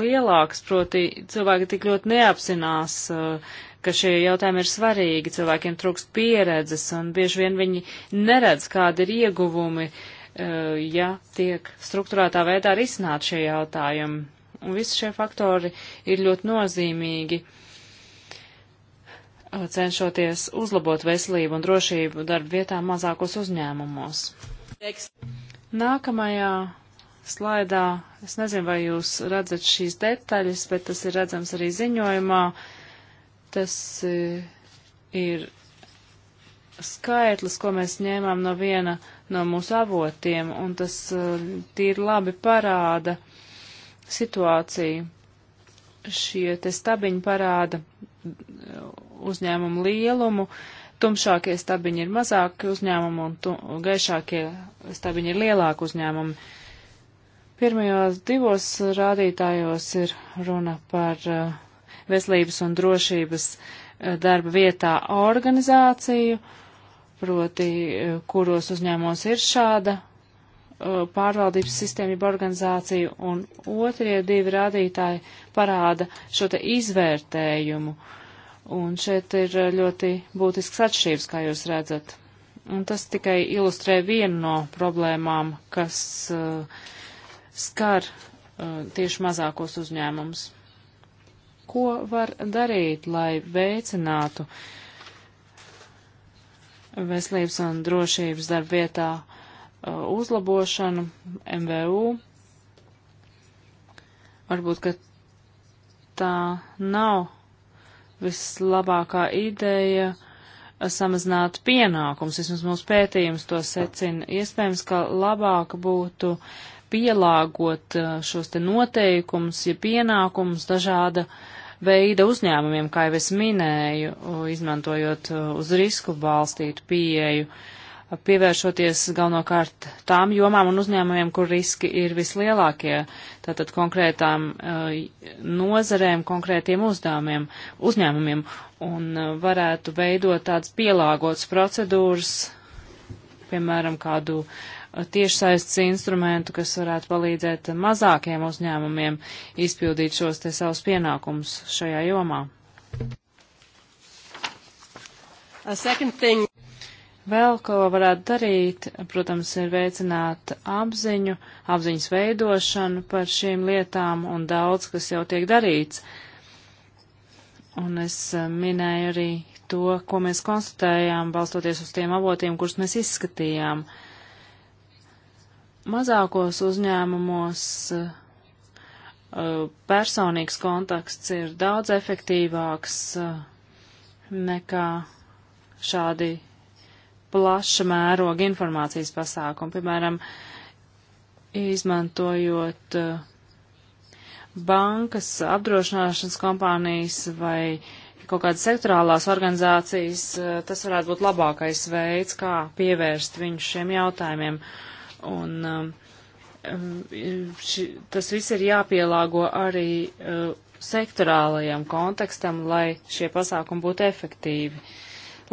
lielāks, proti cilvēki tik ļoti neapzinās, uh, ka šie jautājumi ir svarīgi, cilvēkiem trūkst pieredzes un bieži vien viņi neredz, kādi ir ieguvumi, uh, ja tiek struktūrētā veidā risināt šie jautājumi. Un visi šie faktori ir ļoti nozīmīgi. Uh, Uh, cenšoties uzlabot veselību un drošību darba vietā mazākos uzņēmumos. Nākamajā slaidā, es nezinu, vai jūs redzat šīs detaļas, bet tas ir redzams arī ziņojumā. Tas uh, ir skaitlis, ko mēs ņēmām no viena no mūsu avotiem, un tas uh, tīri labi parāda situāciju. Šie te stabiņi parāda uzņēmumu lielumu. Tumšākie stabiņi ir mazāki uzņēmumi un tu, gaišākie stabiņi ir lielāki uzņēmumi. Pirmajos divos rādītājos ir runa par eh, veselības un drošības eh, darba vietā organizāciju, proti, eh, kuros uzņēmumos ir šāda pārvaldības sistēmība organizāciju, un otrie divi rādītāji parāda šo te izvērtējumu, Un šeit ir ļoti būtisks atšķirības, kā jūs redzat. Un tas tikai ilustrē vienu no problēmām, kas uh, skar uh, tieši mazākos uzņēmumus. Ko var darīt, lai veicinātu veselības un drošības darbvietā uh, uzlabošanu MVU? Varbūt, ka tā nav vislabākā ideja samazināt pienākums, vismaz mūsu pētījums to secina. Iespējams, ka labāk būtu pielāgot uh, šos te noteikumus, ja pienākumus dažāda veida uzņēmumiem, kā jau es minēju, izmantojot uz risku balstītu pieeju. Uh, pievēršoties galvenokārt tām jomām un uzņēmumiem, kur riski ir vislielākie, tātad konkrētām eh, nozarēm, konkrētiem uzdāmiem, uzņēmumiem, un eh, varētu veidot tādas pielāgotas procedūras, piemēram, kādu eh, tiešsaistes instrumentu, kas varētu palīdzēt mazākiem uzņēmumiem izpildīt šos te savus pienākumus šajā jomā. A second thing Vēl, ko varētu darīt, protams, ir veicināt apziņu, apziņas veidošanu par šīm lietām un daudz, kas jau tiek darīts. Un es eh, minēju arī to, ko mēs konstatējām, balstoties uz tiem avotiem, kurus mēs izskatījām. Mazākos uzņēmumos eh, eh, personīgs kontakts ir daudz efektīvāks nekā šādi plaša mēroga informācijas pasākumu, piemēram, izmantojot uh, bankas, apdrošināšanas kompānijas vai kaut kādas sektorālās organizācijas, uh, tas varētu būt labākais veids, kā pievērst viņus šiem jautājumiem. Un, um, um, ši, tas viss ir jāpielāgo arī uh, sektorālajam kontekstam, lai šie pasākumi būtu efektīvi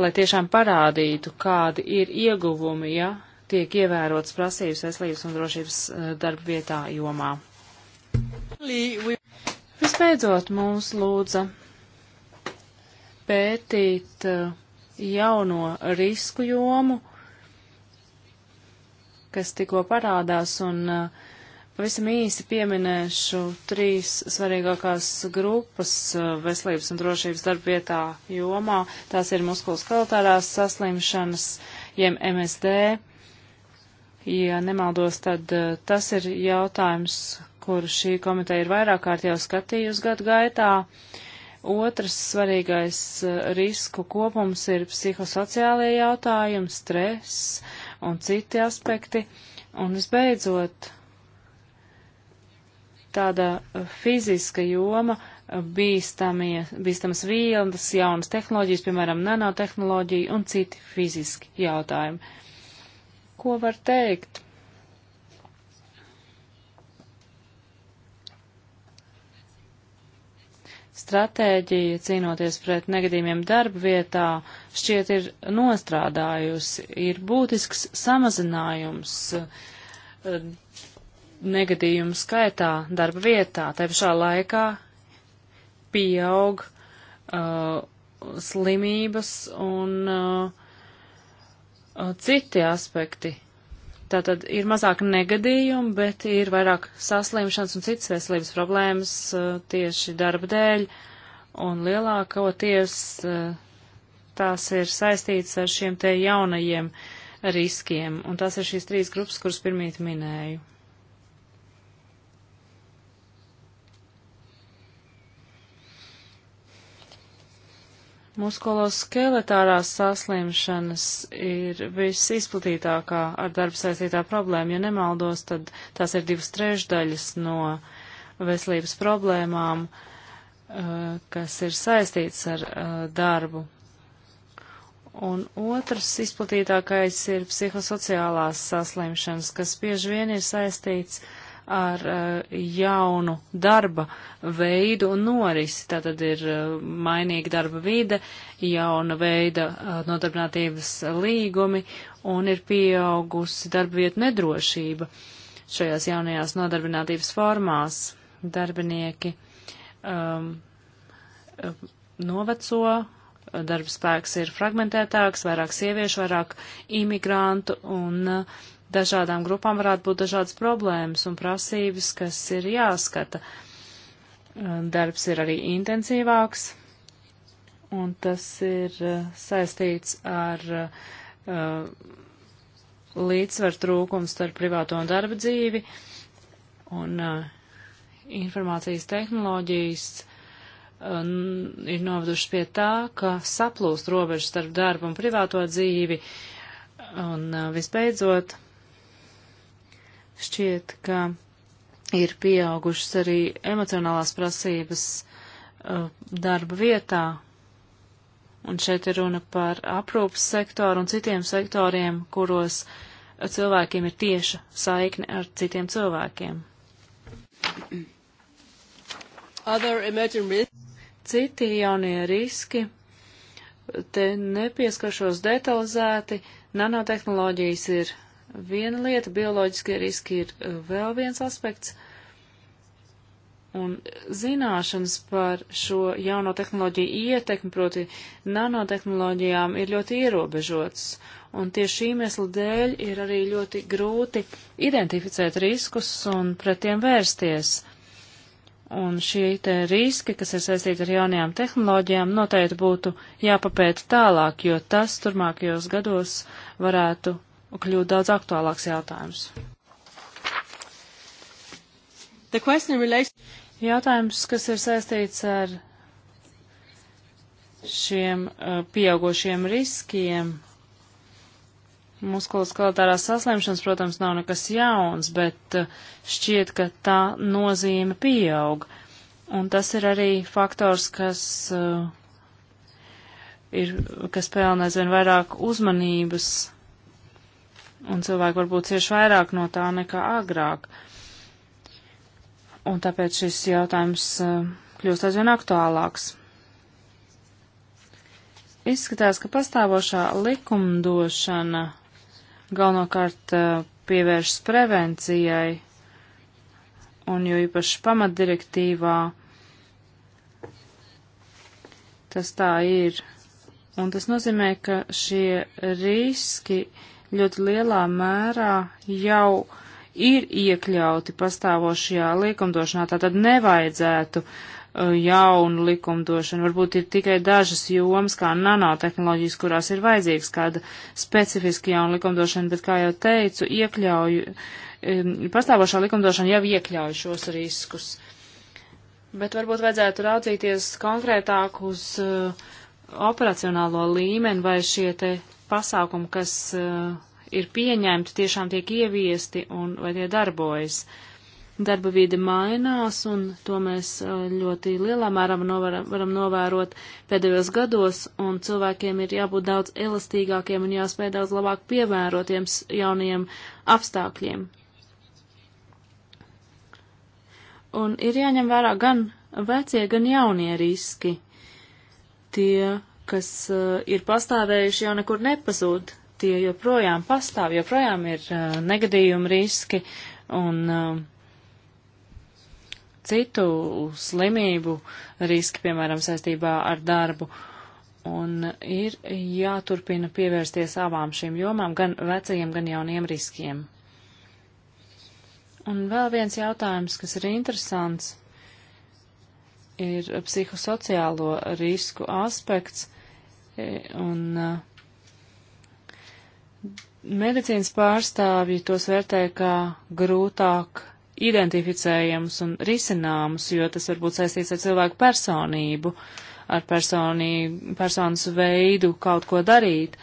lai tiešām parādītu, kādi ir ieguvumi, ja tiek ievērotas prasības veselības un drošības eh, darba vietā jomā. Visbeidzot, mūs lūdza pētīt eh, jauno risku jomu, kas tikko parādās, un uh, Pavisam īsi pieminēšu trīs svarīgākās grupas uh, veselības un drošības darbvietā jomā. Tās ir muskuloskeletārās saslimšanas, jeb MSD. Ja nemaldos, tad uh, tas ir jautājums, kuru šī komiteja ir vairāk kārt jau skatījusi gadu gaitā. Otrs svarīgais uh, risku kopums ir psihosociālie jautājumi, stress un citi aspekti. Un visbeidzot, tāda uh, fiziska joma, uh, bīstamas vielas, jaunas tehnoloģijas, piemēram, nanotehnoloģija un citi fiziski jautājumi. Ko var teikt? Stratēģija cīnoties pret negadījumiem darba vietā šķiet ir nostrādājusi, ir būtisks samazinājums uh, negadījumu skaitā darba vietā. Te pašā laikā pieaug uh, slimības un uh, citi aspekti. Tātad ir mazāk negadījumu, bet ir vairāk saslimšanas un citas veselības problēmas uh, tieši darba dēļ, un lielākoties uh, tās ir saistītas ar šiem te jaunajiem riskiem, un tās ir šīs trīs grupas, kuras pirmīt minēju. Muskuloskeletālās saslimšanas ir visizplatītākā ar darbu saistītā problēma. Ja nemaldos, tad tās ir divas trešdaļas no veselības problēmām, eh, kas ir saistīts ar eh, darbu. Un otrs izplatītākais ir psihosociālās saslimšanas, kas bieži vien ir saistīts ar ar uh, jaunu darba veidu un norisi. Tātad ir uh, mainīga darba vide, jauna veida uh, nodarbinātības līgumi un ir pieaugusi darba vietu nedrošība šajās jaunajās nodarbinātības formās. Darbinieki um, noveco, darbspēks ir fragmentētāks, vairāk sieviešu, vairāk imigrantu un uh, dažādām grupām varētu būt dažādas problēmas un prasības, kas ir jāskata. Darbs ir arī intensīvāks, un tas ir uh, saistīts ar uh, līdzsvaru trūkumu starp privāto un darba dzīvi, un uh, informācijas tehnoloģijas uh, ir novadušas pie tā, ka saplūst robežas starp darbu un privāto dzīvi, un uh, visbeidzot, Šķiet, ka ir pieaugušas arī emocionālās prasības uh, darba vietā. Un šeit ir runa par aprūpas sektoru un citiem sektoriem, kuros cilvēkiem ir tieša saikne ar citiem cilvēkiem. Citi jaunie riski, te nepieskaršos detalizēti, nanotehnoloģijas ir viena lieta, bioloģiskie riski ir eh, vēl viens aspekts. Un zināšanas par šo jauno tehnoloģiju ietekmi, proti nanotehnoloģijām, ir ļoti ierobežotas. Un tieši šī iemesla dēļ ir arī ļoti grūti identificēt riskus un pret tiem vērsties. Un šie te riski, kas ir saistīti ar jaunajām tehnoloģijām, noteikti būtu jāpapēta tālāk, jo tas turmākajos gados varētu kļūt daudz aktuālāks jautājums. Relates... Jautājums, kas ir saistīts ar šiem uh, pieaugušiem riskiem. Muskuloskeletālās saslimšanas, protams, nav nekas jauns, bet uh, šķiet, ka tā nozīme pieaug. Un tas ir arī faktors, kas, uh, ir, kas pelna aizvien vairāk uzmanības un cilvēki varbūt cieši vairāk no tā nekā agrāk. Un tāpēc šis jautājums eh, kļūst aizvien aktuālāks. Izskatās, ka pastāvošā likumdošana galvenokārt eh, pievēršas prevencijai, un jo īpaši pamatdirektīvā tas tā ir. Un tas nozīmē, ka šie riski uh, ļoti lielā mērā jau ir iekļauti pastāvošajā likumdošanā, tātad nevajadzētu uh, jaunu likumdošanu. Varbūt ir tikai dažas jomas, kā nanotehnoloģijas, kurās ir vajadzīgs kāda specifiska jauna likumdošana, bet, kā jau teicu, iekļauju, um, pastāvošā likumdošana jau iekļauj šos riskus. Bet varbūt vajadzētu raudzīties konkrētāk uz uh, operacionālo līmeni, vai šie te pasākumi, kas eh, ir pieņemti, tiešām tiek ieviesti un vai tie darbojas. Darba vide mainās, un to mēs eh, ļoti lielā mērā novaram, varam novērot pēdējos gados, un cilvēkiem ir jābūt daudz elastīgākiem un jāspēj daudz labāk pievērotiem jaunajiem apstākļiem. Un ir jāņem vērā gan vecie, gan jaunie riski. Tie kas eh, ir pastāvējuši, jau nekur nepazūd. Tie joprojām pastāv, joprojām ir eh, negadījumi, riski un eh, citu slimību riski, piemēram, saistībā ar darbu. Un ir jāturpina pievērsties abām šīm jomām, gan vecajiem, gan jauniem riskiem. Un vēl viens jautājums, kas ir interesants, ir psihosociālo risku aspekts, E, un e, medicīnas pārstāvji tos vērtē kā grūtāk identificējams un risināms, jo tas var būt saistīts ar cilvēku personību, ar personī, personas veidu kaut ko darīt.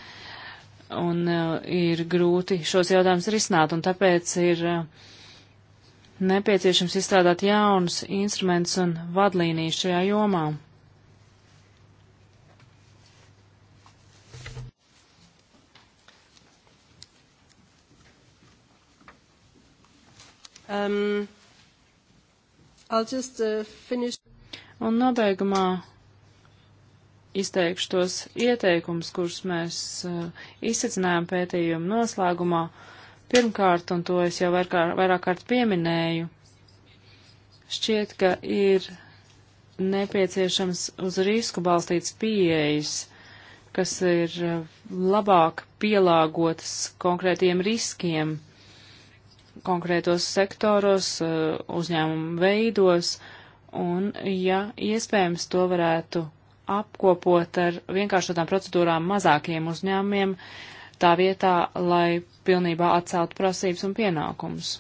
Un uh, ir grūti šos jautājumus risināt, un tāpēc ir uh, nepieciešams izstrādāt jaunus instrumentus un vadlīnijas šajā jomā. Um, I'll just uh, finish. Un nobeigumā izteikšu tos ieteikumus, kurus mēs uh, izsacinājām pētījumu noslēgumā. Pirmkārt, un to es jau vairāk, vairāk kārt pieminēju, šķiet, ka ir nepieciešams uz risku balstīts pieejas, kas ir uh, labāk pielāgotas konkrētiem riskiem konkrētos sektoros, eh, uzņēmumu veidos, un, ja iespējams, to varētu apkopot ar vienkāršotām procedūrām mazākiem uzņēmumiem, tā vietā, lai pilnībā atceltu prasības un pienākumus.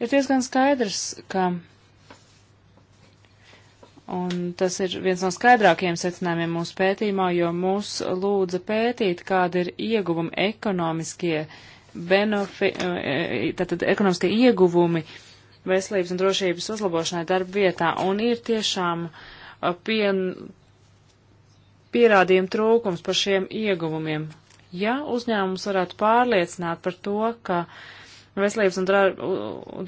Ir diezgan skaidrs, ka, un tas ir viens no skaidrākajiem secinājumiem mūsu pētījumā, jo mūs lūdza pētīt, kāda ir ieguvuma ekonomiskie uh, benefi, eh, eh, tātad ekonomiskie ieguvumi veselības un drošības uzlabošanai darba vietā, un ir tiešām eh, pien, pierādījuma trūkums par šiem ieguvumiem. Ja uzņēmums varētu pārliecināt par to, ka veselības un dra,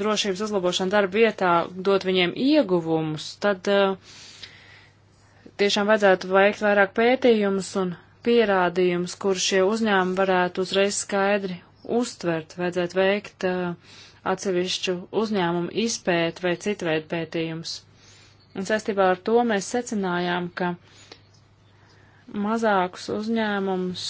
drošības uzlabošana darba vietā dot viņiem ieguvumus, tad uh, tiešām vajadzētu veikt vairāk pētījumus un pierādījumus, kur šie uzņēmumi varētu uzreiz skaidri uztvert, vajadzētu veikt uh, atsevišķu uzņēmumu izpēt vai citveidu pētījumus. Un saistībā ar to mēs secinājām, ka mazākus uzņēmumus,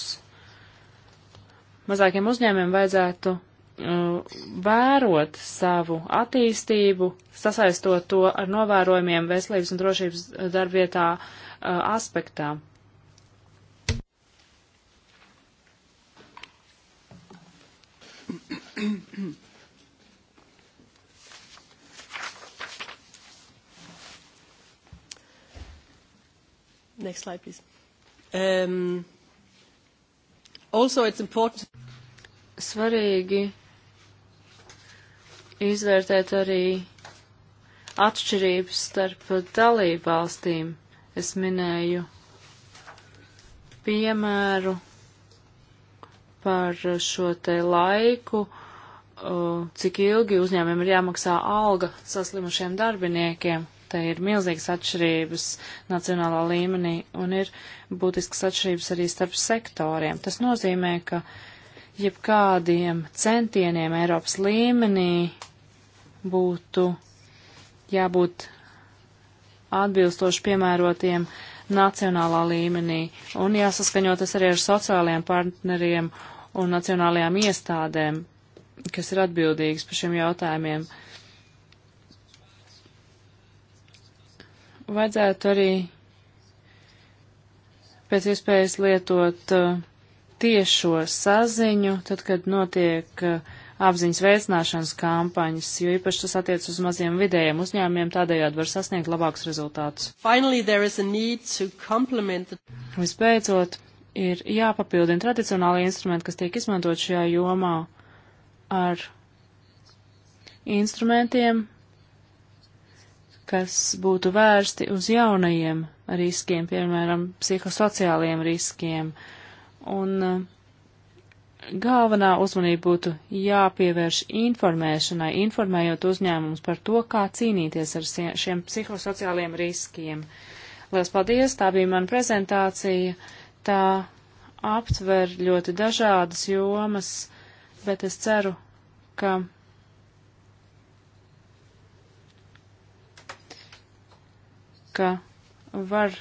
mazākiem uzņēmumiem vajadzētu uh, vērot savu attīstību, sasaistot to ar novērojumiem veselības un drošības darbvietā uh, aspektām. (clears throat) Next slide, please. Um, also, it's important. Svarīgi izvērtēt arī atšķirības starp dalību valstīm. Es minēju piemēru par šo te laiku, Uh, cik ilgi uzņēmumiem ir jāmaksā alga saslimušiem darbiniekiem. Te ir milzīgas atšķirības nacionālā līmenī un ir būtiskas atšķirības arī starp sektoriem. Tas nozīmē, ka jebkādiem centieniem Eiropas līmenī būtu jābūt atbilstoši piemērotiem nacionālā līmenī un jāsaskaņotas arī ar sociālajiem partneriem un nacionālajām iestādēm, kas ir atbildīgs par šiem jautājumiem. Vajadzētu arī pēc iespējas lietot uh, tiešo saziņu, tad, kad notiek uh, apziņas veicināšanas kampaņas, jo īpaši tas attiec uz maziem vidējiem uzņēmumiem, tādējādi var sasniegt labākus rezultātus. Finally, the... Visbeidzot, ir jāpapildina tradicionāli instrumenti, kas tiek izmantot šajā jomā ar instrumentiem, kas būtu vērsti uz jaunajiem riskiem, piemēram, psihosociāliem riskiem. Un eh, galvenā uzmanība būtu jāpievērš informēšanai, informējot uzņēmumus par to, kā cīnīties ar šiem psihosociāliem riskiem. Lielas paldies, tā bija mana prezentācija. Tā aptver ļoti dažādas jomas bet es ceru, ka ka var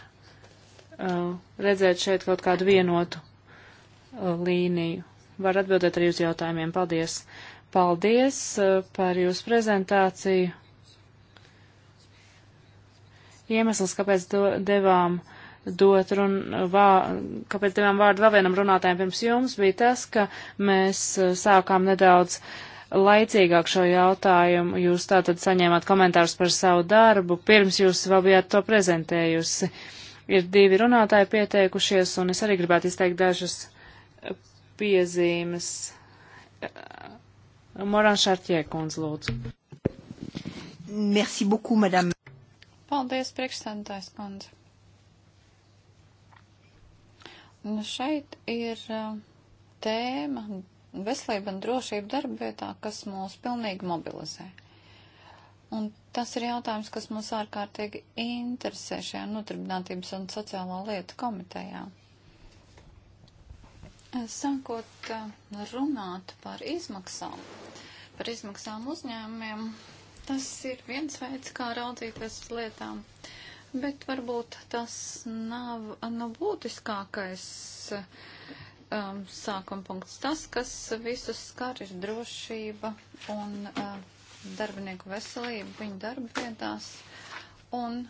uh, redzēt šeit kaut kādu vienotu uh, līniju. Var atbildēt arī uz jautājumiem. Paldies! Paldies uh, par jūsu prezentāciju. Iemesls, kāpēc do, devām dot run, vā, kāpēc devām vārdu vēl vienam runātājiem pirms jums, bija tas, ka mēs eh, sākām nedaudz laicīgāk šo jautājumu. Jūs tātad saņēmāt komentārus par savu darbu, pirms jūs vēl bijāt to prezentējusi. Ir divi runātāji pieteikušies, un es arī gribētu izteikt dažas eh, piezīmes. Eh, Moran Šartie, kundz, lūdzu. Merci beaucoup, madame. Paldies, priekšstādātājs, kundze. Nu, šeit ir tēma veselība un drošība darba vietā, kas mūs pilnīgi mobilizē. Un tas ir jautājums, kas mūs ārkārtīgi interesē šajā notarbinātības un sociālo lietu komitejā. Sākot runāt par izmaksām, par izmaksām uzņēmumiem, tas ir viens veids, kā raudzīties uz lietām. Uh, bet varbūt tas nav nu, būtiskākais um, sākuma punkts. Tas, kas visus skar, ir drošība un uh, darbinieku veselība viņu darba vietās. Un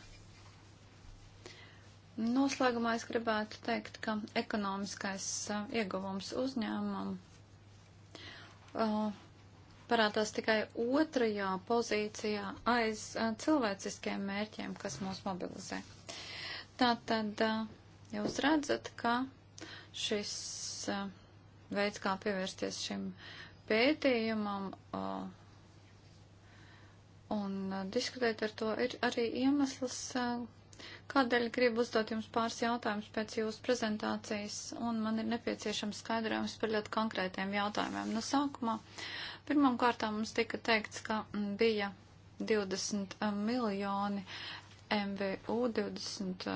noslēgumā es gribētu teikt, ka ekonomiskais uh, ieguvums uzņēmumam. Uh, parādās tikai otrajā pozīcijā aiz cilvēciskiem mērķiem, kas mūs mobilizē. Tātad jūs redzat, ka šis veids, kā pievērsties šim pētījumam un diskutēt ar to, ir arī iemesls, Kādēļ gribu uzdot jums pāris jautājumus pēc jūsu prezentācijas, un man ir nepieciešams skaidrojums par ļoti konkrētiem jautājumiem. No sākumā Pirmām kārtām mums tika teikts, ka bija 20 miljoni MVU, 20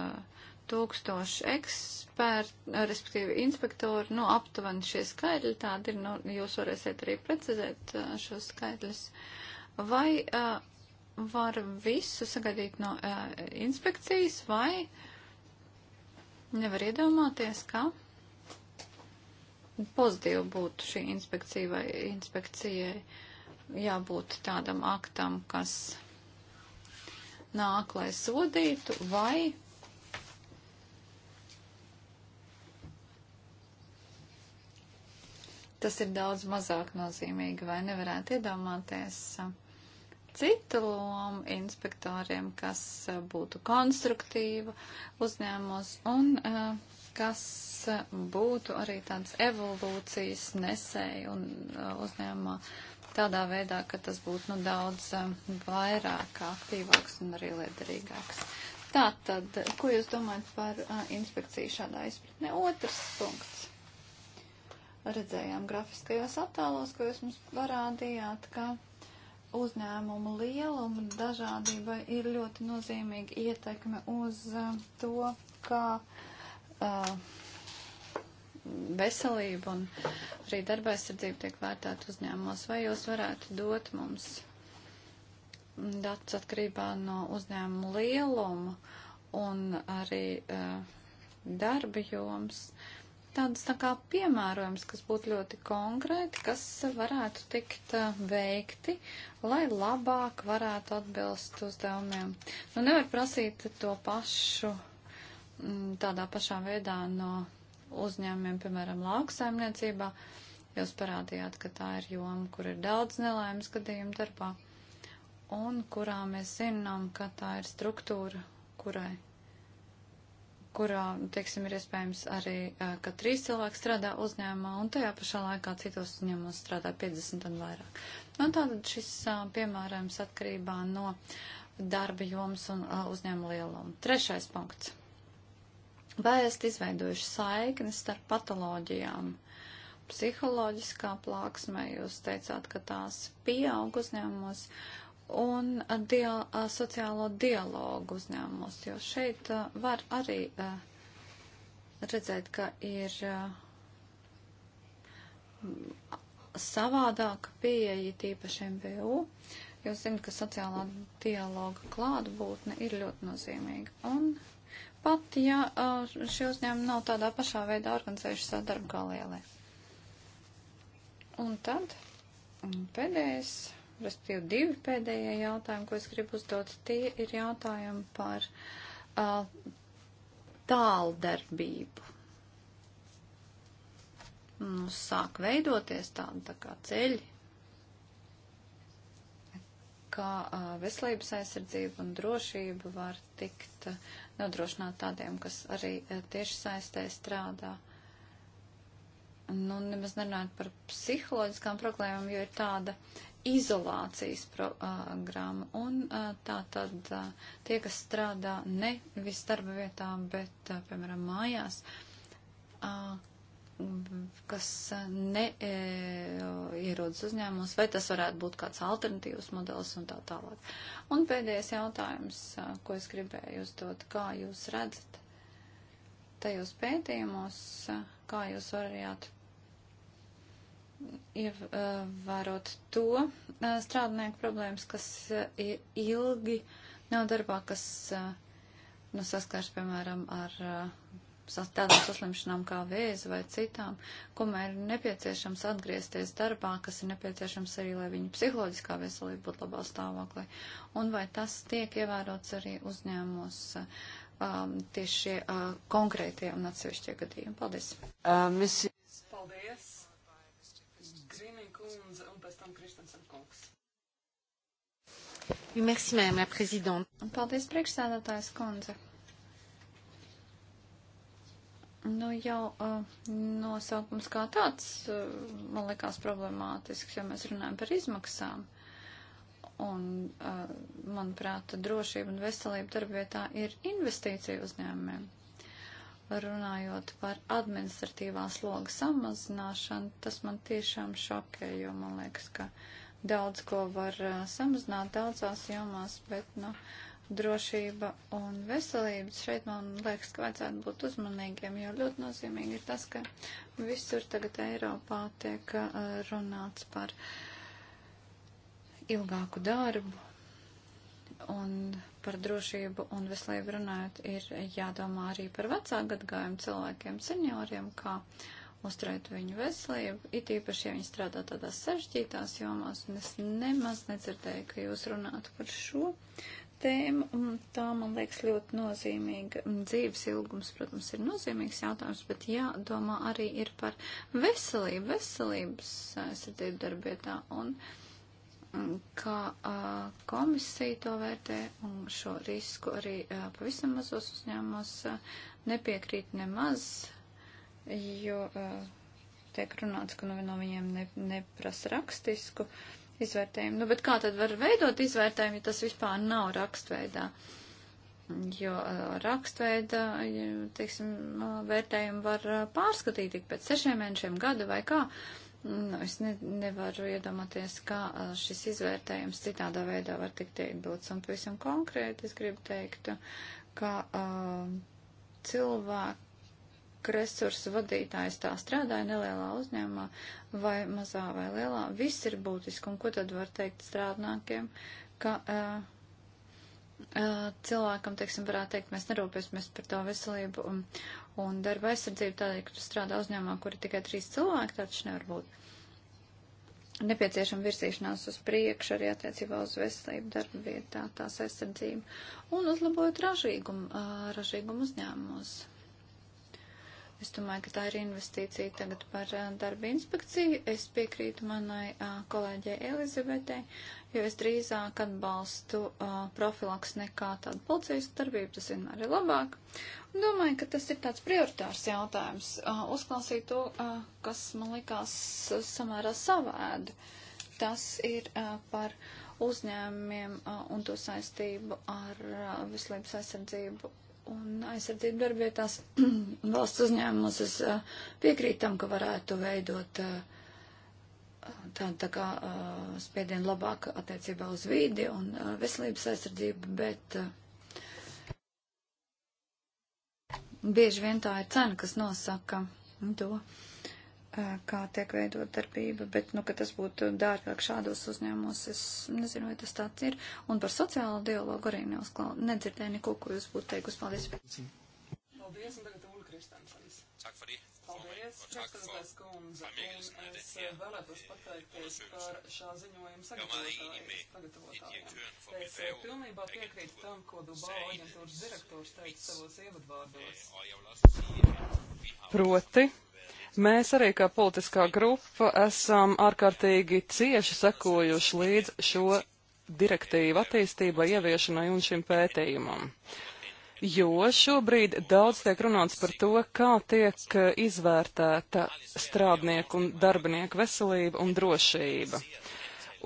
tūkstoši eksperti, respektīvi inspektori, nu aptuveni šie skaidri tādi ir, nu jūs varēsiet arī precizēt šos skaidrļus. Vai uh, var visu sagaidīt no uh, inspekcijas vai nevar iedomāties, ka pozitīva būtu šī inspekcija vai inspekcijai jābūt tādam aktam, kas nāk, lai sodītu, vai tas ir daudz mazāk nozīmīgi, vai nevarētu iedomāties citu lomu inspektoriem, kas būtu konstruktīva uzņēmos un uh, kas būtu arī tāds evolūcijas nesēji un uh, uzņēmumā tādā veidā, ka tas būtu nu, daudz um, vairāk aktīvāks un arī liederīgāks. Tā tad, ko jūs domājat par a, uh, inspekciju šādā izpratnē? Otrs punkts. Redzējām grafiskajos attēlos, ko jūs mums parādījāt, ka uzņēmumu lieluma dažādība ir ļoti nozīmīga ietekme uz a, uh, to, kā uh, uh, veselība un arī darba aizsardzība tiek vērtēta uzņēmumos. Vai jūs varētu dot mums datus atkarībā no uzņēmuma lieluma un arī uh, darba joms? Tādas tā kā piemērojums, kas būtu ļoti konkrēti, kas varētu tikt uh, veikti, lai labāk varētu atbilst uzdevumiem. Nu, nevar prasīt to pašu uh, Mm, tādā pašā veidā no uzņēmumiem, piemēram, lauksaimniecībā. Jūs parādījāt, ka tā ir joma, kur ir daudz nelaimes gadījumu darbā un kurā mēs zinām, ka tā ir struktūra, kurai, kurā, teiksim, ir iespējams arī, eh, ka trīs cilvēki strādā uzņēmumā un tajā pašā laikā citos uzņēmumos strādā 50 un vairāk. Nu, tātad šis eh, piemērojums atkarībā no darba jomas un eh, uzņēmuma lieluma. Trešais punkts. Vai esat izveidojuši saiknes starp patoloģijām? Psiholoģiskā plāksmē jūs teicāt, ka tās pieaug uzņēmumos un dia sociālo dialogu uzņēmumos, jo šeit a, var arī a, redzēt, ka ir a, savādāka pieeja tīpašiem VU. Jūs zināt, ka sociālā dialoga klātbūtne ir ļoti nozīmīga. Un pat ja šie uzņēmumi nav tādā pašā veidā organizējuši savu darbu kā lielie. Un tad pēdējais, respektīvi divi pēdējie jautājumi, ko es gribu uzdot, tie ir jautājumi par uh, tāldarbību. Mums nu, sāk veidoties tādi tā kā ceļi, kā uh, veselības aizsardzība un drošība var tikt uh, nodrošināt tādiem, kas arī eh, tieši saistē strādā. Nu, nemaz nerunājot par psiholoģiskām problēmām, jo ir tāda izolācijas programma. Eh, Un eh, tā tad tie, kas strādā nevis darba vietā, bet, piemēram, mājās, kas eh, neierodas eh, e, uzņēmumos, vai tas varētu būt kāds alternatīvs modelis un tā tālāk. Un pēdējais jautājums, eh, ko es gribēju uzdot, kā jūs redzat tajos pētījumos, kā jūs varējāt ievērot to strādnieku problēmas, kas ilgi nav darbā, kas nu, saskars, piemēram, ar tādām saslimšanām kā vēzi vai citām, kumēr ir nepieciešams atgriezties darbā, kas ir nepieciešams arī, lai viņu psiholoģiskā veselība būtu labā stāvoklī. Un vai tas tiek ievērots arī uzņēmumos um, tieši šie uh, konkrētie un atsevišķie gadījumi? Paldies! Uh, misi... Paldies! Grīnī kundze un pēc tam Kristensen kungs. Merci, madame la présidente. Paldies, priekšsēdētājs kundze. Nu, jau uh, nosaukums kā tāds uh, man likās problemātisks, jo mēs runājam par izmaksām. Un, uh, manuprāt, drošība un veselība darbvietā ir investīcija uzņēmumiem. Runājot par administratīvās logas samazināšanu, tas man tiešām šokē, jo man liekas, ka daudz ko var uh, samazināt daudzās jomās, bet, nu, uh, drošība un veselības. Šeit man liekas, ka vajadzētu būt uzmanīgiem, jo ļoti nozīmīgi ir tas, ka visur tagad Eiropā tiek uh, runāts par ilgāku darbu un par drošību un veselību runājot ir jādomā arī par vecāku gadgājumu cilvēkiem, senioriem, kā uzturēt viņu veselību, it īpaši, ja viņi strādā tādās sarežģītās jomās, un es nemaz nedzirdēju, ka jūs runātu par šo tēma, un tā, man liekas, ļoti nozīmīga. Dzīves ilgums, protams, ir nozīmīgs jautājums, bet jādomā arī ir par veselību, veselības aizsardzību darbietā, un kā komisija to vērtē, un šo risku arī pavisam mazos uzņēmumos nepiekrīt nemaz, jo tiek runāts, ka nu no viņiem ne, neprasa rakstisku. Uh, izvērtējumu. Nu, bet kā tad var veidot izvērtējumu, ja tas vispār nav rakstveidā? Jo rakstveida, teiksim, vērtējumu var pārskatīt tik pēc sešiem mēnešiem, gada vai kā. Nu, es ne, nevaru iedomāties, kā šis izvērtējums citādā veidā var tikt iegūts. Un pavisam konkrēti es gribu teikt, ka uh, cilvēki cilvēku resursu vadītājs tā strādāja nelielā uzņēmumā vai mazā vai lielā. Viss ir būtiski, un ko tad var teikt strādniekiem, ka uh, uh, cilvēkam, teiksim, varētu teikt, mēs nerūpēsimies par to veselību un, un darba aizsardzību tādēļ, ka tu strādā uzņēmumā, kur ir tikai trīs cilvēki, tāds nevar būt nepieciešama virzīšanās uz priekšu arī attiecībā uz veselību, darba vietā, tās aizsardzību un uzlabot ražīgumu, ražīgumu uzņēmumos. Es domāju, ka tā ir investīcija tagad par darba inspekciju. Es piekrītu manai kolēģei Elizabetei, jo es drīzāk atbalstu profilaks nekā tādu policijas darbību, tas vienmēr ir labāk. Un domāju, ka tas ir tāds prioritārs jautājums. A, uzklausīt to, a, kas man likās samērā savēdi. Tas ir a, par uzņēmumiem un to saistību ar veselības aizsardzību un aizsardzību darbietās (clears throat) valsts uzņēmumos es piekrītu tam, ka varētu veidot tādu tā kā spiedienu labāk attiecībā uz vīdi un veselības aizsardzību, bet bieži vien tā ir cena, kas nosaka to, kā tiek veidot darbība, bet, nu, ka tas būtu dārgāk šādos uzņēmumos, es nezinu, vai tas tāds ir. Un par sociālo dialogu arī neuzklau, nedzirdēju neko, ko jūs būtu teikusi. Paldies. Paldies, un tagad Ulu Kristensens. Paldies, Čakstātais kundze, un es eh, vēlētos pateikties par šā ziņojuma sagatavotājiem. Es eh, pilnībā piekrītu tam, ko Dubā aģentūras direktors teica savos ievadvārdos. Proti, Mēs arī kā politiskā grupa esam ārkārtīgi cieši sekojuši līdz šo direktīvu attīstībai, ieviešanai un šim pētījumam. Jo šobrīd daudz tiek runāts par to, kā tiek izvērtēta strādnieku un darbinieku veselība un drošība.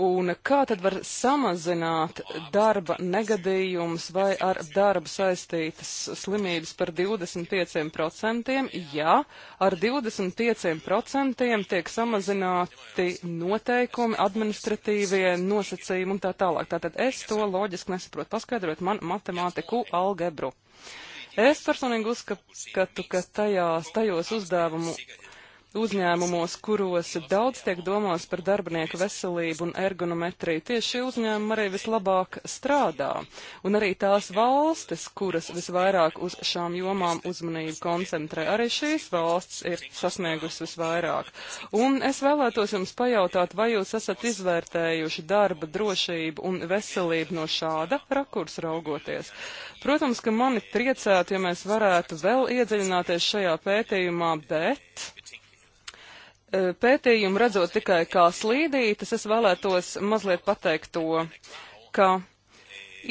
Un kā tad var samazināt darba negadījumus vai ar darbu saistītas slimības par 25%, ja ar 25% tiek samazināti noteikumi, administratīvie nosacījumi un tā tālāk. Tātad es to loģiski nesaprotu. Paskaidrot man matemātiku algebru. Es personīgi uzskatu, ka tajās, tajos uzdevumu uzņēmumos, kuros daudz tiek domās par darbinieku veselību un ergonometriju. Tieši šie uzņēmumi arī vislabāk strādā, un arī tās valstis, kuras visvairāk uz šām jomām uzmanību koncentrē, arī šīs valstis ir sasniegusi visvairāk. Un es vēlētos jums pajautāt, vai jūs esat izvērtējuši darba drošību un veselību no šāda rakursa raugoties. Protams, ka mani triecētu, ja mēs varētu vēl iedziļināties šajā pētījumā, bet Eh, pētījumu redzot tikai kā slīdītas, es vēlētos mazliet pateikt to, ka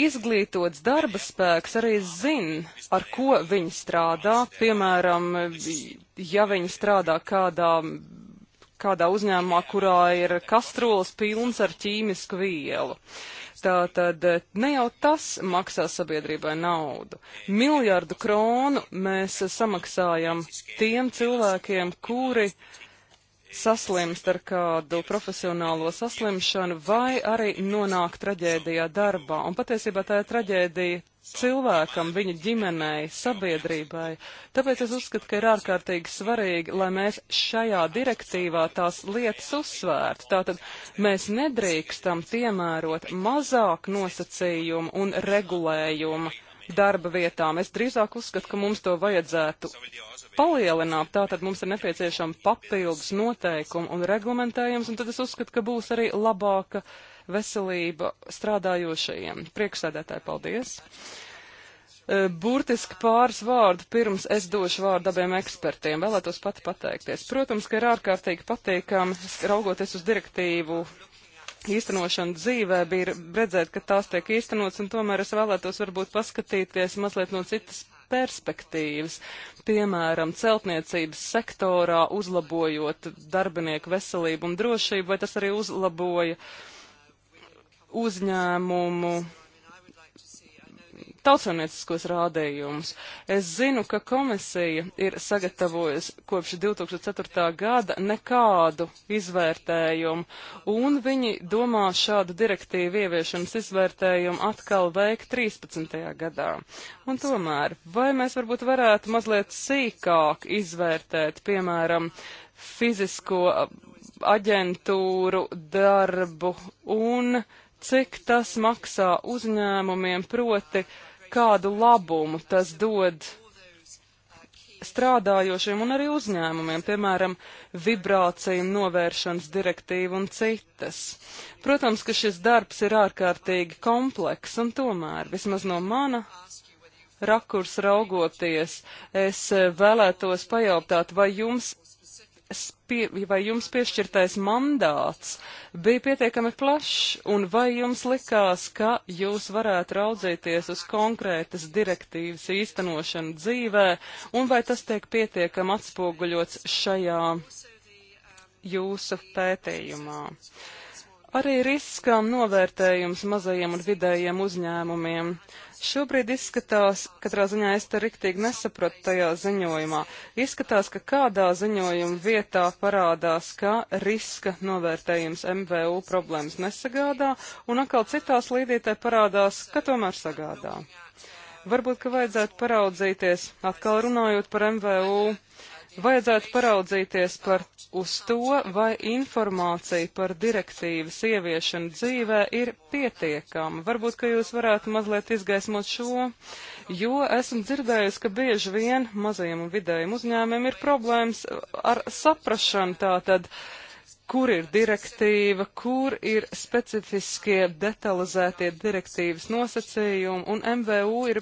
izglītots darba spēks arī zina, ar ko viņi strādā. Piemēram, ja viņi strādā kādā, kādā uzņēmumā, kurā ir kastrols pilns ar ķīmisku vielu. Tātad eh, ne jau tas maksā sabiedrībai naudu. Miljardu kronu mēs samaksājam tiem cilvēkiem, kuri uh, saslimst ar kādu profesionālo saslimšanu vai arī nonāk traģēdijā darbā. Un patiesībā tā ir traģēdija cilvēkam, viņa ģimenei, sabiedrībai. Tāpēc es uzskatu, ka ir ārkārtīgi svarīgi, lai mēs šajā direktīvā tās lietas uzsvērtu. Tātad mēs nedrīkstam piemērot mazāk nosacījumu un regulējumu darba vietām. Es drīzāk uzskatu, ka mums to vajadzētu palielināt, tātad mums ir nepieciešama papildus noteikumi un reglamentējums, un tad es uzskatu, ka būs arī labāka veselība strādājošajiem. Priekšsēdētāji, paldies! E, burtiski pāris vārdu pirms es došu vārdu abiem ekspertiem. Vēlētos pati pateikties. Protams, ka ir ārkārtīgi patīkami raugoties uz direktīvu īstenošanu dzīvē bija redzēt, ka tās tiek īstenots, un tomēr es vēlētos varbūt paskatīties mazliet no citas perspektīvas, piemēram, celtniecības sektorā uzlabojot darbinieku veselību un drošību, vai tas arī uzlaboja uzņēmumu tautsānieciskos rādījumus. Es zinu, ka komisija ir sagatavojusi kopš 2004. gada nekādu izvērtējumu, un viņi domā šādu direktīvu ieviešanas izvērtējumu atkal veikt 13. gadā. Un tomēr, vai mēs varbūt varētu mazliet sīkāk izvērtēt, piemēram, fizisko aģentūru darbu un cik tas maksā uzņēmumiem, proti kādu labumu tas dod strādājošiem un arī uzņēmumiem, piemēram, vibrāciju novēršanas direktīvu un citas. Protams, ka šis darbs ir ārkārtīgi kompleks, un tomēr, vismaz no mana rakurs raugoties, es vēlētos pajautāt, vai jums vai jums piešķirtais mandāts bija pietiekami plašs, un vai jums likās, ka jūs varētu raudzīties uz konkrētas direktīvas īstenošanu dzīvē, un vai tas tiek pietiekami atspoguļots šajā jūsu pētījumā? Uh, Arī riskam novērtējums mazajiem un vidējiem uzņēmumiem. Šobrīd izskatās, katrā ziņā es te riktīgi nesapratu tajā ziņojumā, izskatās, ka kādā ziņojuma vietā parādās, ka riska novērtējums MVU problēmas nesagādā, un atkal citās līdītē parādās, ka tomēr sagādā. Varbūt, ka vajadzētu paraudzīties, atkal runājot par MVU, vajadzētu paraudzīties par uz to, vai informācija par direktīvas ieviešanu dzīvē ir pietiekama. Varbūt, ka jūs varētu mazliet izgaismot šo, jo esmu dzirdējusi, ka bieži vien mazajiem un vidējiem uzņēmiem ir problēmas ar saprašanu tātad. Uh, kur ir direktīva, kur ir specifiskie detalizētie direktīvas nosacījumi, un MVU ir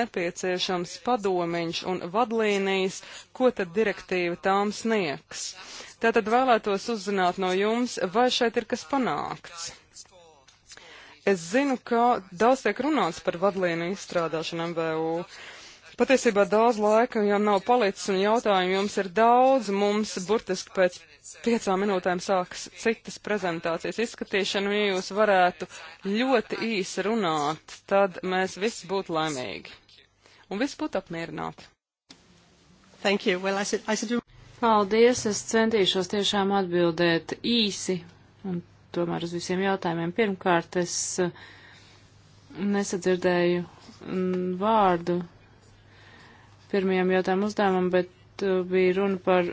nepieciešams padomiņš un vadlīnijas, ko tad direktīva tām sniegs. Tātad vēlētos uzzināt no jums, vai šeit ir kas panākts. Es zinu, ka daudz tiek runāts par vadlīniju izstrādāšanu MVU. Patiesībā daudz laika jau nav palicis un jautājumu jums ir daudz, mums burtiski pēc piecām minūtēm sāks citas prezentācijas izskatīšana, un ja jūs varētu ļoti īsi runāt, tad mēs visi būtu laimīgi. Un visi būtu apmierināti. Thank you. Well, I said, I said... Paldies, es centīšos tiešām atbildēt īsi un tomēr uz visiem jautājumiem. Pirmkārt, es uh, nesadzirdēju mm, vārdu pirmajam jautājumu uzdevumam, bet uh, bija runa par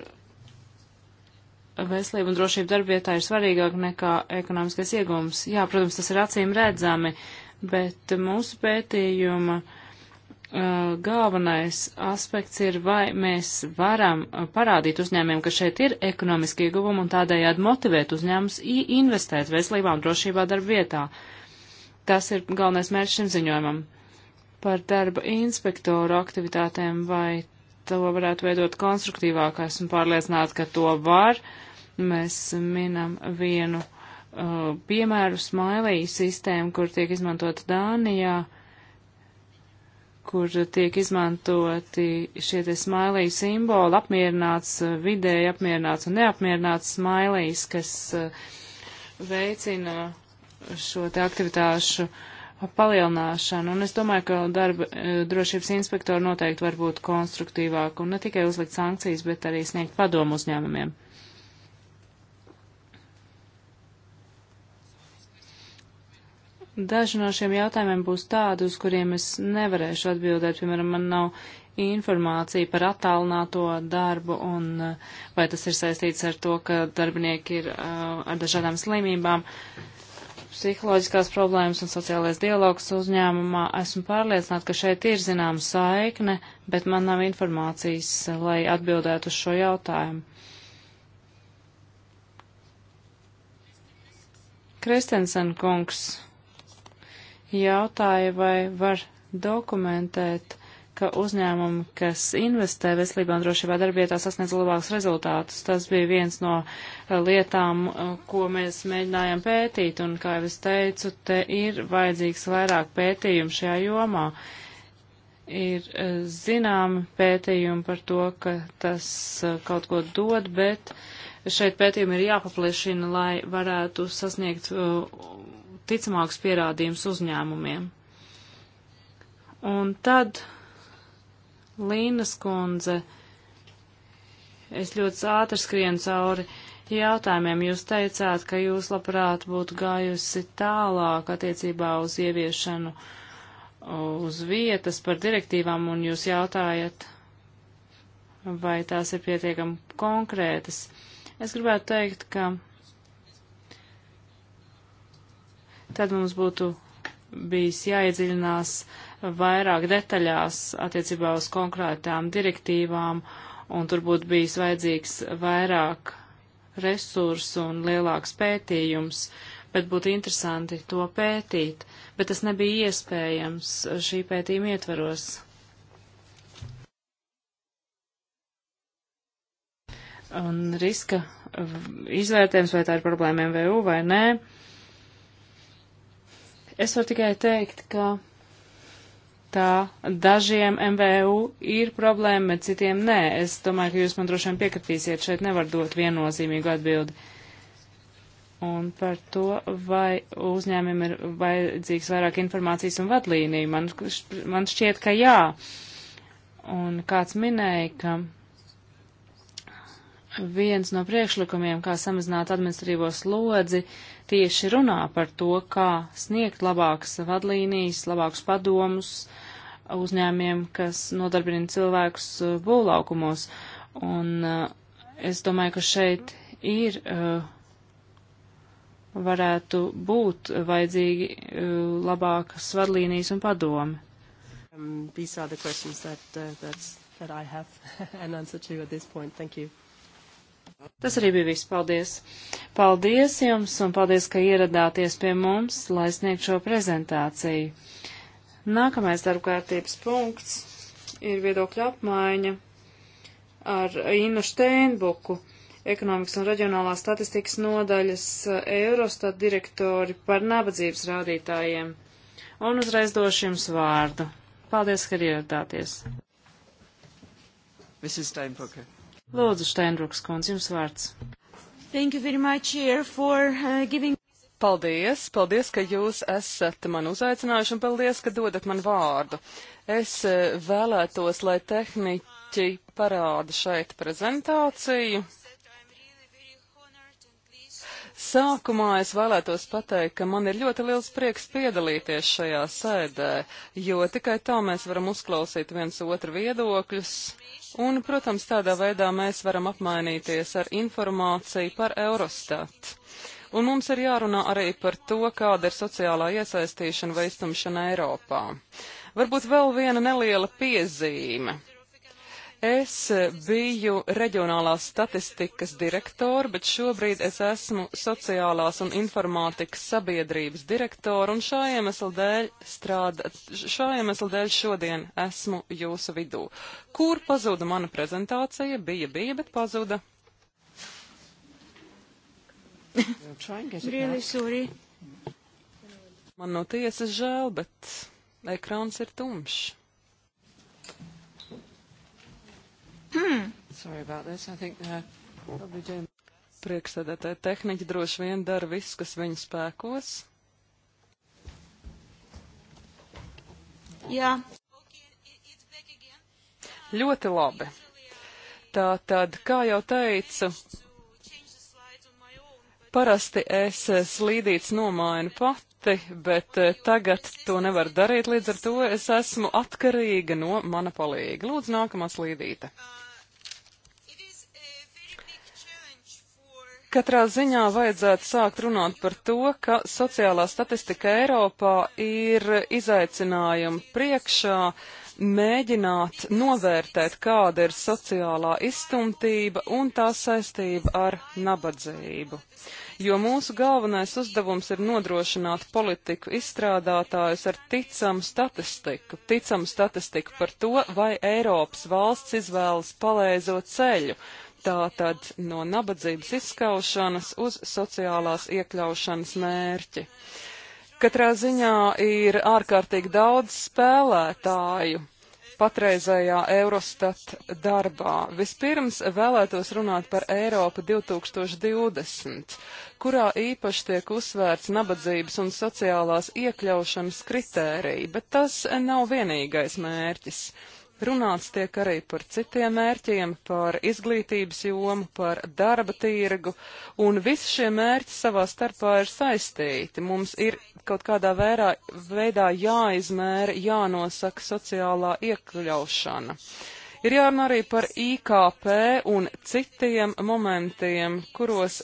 veselība un drošība darbietā ir svarīgāk nekā ekonomiskais iegums. Jā, protams, tas ir acīm redzami, bet mūsu pētījuma uh, galvenais aspekts ir, vai mēs varam parādīt uzņēmiem, ka šeit ir ekonomiski ieguvumi un tādējādi motivēt uzņēmumus investēt veselībā un drošībā darbvietā. Tas ir galvenais mērķis šim ziņojumam. Par darba inspektoru aktivitātēm vai to varētu veidot konstruktīvāk. Esmu pārliecināta, ka to var. Mēs minam vienu uh, piemēru smiley sistēmu, kur tiek izmantota Dānijā, kur tiek izmantoti šie te smiley simboli, apmierināts, uh, vidēji apmierināts un neapmierināts smiley's, kas uh, veicina šo te aktivitāšu uh, palielināšanu, un es domāju, ka darba e, drošības inspektori noteikti var būt konstruktīvāk un ne tikai uzlikt sankcijas, bet arī sniegt padomu uzņēmumiem. Daži no šiem jautājumiem būs tādi, uz kuriem es nevarēšu atbildēt, piemēram, man nav informācija par attālināto darbu un e, vai tas ir saistīts ar to, ka darbinieki ir uh, ar dažādām slimībām. Uh, psiholoģiskās problēmas un sociālais dialogs uzņēmumā. Esmu pārliecināta, ka šeit ir zināma saikne, bet man nav informācijas, lai atbildētu uz šo jautājumu. Kristensen kungs jautāja, vai var dokumentēt ka uzņēmumi, kas investē veselībā un drošībā darbietā, sasniedz labākus rezultātus. Tas bija viens no eh, lietām, eh, ko mēs mēģinājām pētīt, un, kā jau es teicu, te ir vajadzīgs vairāk pētījumu šajā jomā. Ir eh, zināmi pētījumi par to, ka tas kaut ko dod, bet šeit pētījumi ir jāpapliešina, lai varētu sasniegt ticamākus pierādījumus uzņēmumiem. Un tad Līnas kundze, es ļoti ātri skrienu cauri jautājumiem. Jūs teicāt, ka jūs labprāt būtu gājusi tālāk attiecībā uz ieviešanu uz vietas par direktīvām, un jūs jautājat, vai tās ir pietiekami konkrētas. Es gribētu teikt, ka tad mums būtu bijis jāiedziļinās uh, vairāk detaļās attiecībā uz konkrētām direktīvām, un tur būtu bijis vajadzīgs vairāk resursu un lielāks pētījums, bet būtu interesanti to pētīt, bet tas nebija iespējams šī pētījuma ietvaros. Un riska izvērtējums, vai tā ir problēma MVU vai nē, es varu tikai teikt, ka tā dažiem MVU ir problēma, bet citiem nē. Es domāju, ka jūs man droši vien piekritīsiet, šeit nevar dot viennozīmīgu atbildi. Un par to, vai uzņēmumiem ir vajadzīgs vairāk informācijas un vadlīniju. Man, man šķiet, ka jā. Un kāds minēja, ka viens no priekšlikumiem, kā samazināt administratīvo slodzi, tieši runā par to, kā sniegt labākas vadlīnijas, labākus padomus uzņēmiem, kas nodarbina cilvēkus uh, būvlaukumos. Un uh, es domāju, ka šeit ir uh, varētu būt vajadzīgi labākas vadlīnijas un padomi. Um, these are the questions that, uh, that I have (laughs) an answer to at this point. Thank you. Tas arī bija viss. Paldies! Paldies jums un paldies, ka ieradāties pie mums, lai sniegtu šo prezentāciju. Nākamais darbkārtības punkts ir viedokļa apmaiņa ar Innu Steinbuku, ekonomikas un reģionālās statistikas nodaļas eh, Eurostat direktori par nabadzības rādītājiem. Un uzreiz došu jums vārdu. Paldies, ka ieradāties. Mrs. Steinbuka. Lūdzu, Steinbruks kundze, jums vārds. Thank you very much, Chair, for uh, giving. Paldies, paldies, ka jūs esat man uzaicinājuši un paldies, ka dodat man vārdu. Es uh, vēlētos, lai tehniķi parāda šeit prezentāciju. Sākumā es vēlētos pateikt, ka man ir ļoti liels prieks piedalīties šajā sēdē, jo tikai tā mēs varam uzklausīt viens otru viedokļus, un, protams, tādā veidā mēs varam apmainīties ar informāciju par Eurostat. Un mums ir jārunā arī par to, kāda ir sociālā iesaistīšana vai iztumšana Eiropā. Varbūt vēl viena neliela piezīme. Es biju reģionālās statistikas direktora, bet šobrīd es esmu sociālās un informātikas sabiedrības direktora, un šā iemesla dēļ, strāda, šā iemesla dēļ šodien esmu jūsu vidū. Kur pazuda mana prezentācija? Bija, bija, bet pazuda. really sorry. Man no tiesas žēl, bet ekrāns ir tumšs. Hmm. Sorry about this. I think they're probably doing priekšsēdētāji tehniķi droši vien dara viss, kas viņu spēkos. Jā. Ļoti labi. Tā tad, kā jau teicu, parasti es slīdīts nomainu pati, bet eh, tagad to nevar darīt, līdz ar to es esmu atkarīga no mana palīga. Lūdzu, nākamā slīdīte. Uh, Katrā ziņā vajadzētu sākt runāt par to, ka sociālā statistika Eiropā ir izaicinājumi priekšā mēģināt novērtēt, kāda ir sociālā izstumtība un tā saistība ar nabadzību. Jo mūsu galvenais uzdevums ir nodrošināt politiku izstrādātājus ar ticamu statistiku, ticamu statistiku par to, vai Eiropas valsts izvēlas paleizo ceļu, tātad no nabadzības izskaušanas uz sociālās iekļaušanas mērķi. Katrā ziņā ir ārkārtīgi daudz spēlētāju patreizējā Eurostat darbā. Vispirms vēlētos runāt par Eiropu 2020, kurā īpaši tiek uzsvērts nabadzības un sociālās iekļaušanas kritērija, bet tas nav vienīgais mērķis. Runāts tiek arī par citiem mērķiem, par izglītības jomu, par darba tirgu, un visi šie mērķi savā starpā ir saistīti. Mums ir kaut kādā vērā, veidā jāizmēra, jānosaka sociālā iekļaušana. Ir jārunā arī par IKP un citiem momentiem, kuros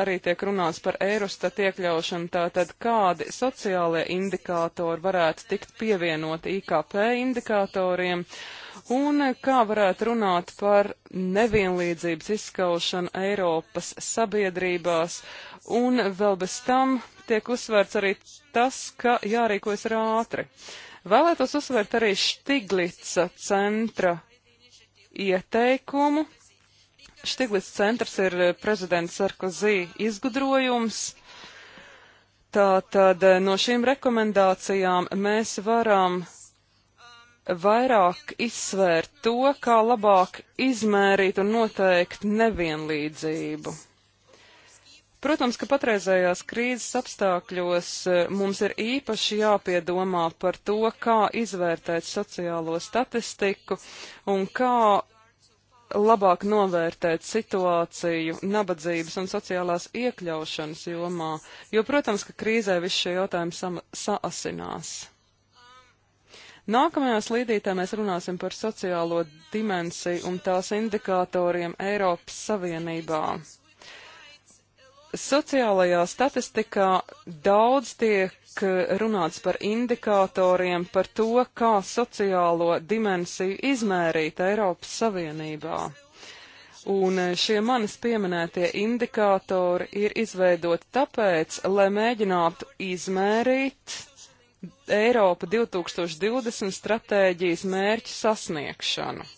arī tiek runāts par Eirostat iekļaušanu, tātad kādi sociālie indikātori varētu tikt pievienoti IKP indikatoriem un kā varētu runāt par nevienlīdzības izskaušanu Eiropas sabiedrībās un vēl bez tam tiek uzsvērts arī tas, ka jārīkojas ātri. Vēlētos uzsvērt arī Štiglica centra ieteikumu, Štiglits centrs ir eh, prezidents Sarkozī izgudrojums. Tātad eh, no šīm rekomendācijām mēs varam vairāk izsvērt to, kā labāk izmērīt un noteikt nevienlīdzību. Protams, ka patreizējās krīzes apstākļos eh, mums ir īpaši jāpiedomā par to, kā izvērtēt sociālo statistiku un kā labāk novērtēt situāciju nabadzības un sociālās iekļaušanas jomā, jo, protams, ka krīzē viss šie jautājumi saasinās. Nākamajā slīdītē mēs runāsim par sociālo dimensiju un tās indikatoriem Eiropas Savienībā. Sociālajā statistikā daudz tiek eh, runāts par indikatoriem, par to, kā sociālo dimensiju izmērīt Eiropas Savienībā. Un eh, šie manis pieminētie indikatori ir izveidoti tāpēc, lai mēģinātu izmērīt Eiropa 2020 stratēģijas mērķu sasniegšanu.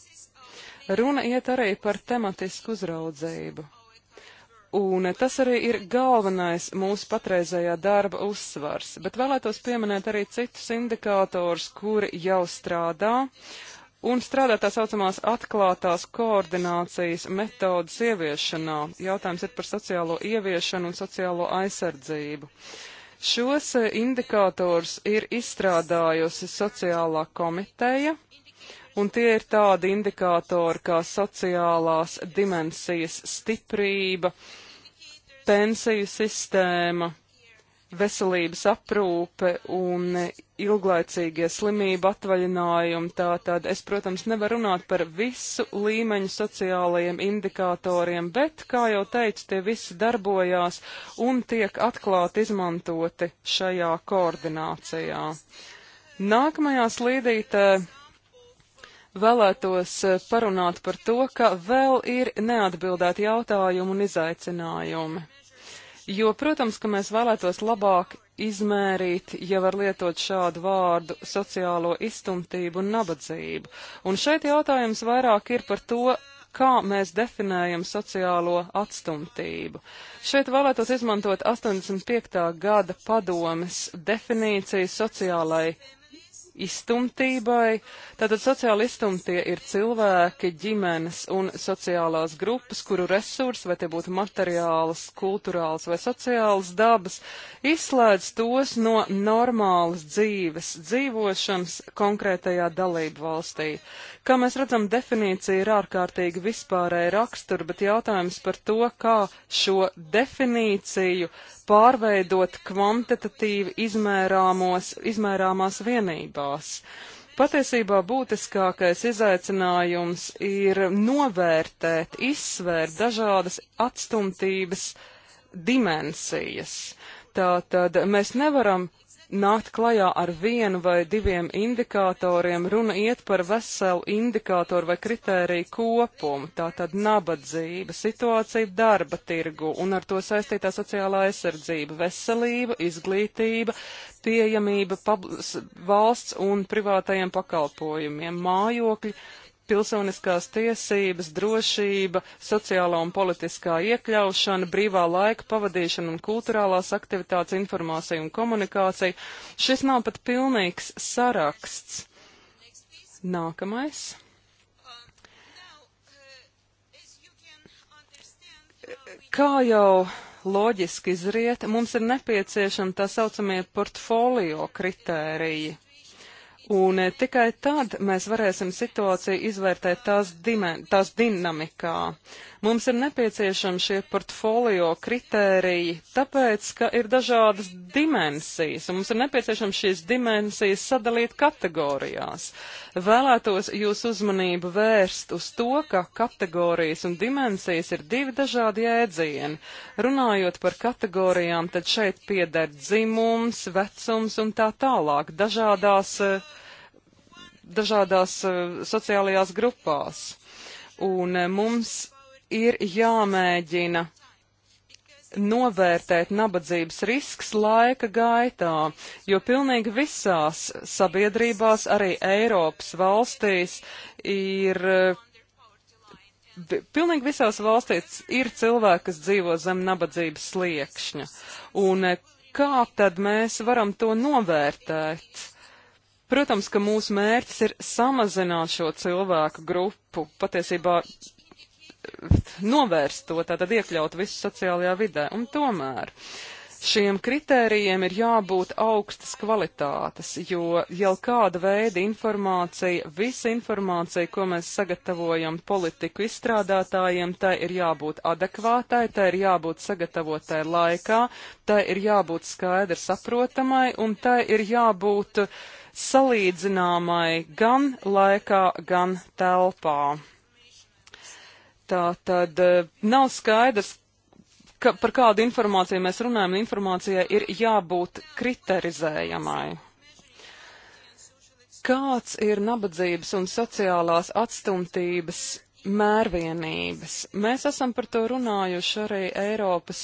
Runa iet arī par tematisku uzraudzību. Un tas arī ir galvenais mūsu patreizējā darba uzsvars. Bet vēlētos pieminēt arī citus indikātors, kuri jau strādā un strādā tā saucamās atklātās koordinācijas metodas ieviešanā. Jautājums ir par sociālo ieviešanu un sociālo aizsardzību. Šos eh, indikātors ir izstrādājusi sociālā komiteja, un tie ir tādi indikātori kā sociālās dimensijas stiprība, uh, pensiju sistēma, veselības aprūpe un ilglaicīgie slimību atvaļinājumi. Tātad es, protams, nevaru runāt par visu līmeņu sociālajiem indikatoriem, bet, kā jau teicu, tie visi darbojās un tiek atklāti izmantoti šajā koordinācijā. Nākamajā slīdītē vēlētos e, parunāt par to, ka vēl ir neatbildēti jautājumi un izaicinājumi. Jo, protams, ka mēs vēlētos labāk izmērīt, ja var lietot šādu vārdu, sociālo iztumtību un nabadzību. Un šeit jautājums vairāk ir par to, kā mēs definējam sociālo atstumtību. Šeit vēlētos izmantot 85. gada padomes definīciju sociālai izstumtībai. Tātad sociāli izstumtie ir cilvēki, ģimenes un sociālās grupas, kuru resursi, vai tie būtu materiāls, kulturāls vai sociāls dabas, izslēdz tos no normālas dzīves, dzīvošanas konkrētajā dalību valstī. Kā mēs redzam, definīcija ir ārkārtīgi vispārēja rakstura, bet jautājums par to, kā šo definīciju pārveidot kvantitatīvi izmērāmās vienībās. Patiesībā būtiskākais izaicinājums ir novērtēt, izsvērt dažādas atstumtības dimensijas. Tātad mēs nevaram nākt klajā ar vienu vai diviem indikatoriem, runa iet par veselu indikatoru vai kritēriju kopumu, tātad nabadzība, situācija darba tirgu un ar to saistītā sociālā aizsardzība, veselība, izglītība, pieejamība valsts un privātajiem pakalpojumiem, mājokļi pilsoniskās tiesības, drošība, sociālā un politiskā iekļaušana, brīvā laika pavadīšana un kultūrālās aktivitātes, informācija un komunikācija. Šis nav pat pilnīgs saraksts. Nākamais. Kā jau loģiski izriet, mums ir nepieciešami tā saucamie portfolio kritēriji. Un e, tikai tad mēs varēsim situāciju izvērtēt tās, dimen, tās dinamikā. Mums ir nepieciešami šie portfolio kritēriji, tāpēc, ka ir dažādas dimensijas, un mums ir nepieciešams šīs dimensijas sadalīt kategorijās. Vēlētos jūs uzmanību vērst uz to, ka kategorijas un dimensijas ir divi dažādi jēdzieni. Runājot par kategorijām, tad šeit pieder dzimums, vecums un tā tālāk dažādās, eh, dažādās eh, sociālajās grupās. Un eh, mums ir jāmēģina novērtēt nabadzības risks laika gaitā, jo pilnīgi visās sabiedrībās, arī Eiropas valstīs, ir. Pilnīgi visās valstīs ir cilvēki, kas dzīvo zem nabadzības sliekšņa. Un eh, kā tad mēs varam to novērtēt? Protams, ka mūsu mērķis ir samazināt šo cilvēku grupu. Patiesībā novērst to, tātad iekļaut visu sociālajā vidē. Un tomēr šiem kritērijiem ir jābūt augstas kvalitātes, jo jau kāda veida informācija, visa informācija, ko mēs sagatavojam politiku izstrādātājiem, tai ir jābūt adekvātai, tai ir jābūt sagatavotai laikā, tai ir jābūt skaidri saprotamai un tai ir jābūt salīdzināmai gan laikā, gan telpā. Tā tad eh, nav skaidrs, ka, par kādu informāciju mēs runājam, informācijai ir jābūt kriterizējamai. Kāds ir nabadzības un sociālās atstumtības mērvienības? Mēs esam par to runājuši arī Eiropas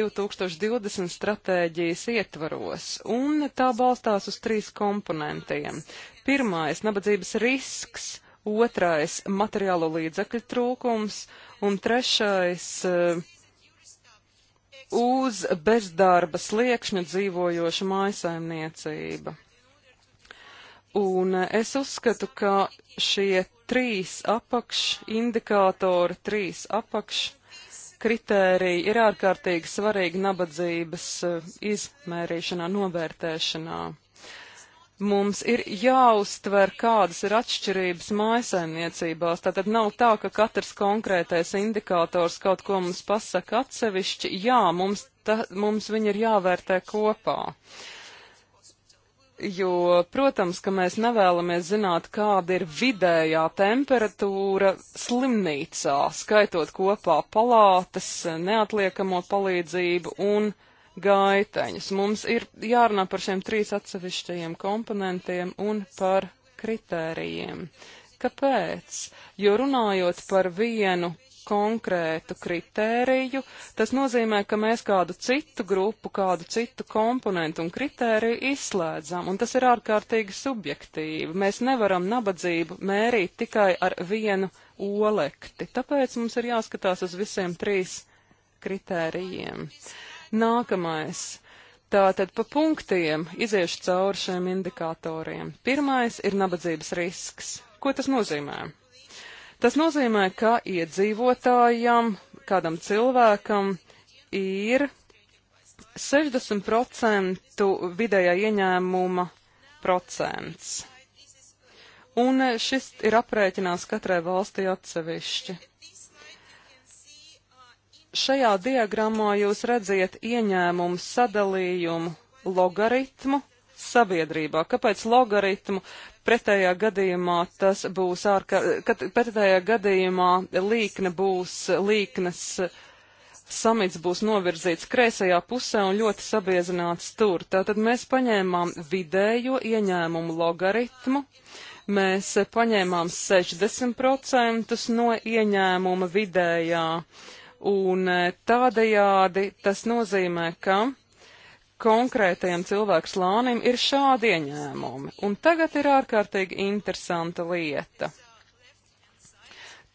2020 stratēģijas ietvaros, un tā balstās uz trīs komponentiem. Pirmais - nabadzības risks otrais - materiālo līdzekļu trūkums, un trešais eh, - uz bezdarba sliekšņa dzīvojoša maisaimniecība. Un eh, es uzskatu, ka šie trīs apakšindikātori, trīs apakškritēriji ir ārkārtīgi svarīgi nabadzības eh, izmērīšanā, novērtēšanā mums ir jāuztver, kādas ir atšķirības mājasaimniecībās. Tātad nav tā, ka katrs konkrētais indikators kaut ko mums pasaka atsevišķi. Jā, mums, ta, mums viņi ir jāvērtē kopā. Jo, protams, ka mēs nevēlamies zināt, kāda ir vidējā temperatūra slimnīcā, skaitot kopā palātas, neatliekamo palīdzību un uh, gaiteņus. Mums ir jārunā par šiem trīs atsevišķajiem komponentiem un par kritērijiem. Kāpēc? Jo runājot par vienu konkrētu kritēriju, tas nozīmē, ka mēs kādu citu grupu, kādu citu komponentu un kritēriju izslēdzam, un tas ir ārkārtīgi subjektīvi. Mēs nevaram nabadzību mērīt tikai ar vienu olekti, tāpēc mums ir jāskatās uz visiem trīs kritērijiem. Uh, Nākamais. Tātad pa punktiem iziešu cauri šiem indikatoriem. Pirmais ir nabadzības risks. Ko tas nozīmē? Tas nozīmē, ka iedzīvotājam, kādam cilvēkam ir 60% vidējā ieņēmuma procents. Un šis ir aprēķināts katrai valstī atsevišķi. Šajā diagrammā jūs redziet ieņēmumu sadalījumu logaritmu sabiedrībā. Kāpēc logaritmu? Pretējā gadījumā tas būs ārka, kad pretējā gadījumā līkne būs līknes samits būs novirzīts kreisajā pusē un ļoti sabiezināts tur. Tātad mēs paņēmām vidējo ieņēmumu logaritmu, mēs paņēmām 60% no ieņēmuma vidējā uh, un e, tādējādi tas nozīmē, ka konkrētajam cilvēku slānim ir šādi ieņēmumi. Un tagad ir ārkārtīgi interesanta lieta.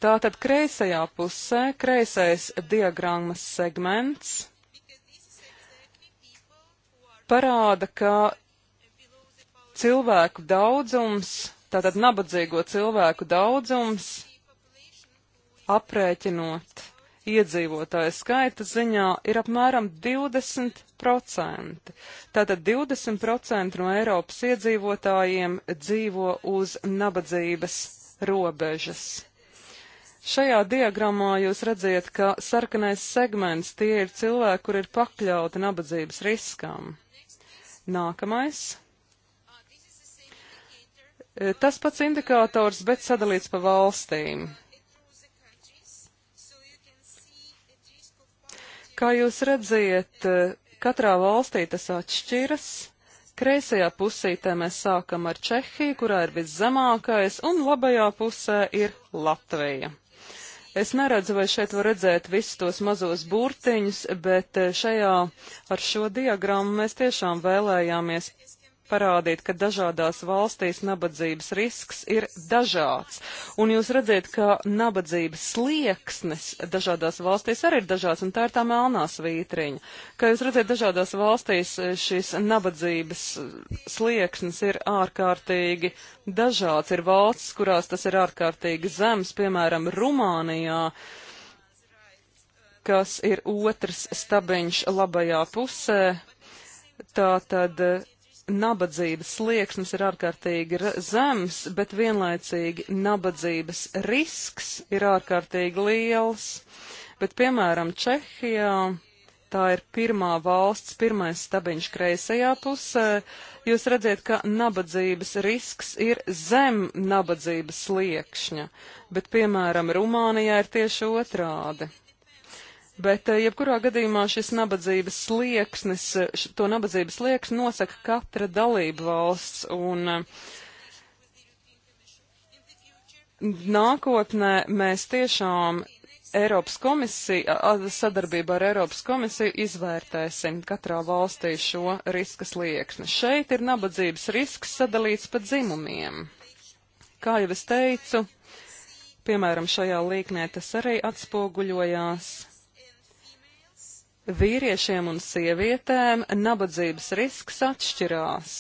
Tātad kreisajā pusē kreisais diagrammas segments parāda, ka cilvēku daudzums, tātad nabadzīgo cilvēku daudzums aprēķinot iedzīvotāju skaita ziņā ir apmēram 20%. Tātad 20% no Eiropas iedzīvotājiem dzīvo uz nabadzības robežas. Šajā diagrammā jūs redziet, ka sarkanais segments tie ir cilvēki, kur ir pakļauti nabadzības riskam. Nākamais. Tas pats indikators, bet sadalīts pa valstīm. Kā jūs redziet, eh, katrā valstī tas atšķiras. Kreisajā pusītē mēs sākam ar Čehiju, kurā ir viszemākais, un labajā pusē ir Latvija. Es neredzu, vai šeit var redzēt visus tos mazos burtiņus, bet eh, šajā ar šo diagrammu mēs tiešām vēlējāmies parādīt, ka dažādās valstīs nabadzības risks ir dažāds. Un jūs redziet, ka nabadzības slieksnis dažādās valstīs arī ir dažāds, un tā ir tā melnā svītriņa. Kā jūs redziet, dažādās valstīs šis nabadzības slieksnis ir ārkārtīgi dažāds. Ir valsts, kurās tas ir ārkārtīgi zems, piemēram, Rumānijā kas ir otrs stabiņš labajā pusē. Tā tad nabadzības slieksnis ir ārkārtīgi zems, bet vienlaicīgi nabadzības risks ir ārkārtīgi liels. Bet, piemēram, Čehijā tā ir pirmā valsts, pirmais stabiņš kreisajā pusē, jūs redziet, ka nabadzības risks ir zem nabadzības sliekšņa, bet, piemēram, Rumānijā ir tieši otrādi. Bet, eh, jebkurā gadījumā, šis nabadzības slieksnis, eh, to nabadzības slieksni nosaka katra dalība valsts. Un, eh, nākotnē mēs tiešām Eiropas komisija, sadarbībā ar Eiropas komisiju izvērtēsim katrā valstī šo riska slieksni. Šeit ir nabadzības risks sadalīts pa dzimumiem. Kā jau es teicu, piemēram, šajā līknē tas arī atspoguļojās. Vīriešiem un sievietēm nabadzības risks atšķirās.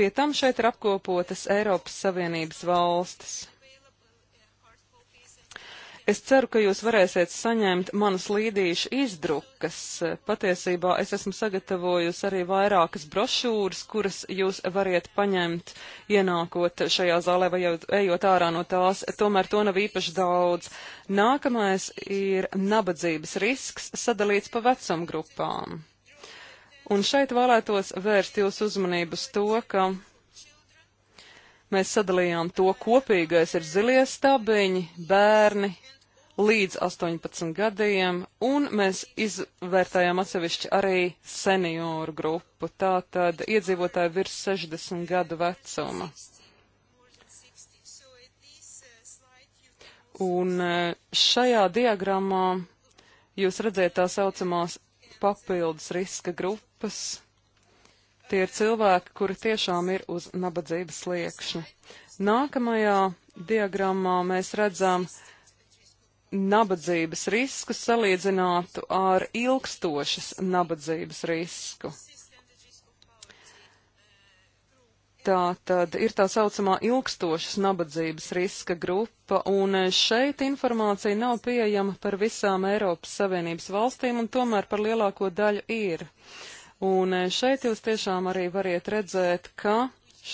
Pie tam šeit ir apkopotas Eiropas Savienības valstis. Es ceru, ka jūs varēsiet saņemt manas līdīšu izdrukas. Patiesībā es esmu sagatavojusi arī vairākas brošūras, kuras jūs variet paņemt, ienākot šajā zālē vai jau ejot ārā no tās. Tomēr to nav īpaši daudz. Nākamais ir nabadzības risks sadalīts pa vecumgrupām. Un šeit vēlētos vērst jūsu uzmanību uz to, ka mēs sadalījām to kopīgais ir zilie stabiņi, bērni, līdz 18 gadiem, un mēs izvērtējām atsevišķi arī senioru grupu, tātad iedzīvotāji virs 60 gadu vecuma. Un eh, šajā diagrammā jūs redzēt tā saucamās papildus riska grupas. Tie ir cilvēki, kuri tiešām ir uz nabadzības sliekšņa. Nākamajā diagrammā mēs redzam, uh, nabadzības risku salīdzinātu ar ilgstošas nabadzības risku. Tā tad ir tā saucamā ilgstošas nabadzības riska grupa, un šeit informācija nav pieejama par visām Eiropas Savienības valstīm, un tomēr par lielāko daļu ir. Un šeit jūs tiešām arī variet redzēt, ka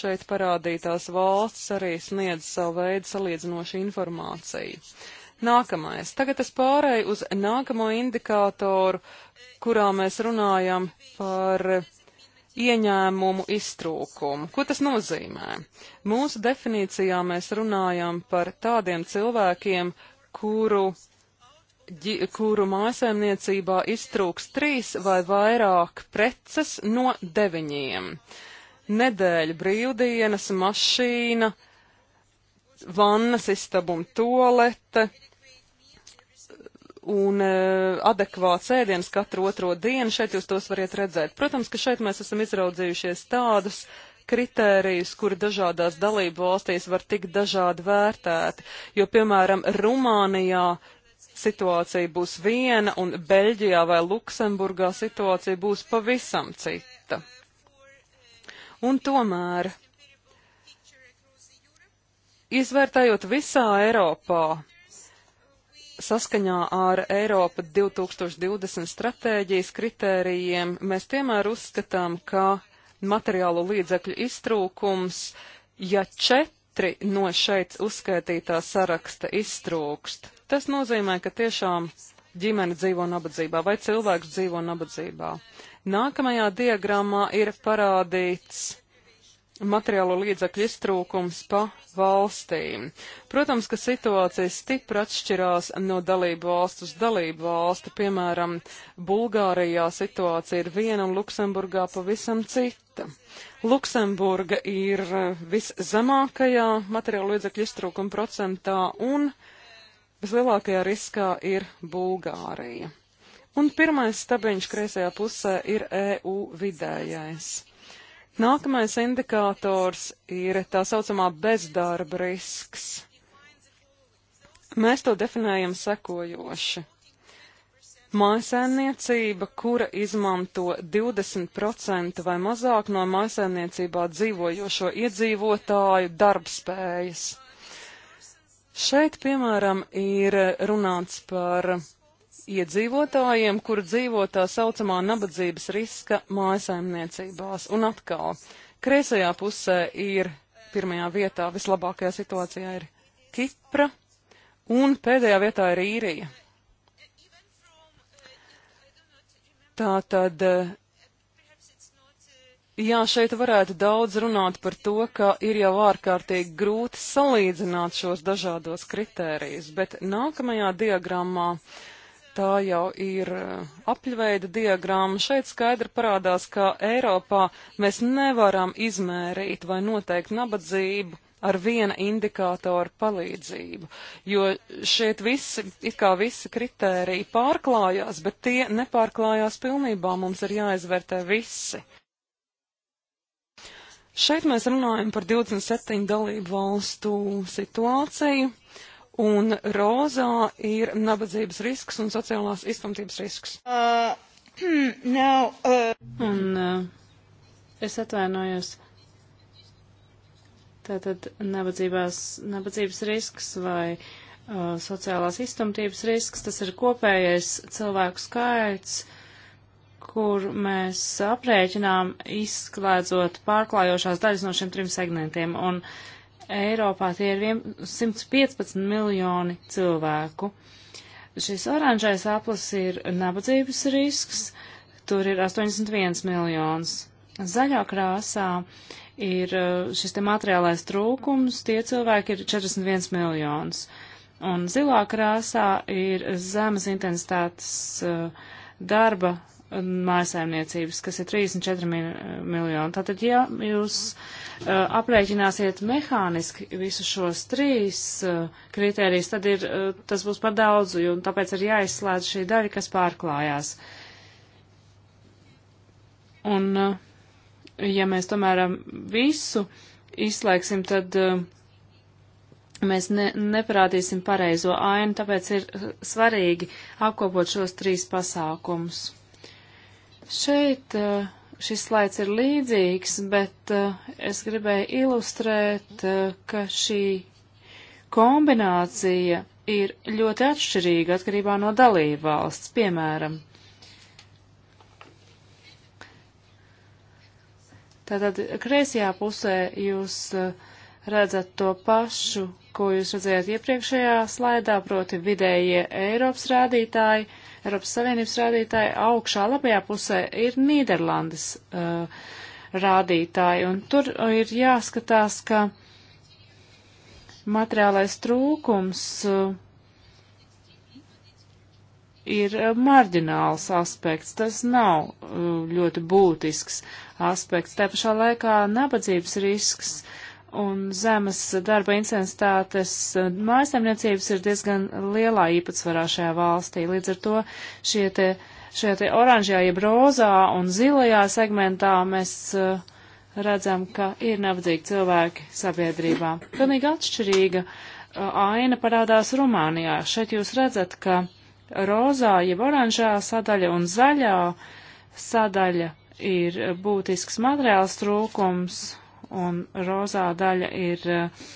šeit parādītās valsts arī sniedz savu veidu salīdzinošu informāciju. Nākamais. Tagad es pārēju uz nākamo indikātoru, kurā mēs runājam par ieņēmumu iztrūkumu. Ko tas nozīmē? Mūsu definīcijā mēs runājam par tādiem cilvēkiem, kuru, ģi, kuru mājasēmniecībā iztrūks trīs vai vairāk preces no deviņiem. Nedēļa brīvdienas, mašīna, vannas istabu un tolete, un e, adekvāts ēdiens katru otro dienu. Šeit jūs tos variet redzēt. Protams, ka šeit mēs esam izraudzījušies tādus kritērijus, kuri dažādās dalību valstīs var tik dažādi vērtēti, jo, piemēram, Rumānijā situācija būs viena, un Beļģijā vai Luksemburgā situācija būs pavisam cita. Un tomēr, izvērtējot visā Eiropā, saskaņā ar Eiropa 2020 stratēģijas kritērijiem mēs piemēr uzskatām, ka materiālo līdzekļu iztrūkums, ja četri no šeit uzskaitītā saraksta iztrūkst, tas nozīmē, ka tiešām ģimene dzīvo nabadzībā vai cilvēks dzīvo nabadzībā. Nākamajā diagrammā ir parādīts materiālo līdzekļu iztrūkums pa valstīm. Protams, ka situācija stipri atšķirās no dalību valstu uz dalību valstu. Piemēram, Bulgārijā situācija ir viena un Luksemburgā pavisam cita. Luksemburga ir viszemākajā materiālo līdzekļu iztrūkuma procentā un vislielākajā riskā ir Bulgārija. Un pirmais stabiņš kreisajā pusē ir EU vidējais. Nākamais indikators ir tā saucamā bezdarba risks. Mēs to definējam sekojoši. Mājasēmniecība, kura izmanto 20% vai mazāk no mājasēmniecībā dzīvojošo iedzīvotāju darbspējas. Šeit, piemēram, ir runāts par iedzīvotājiem, kur dzīvo tā saucamā nabadzības riska mājasaimniecībās. Un atkal, kreisajā pusē ir pirmajā vietā, vislabākajā situācijā ir Kipra, un pēdējā vietā ir Īrija. Tā tad Jā, šeit varētu daudz runāt par to, ka ir jau ārkārtīgi grūti salīdzināt šos dažādos kritērijus, bet nākamajā diagrammā Tā jau ir eh, apļveida diagramma. Šeit skaidri parādās, ka Eiropā mēs nevaram izmērīt vai noteikt nabadzību ar viena indikātora palīdzību, jo šeit visi, it kā visi kritēriji pārklājās, bet tie nepārklājās pilnībā, mums ir jāizvērtē visi. Šeit mēs runājam par 27 dalību valstu situāciju, un rozā ir nabadzības risks un sociālās iztumtības risks. Uh, (clears throat) no, uh... Un uh, es atvainojos. Tātad nabadzības risks vai uh, sociālās iztumtības risks, tas ir kopējais cilvēku skaits, kur mēs aprēķinām izklēdzot pārklājošās daļas no šiem trim segmentiem. Un uh, Eiropā tie ir 115 miljoni cilvēku. Šis oranžais aplis ir nabadzības risks, tur ir 81 miljons. Zaļā krāsā ir uh, šis te materiālais trūkums, tie cilvēki ir 41 miljons. Un zilā krāsā ir zemes intensitātes uh, darba mājasēmniecības, kas ir 34 miljoni. Tātad, ja jūs uh, aprēķināsiet mehāniski visus šos trīs uh, kritērijus, tad ir, uh, tas būs par daudz, un tāpēc ir jāizslēdz šī daļa, kas pārklājās. Un, ja mēs tomēr visu izslēgsim, tad mēs ne, neparādīsim pareizo ainu, tāpēc ir svarīgi apkopot šos trīs pasākumus. Šeit eh, šis slaids ir līdzīgs, bet eh, es gribēju ilustrēt, eh, ka šī kombinācija ir ļoti atšķirīga atkarībā no dalību valsts, piemēram. Tātad kreisajā pusē jūs redzat to pašu, ko jūs redzējāt iepriekšējā slaidā, proti vidējie Eiropas rādītāji, Eiropas Savienības rādītāji augšā labajā pusē ir Nīderlandes uh, rādītāji, un tur ir jāskatās, ka materiālais trūkums uh, ir marģināls aspekts, tas nav uh, ļoti būtisks aspekts. Tā pašā laikā nabadzības risks uh, un zemes darba intensitātes eh, mājasemniecības ir diezgan lielā īpatsvarā šajā valstī. Līdz ar to šie te, šie te oranžajā, jeb rozā un zilajā segmentā mēs uh, redzam, ka ir nabadzīgi cilvēki sabiedrībā. Pilnīgi atšķirīga uh, aina parādās Rumānijā. Šeit jūs redzat, ka rozā, jeb oranžā sadaļa un zaļā sadaļa ir būtisks materiāls trūkums un rozā daļa ir eh,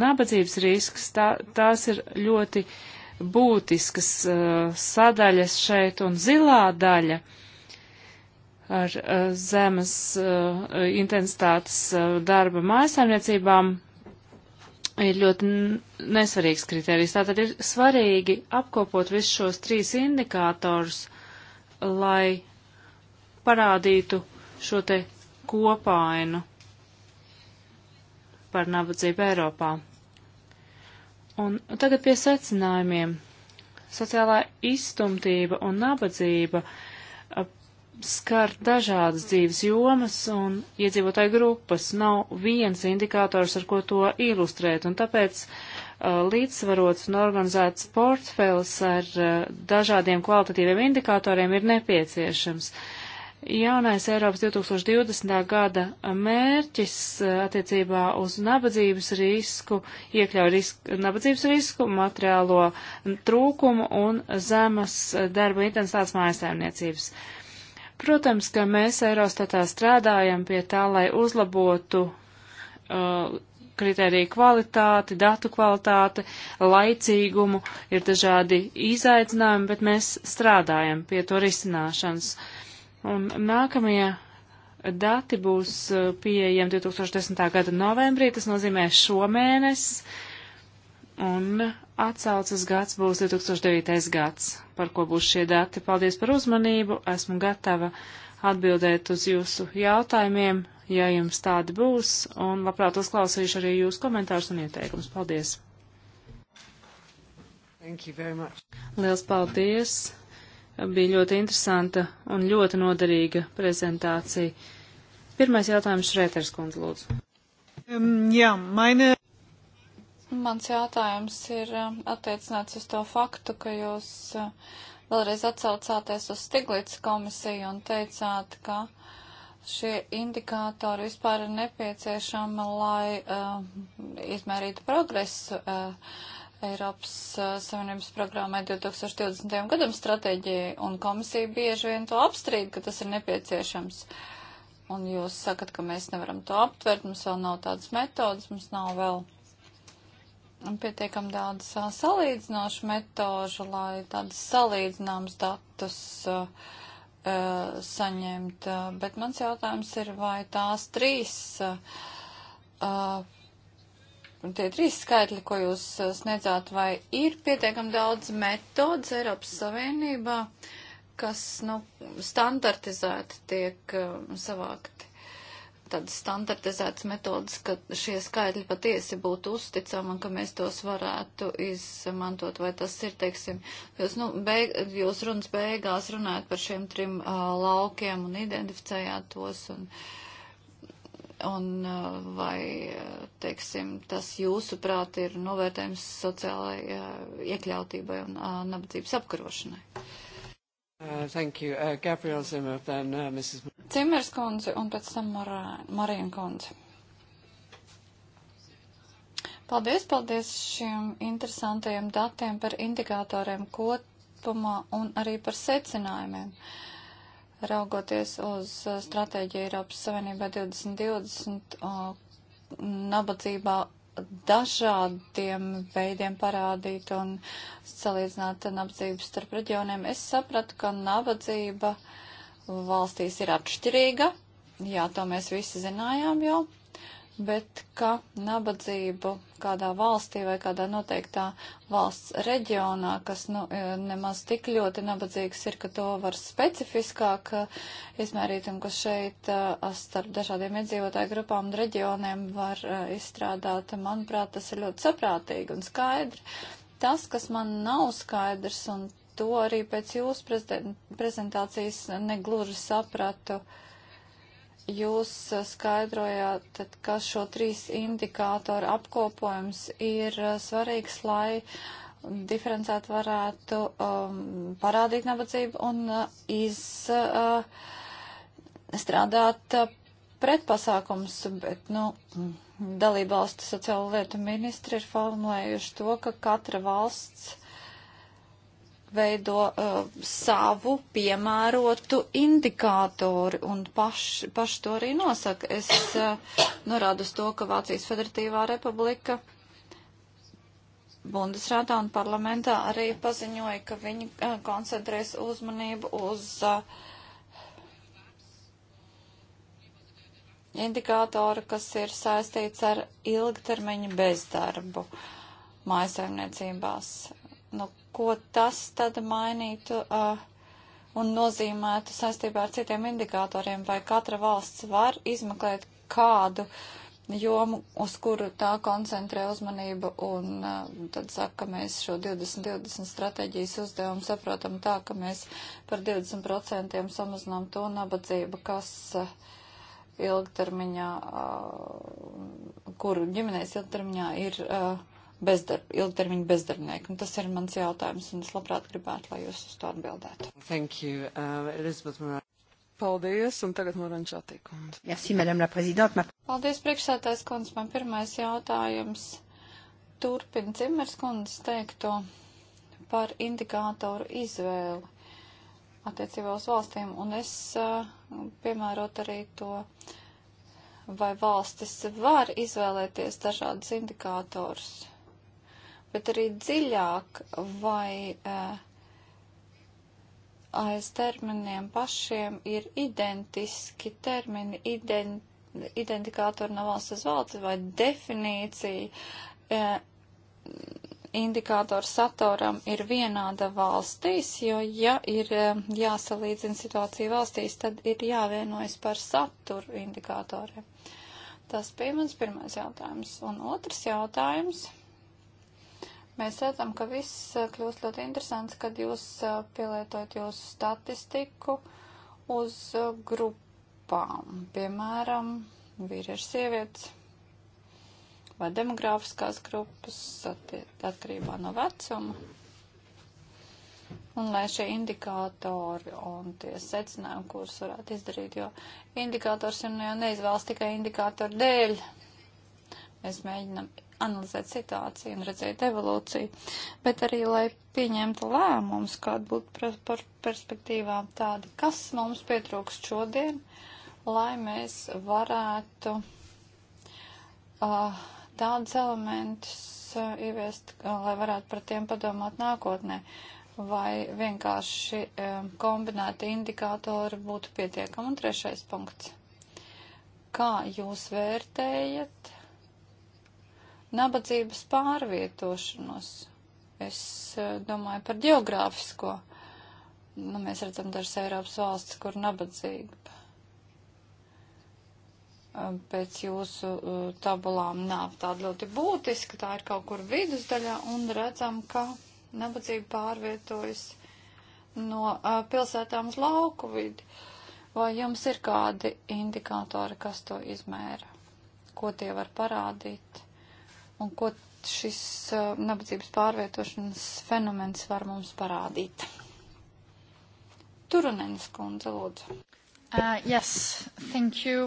nabadzības risks, tā, tās ir ļoti būtiskas eh, sadaļas šeit, un zilā daļa ar eh, zemes intensitātes darba mājasaimniecībām ir ļoti nesvarīgs kriterijs. Tātad ir svarīgi apkopot visus šos trīs indikātors, lai parādītu šo te kopainu par nabadzību Eiropā. Un tagad pie secinājumiem. Sociālā izstumtība un nabadzība skar dažādas dzīves jomas un iedzīvotāju grupas. Nav viens indikators, ar ko to ilustrēt, un tāpēc uh, līdzsvarots un organizēts portfels ar uh, dažādiem kvalitatīviem indikatoriem ir nepieciešams. Uh, Jaunais Eiropas 2020. gada mērķis eh, attiecībā uz nabadzības risku iekļauj risk, nabadzības risku, materiālo trūkumu un zemas eh, darba intensitātes mājasēmniecības. Protams, ka mēs Eurostatā strādājam pie tā, lai uzlabotu uh, kritēriju kvalitāti, datu kvalitāti, laicīgumu, ir dažādi izaicinājumi, bet mēs strādājam pie to risināšanas. Uh, Un nākamie dati būs uh, pieejami 2010. gada novembrī, tas nozīmē šomēnes, un atsaucas gads būs 2009. gads, par ko būs šie dati. Paldies par uzmanību, esmu gatava atbildēt uz jūsu jautājumiem, ja jums tādi būs, un labprāt uzklausīšu arī jūsu komentārus un ieteikumus. Paldies! Liels paldies! bija ļoti interesanta un ļoti noderīga prezentācija. Pirmais jautājums Šrēters kundze, lūdzu. Um, jā, maini. Mans jautājums ir um, attiecināts uz to faktu, ka jūs uh, vēlreiz atsaucāties uz Stiglītas komisiju un teicāt, ka šie indikātori vispār ir nepieciešami, lai uh, izmērītu progresu. Uh, Eiropas uh, Savienības programmai 2020. gadam stratēģijai, un komisija bieži vien to apstrīd, ka tas ir nepieciešams. Un jūs sakat, ka mēs nevaram to aptvert, mums vēl nav tādas metodas, mums nav vēl pietiekam daudz uh, salīdzinošu metožu, lai tādas salīdzināmas datus uh, uh, saņemt. Uh, bet mans jautājums ir, vai tās trīs uh, tie trīs skaitļi, ko jūs uh, sniedzāt, vai ir pietiekami daudz metodas Eiropas Savienībā, kas, nu, standartizēti tiek uh, savākti? Tādas standartizētas metodas, ka šie skaitļi patiesi būtu uzticami un ka mēs tos varētu izmantot, vai tas ir, teiksim, jūs, nu, beig, jūs runas beigās runājat par šiem trim uh, laukiem un identificējāt tos un. Uh, Un uh, vai, uh, teiksim, tas jūsuprāt ir novērtējums sociālai uh, iekļautībai un nabadzības apkarošanai? Uh, thank you. Uh, Gabriel Zimmer, then uh, Mrs. Cimers kundze un pēc tam Mar Marija kundze. Paldies, paldies šiem interesantajiem datiem par indikatoriem kopumā un arī par secinājumiem. Uh, raugoties uz uh, stratēģiju Eiropas Savienībā 2020, uh, nabadzībā dažādiem veidiem parādīt un salīdzināt nabadzību starp reģioniem, es sapratu, ka nabadzība valstīs ir atšķirīga. Jā, to mēs visi zinājām jau bet ka nabadzību kādā valstī vai kādā noteiktā valsts reģionā, kas nu, e, nemaz tik ļoti nabadzīgs ir, ka to var specifiskāk e, izmērīt un ka šeit e, starp dažādiem iedzīvotāju grupām un reģioniem var izstrādāt, manuprāt, tas ir ļoti saprātīgi un skaidri. Tas, kas man nav skaidrs, un to arī pēc jūsu prezentācijas negluži sapratu, uh, jūs eh, skaidrojāt, ka šo trīs indikātoru apkopojums ir eh, svarīgs, lai mm, diferencēt varētu um, parādīt nabadzību un uh, eh, izstrādāt uh, pretpasākums, bet, nu, mm, dalībvalstu sociālo lietu ministri ir formulējuši to, ka katra valsts jāveido uh, savu piemērotu indikātori un paši, paši to arī nosaka. Es uh, norādu uz to, ka Vācijas Federatīvā republika Bundesrātā un parlamentā arī paziņoja, ka viņi uh, koncentrēs uzmanību uz uh, indikātoru, kas ir saistīts ar ilgtermiņa bezdarbu mājasaimniecībās. Nu, ko tas tad mainītu uh, un nozīmētu saistībā ar citiem indikatoriem, vai katra valsts var izmeklēt kādu jomu, uz kuru tā koncentrē uzmanību, un uh, tad saka, ka mēs šo 2020 stratēģijas uzdevumu saprotam tā, ka mēs par 20% samazinām to nabadzību, kas uh, ilgtermiņā, uh, kuru ģimenēs ilgtermiņā ir. Uh, bezdarb, ilgtermiņa bezdarbnieki. Un tas ir mans jautājums, un es labprāt gribētu, lai jūs uz to atbildētu. Thank you, uh, Elizabeth Moran. Paldies, un tagad Morančātī kundze. Merci, madame la présidente. Ma... Paldies, priekšsētājs kundze. Man pirmais jautājums turpina Cimers kundzes teikto par indikātoru izvēli attiecībā uz valstīm, un es uh, piemērot arī to, vai valstis var izvēlēties dažādus indikātorus bet arī dziļāk vai uh, aiz terminiem pašiem ir identiski termini, ident, identikātori no valsts uz valsts vai definīcija. Uh, indikātori satoram ir vienāda valstīs, jo ja ir eh, jāsalīdzina situācija valstīs, tad ir jāvienojas par saturu indikātoriem. Tas bija mans pirmais jautājums. Un otrs jautājums. Mēs redzam, ka viss uh, kļūst ļoti interesants, kad jūs uh, pielietojat jūsu statistiku uz uh, grupām, piemēram, vīriešu sievietes vai demogrāfiskās grupas atkarībā no vecuma. Un lai šie indikātori un tie secinājumi, kurus varētu izdarīt, jo indikators ir nu neizvēlas tikai indikātoru dēļ, Mēs mēģinam analizēt situāciju un redzēt evolūciju, bet arī, lai pieņemtu lēmumus, kāda būtu par perspektīvām tāda, kas mums pietrūkst šodien, lai mēs varētu uh, ah, tādus elementus uh, ieviest, uh, lai varētu par tiem padomāt nākotnē. Vai vienkārši um, kombinēti indikātori būtu pietiekami? Un trešais punkts. Kā jūs vērtējat nabadzības pārvietošanos. Es eh, domāju par geogrāfisko. Nu, mēs redzam dažas Eiropas valstis, kur nabadzība eh, pēc jūsu eh, tabulām nav tāda ļoti būtiska, tā ir kaut kur vidusdaļā un redzam, ka nabadzība pārvietojas no pilsētām uz lauku vidi. Vai jums ir kādi indikātori, kas to izmēra? Ko tie var parādīt? un ko šis uh, nabadzības pārvietošanas fenomens var mums parādīt. Turunenes kundze, lūdzu. Uh, yes, thank you.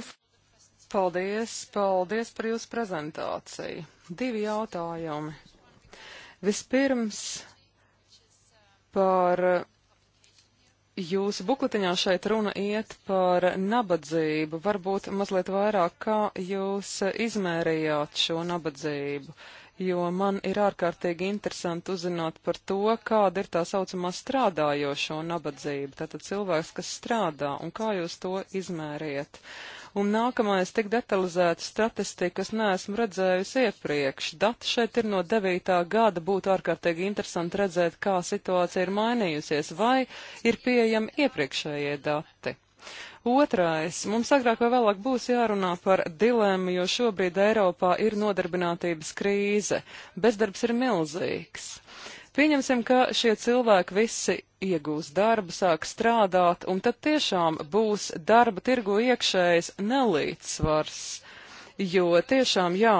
Paldies, paldies par jūsu prezentāciju. Divi jautājumi. Vispirms par Jūsu bukletiņā šeit runa iet par nabadzību. Varbūt mazliet vairāk, kā jūs izmērījāt šo nabadzību jo man ir ārkārtīgi interesanti uzzināt par to, kāda ir tā saucamā strādājošo nabadzība, tātad cilvēks, kas strādā, un kā jūs to izmēriet. Un nākamais tik detalizēta statistika, kas neesmu redzējusi iepriekš. Dati šeit ir no 9. gada, būtu ārkārtīgi interesanti redzēt, kā situācija ir mainījusies, vai ir pieejami iepriekšējie dati. Otrais. Mums agrāk vai vēlāk būs jārunā par dilemmu, jo šobrīd Eiropā ir nodarbinātības krīze. Bezdarbs ir milzīgs. Pieņemsim, ka šie cilvēki visi iegūs darbu, sāk strādāt, un tad tiešām būs darba tirgu iekšējs nelīdzsvars. Jo tiešām, jā,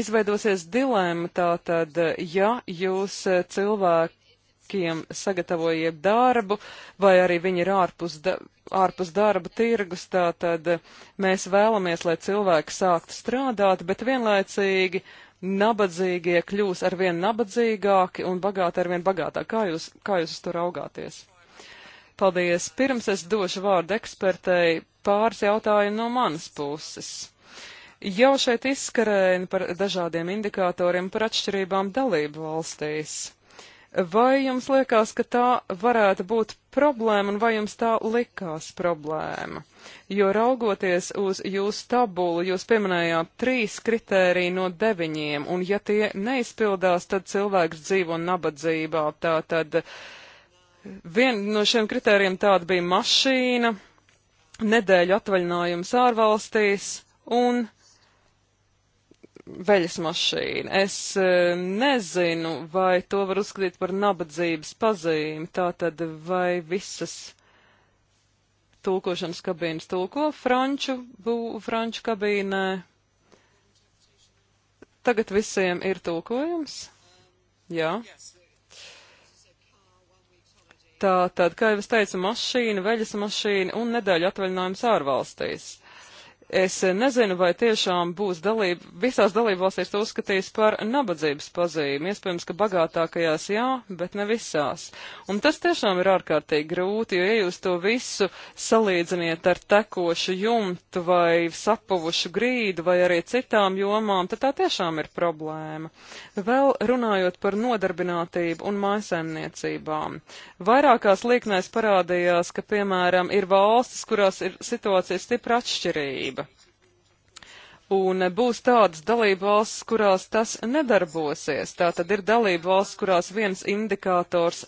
izveidosies dilemma tātad, ja jūs e, cilvēkiem sagatavojiet darbu, vai arī viņi ir ārpus, da ārpus darba tirgus, tātad mēs vēlamies, lai cilvēki sāktu strādāt, bet vienlaicīgi nabadzīgie kļūs arvien nabadzīgāki un bagāti arvien bagātāki. Kā jūs, kā jūs uz to raugāties? Paldies. Pirms es došu vārdu ekspertei, pāris jautājumu no manas puses. Jau šeit izskarēni par dažādiem indikatoriem par atšķirībām dalību valstīs. Vai jums liekas, ka tā varētu būt problēma un vai jums tā likās problēma? Jo raugoties uz jūsu tabulu, jūs pieminējāt trīs kritēriju no deviņiem, un ja tie neizpildās, tad cilvēks dzīvo nabadzībā. Tā tad vien no šiem kritērijiem tāda bija mašīna, nedēļu atvaļinājums ārvalstīs un veļas mašīna. Es e, nezinu, vai to var uzskatīt par nabadzības pazīmi, tātad vai visas tulkošanas kabīnes tulko franču, bū, franču kabīnē. Tagad visiem ir tulkojums? Jā. Tā tad, kā jau es teicu, mašīna, veļas mašīna un nedēļa atvaļinājums ārvalstīs. Es nezinu, vai tiešām būs dalība, visās dalībvalstīs to uzskatīs par nabadzības pazīmi. Iespējams, ka bagātākajās jā, bet ne visās. Un tas tiešām ir ārkārtīgi grūti, jo ja jūs to visu salīdziniet ar tekošu jumtu vai sapuvušu grīdu vai arī citām jomām, tad tā tiešām ir problēma. Vēl runājot par nodarbinātību un maisaimniecībām. Vairākās lieknēs parādījās, ka, piemēram, ir valstis, kurās ir situācija stipri atšķirība darbība. Un būs tādas dalība valsts, kurās tas nedarbosies. Tā tad ir dalība valsts, kurās viens indikators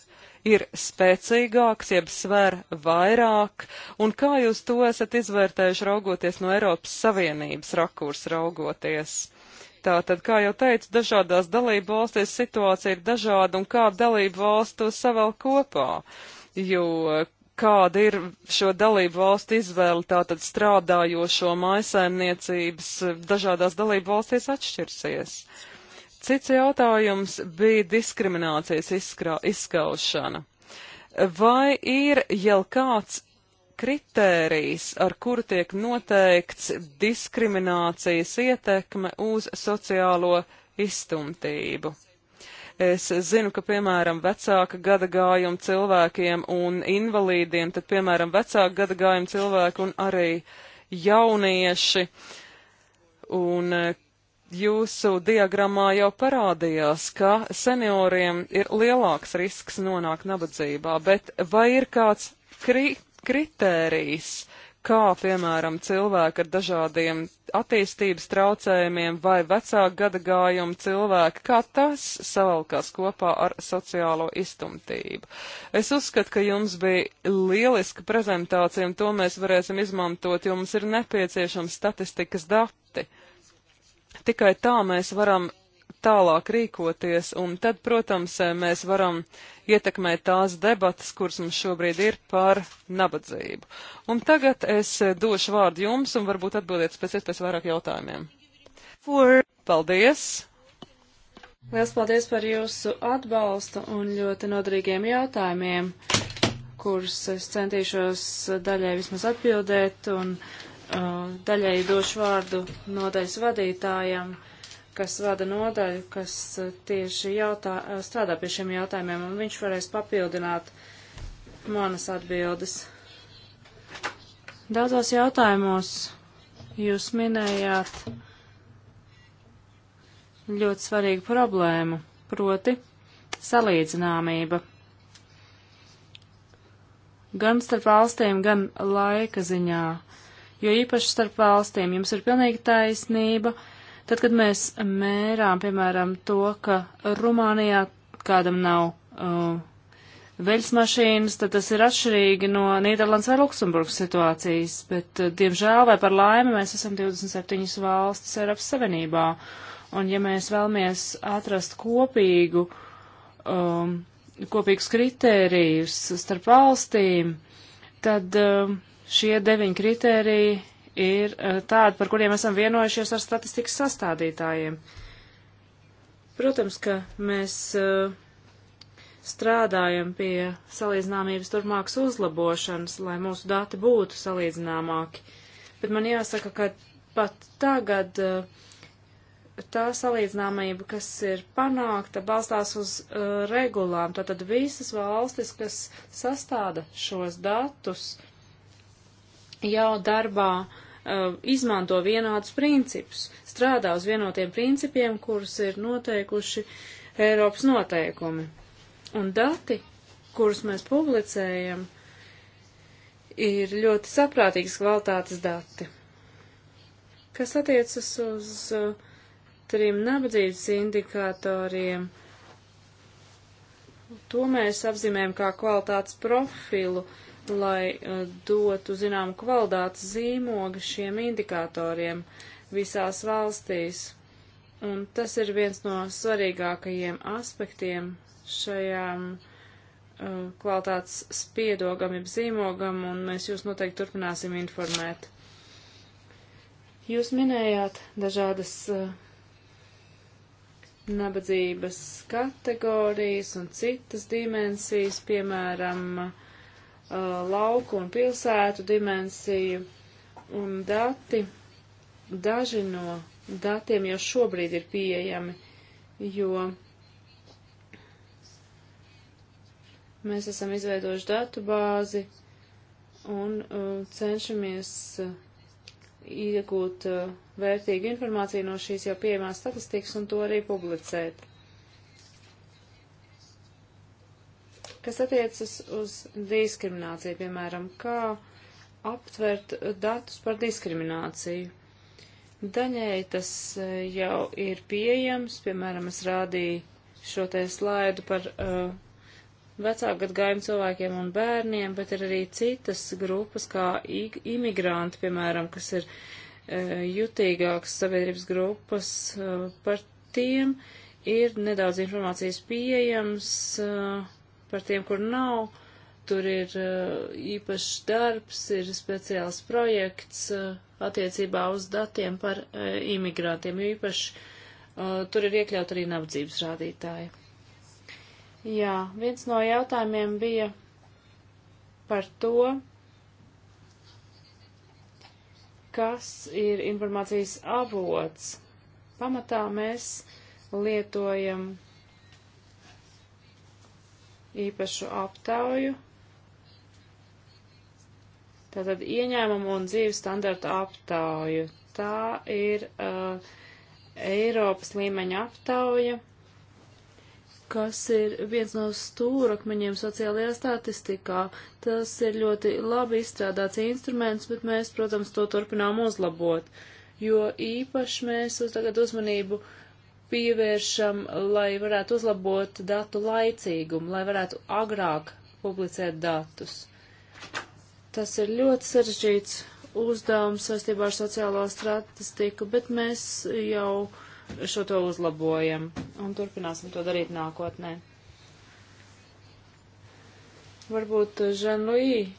ir spēcīgāks, jeb sver vairāk, un kā jūs to esat izvērtējuši raugoties no Eiropas Savienības rakurs raugoties? Tātad, kā jau teicu, dažādās dalību valstīs situācija ir dažāda, un kā dalību valsts to savēl kopā, jo kāda ir šo dalību valstu izvēle tātad strādājošo maisaimniecības eh, dažādās dalību valstīs atšķirsies. Cits jautājums bija diskriminācijas izskrā, izskaušana. Vai ir jau kāds kritērijs, ar kuru tiek noteikts diskriminācijas ietekme uz sociālo izstumtību? Es zinu, ka, piemēram, vecāka gada gājuma cilvēkiem un invalīdiem, tad, piemēram, vecāka gada gājuma cilvēki un arī jaunieši. Un e, jūsu diagrammā jau parādījās, ka senioriem ir lielāks risks nonākt nabadzībā, bet vai ir kāds kri kritērijs? kā, piemēram, cilvēki ar dažādiem attīstības traucējumiem vai vecāku gadagājumu cilvēki, kā tas savalkās kopā ar sociālo iztumtību. Es uzskatu, ka jums bija lieliska prezentācija, un to mēs varēsim izmantot, jo mums ir nepieciešams statistikas dati. Tikai tā mēs varam tālāk rīkoties, un tad, protams, eh, mēs varam ietekmēt tās debatas, kuras mums šobrīd ir par nabadzību. Un tagad es eh, došu vārdu jums, un varbūt atbildiet pēc iespējas vairāk jautājumiem. For... Paldies! Liels paldies par jūsu atbalstu un ļoti noderīgiem jautājumiem, kurus es centīšos daļai vismaz atbildēt, un uh, daļai došu vārdu nodaļas vadītājam. Uh, kas vada nodaļu, kas eh, tieši jautā, eh, strādā pie šiem jautājumiem, un viņš varēs papildināt manas atbildes. Daudzos jautājumos jūs minējāt ļoti svarīgu problēmu, proti salīdzināmība. Gan starp valstīm, gan laika ziņā, jo īpaši starp valstīm jums ir pilnīgi taisnība, uh, Tad, kad mēs mērām, piemēram, to, ka Rumānijā kādam nav uh, veļas mašīnas, tad tas ir atšķirīgi no Nīderlandes vai Luksemburgas situācijas, bet, uh, diemžēl vai par laimi, mēs esam 27 valstis Eiropas Savienībā, un ja mēs vēlamies atrast kopīgu, um, kopīgus kritērijus starp valstīm, tad uh, šie deviņi kritēriji ir eh, tādi, par kuriem esam vienojušies ar statistikas sastādītājiem. Protams, ka mēs eh, strādājam pie salīdzināmības turpmākas uzlabošanas, lai mūsu dati būtu salīdzināmāki. Bet man jāsaka, ka pat tagad eh, tā salīdzināmība, kas ir panākta, balstās uz regulām. Tātad visas valstis, kas sastāda šos datus, jau darbā uh, izmanto vienādus principus, strādā uz vienotiem principiem, kurus ir noteikuši Eiropas noteikumi. Un dati, kurus mēs publicējam, ir ļoti saprātīgas kvalitātes dati. Kas attiecas uz uh, trim nabadzības indikatoriem, to mēs apzīmējam kā kvalitātes profilu. Uh, lai uh, dotu zināmu kvalitātes zīmogu šiem indikatoriem visās valstīs. Un tas ir viens no svarīgākajiem aspektiem šajām uh, kvalitātes spiedogam, jeb zīmogam, un mēs jūs noteikti turpināsim informēt. Jūs minējāt dažādas uh, nabadzības kategorijas un citas dimensijas, piemēram, Uh, lauku un pilsētu dimensiju un dati. Daži no datiem jau šobrīd ir pieejami, jo mēs esam izveidojuši datu bāzi un uh, cenšamies uh, iegūt uh, vērtīgu informāciju no šīs jau pieejamās statistikas un to arī publicēt. Kas attiecas uz diskrimināciju, piemēram, kā aptvert datus par diskrimināciju. Daņēji tas e, jau ir pieejams, piemēram, es rādīju šo te slaidu par uh, vecāku gadgājumu cilvēkiem un bērniem, bet ir arī citas grupas, kā imigranti, piemēram, kas ir uh, jutīgākas sabiedrības grupas. Uh, par tiem ir nedaudz informācijas pieejams. Uh, par tiem, kur nav. Tur ir uh, īpašs darbs, ir speciāls projekts uh, attiecībā uz datiem par uh, imigrantiem, jo īpaši uh, tur ir iekļaut arī nabadzības rādītāji. Jā, viens no jautājumiem bija par to, kas ir informācijas avots. Pamatā mēs lietojam īpašu aptauju. Tātad ieņēmumu un dzīves standartu aptauju. Tā ir uh, Eiropas līmeņa aptauja, kas ir viens no stūrakmeņiem sociālajā statistikā. Tas ir ļoti labi izstrādāts instruments, bet mēs, protams, to turpinām uzlabot, jo īpaši mēs uz tagad uzmanību uh, pievēršam, lai varētu uzlabot datu laicīgumu, lai varētu agrāk publicēt datus. Tas ir ļoti sarežģīts uzdevums saistībā ar sociālo statistiku, bet mēs jau šo to uzlabojam un turpināsim to darīt nākotnē. Varbūt Žanlī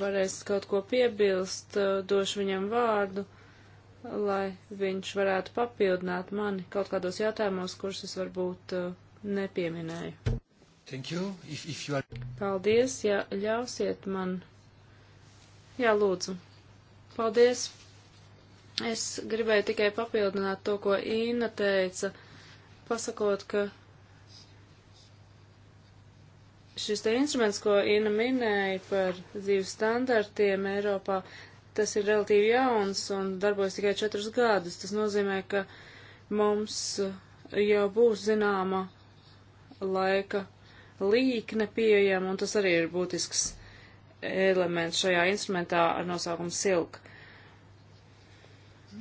varēs kaut ko piebilst, došu viņam vārdu lai viņš varētu papildināt mani kaut kādos jautājumos, kurus es varbūt uh, nepieminēju. Thank you. If, if you are... Paldies, ja ļausiet man. Jā, lūdzu. Paldies. Es gribēju tikai papildināt to, ko Īna teica, pasakot, ka šis te instruments, ko Ina minēja par dzīves standartiem Eiropā, tas ir relatīvi jauns un darbojas tikai četrus gadus. Tas nozīmē, ka mums jau būs zināma laika līkne pieejama, un tas arī ir būtisks elements šajā instrumentā ar nosaukumu silk.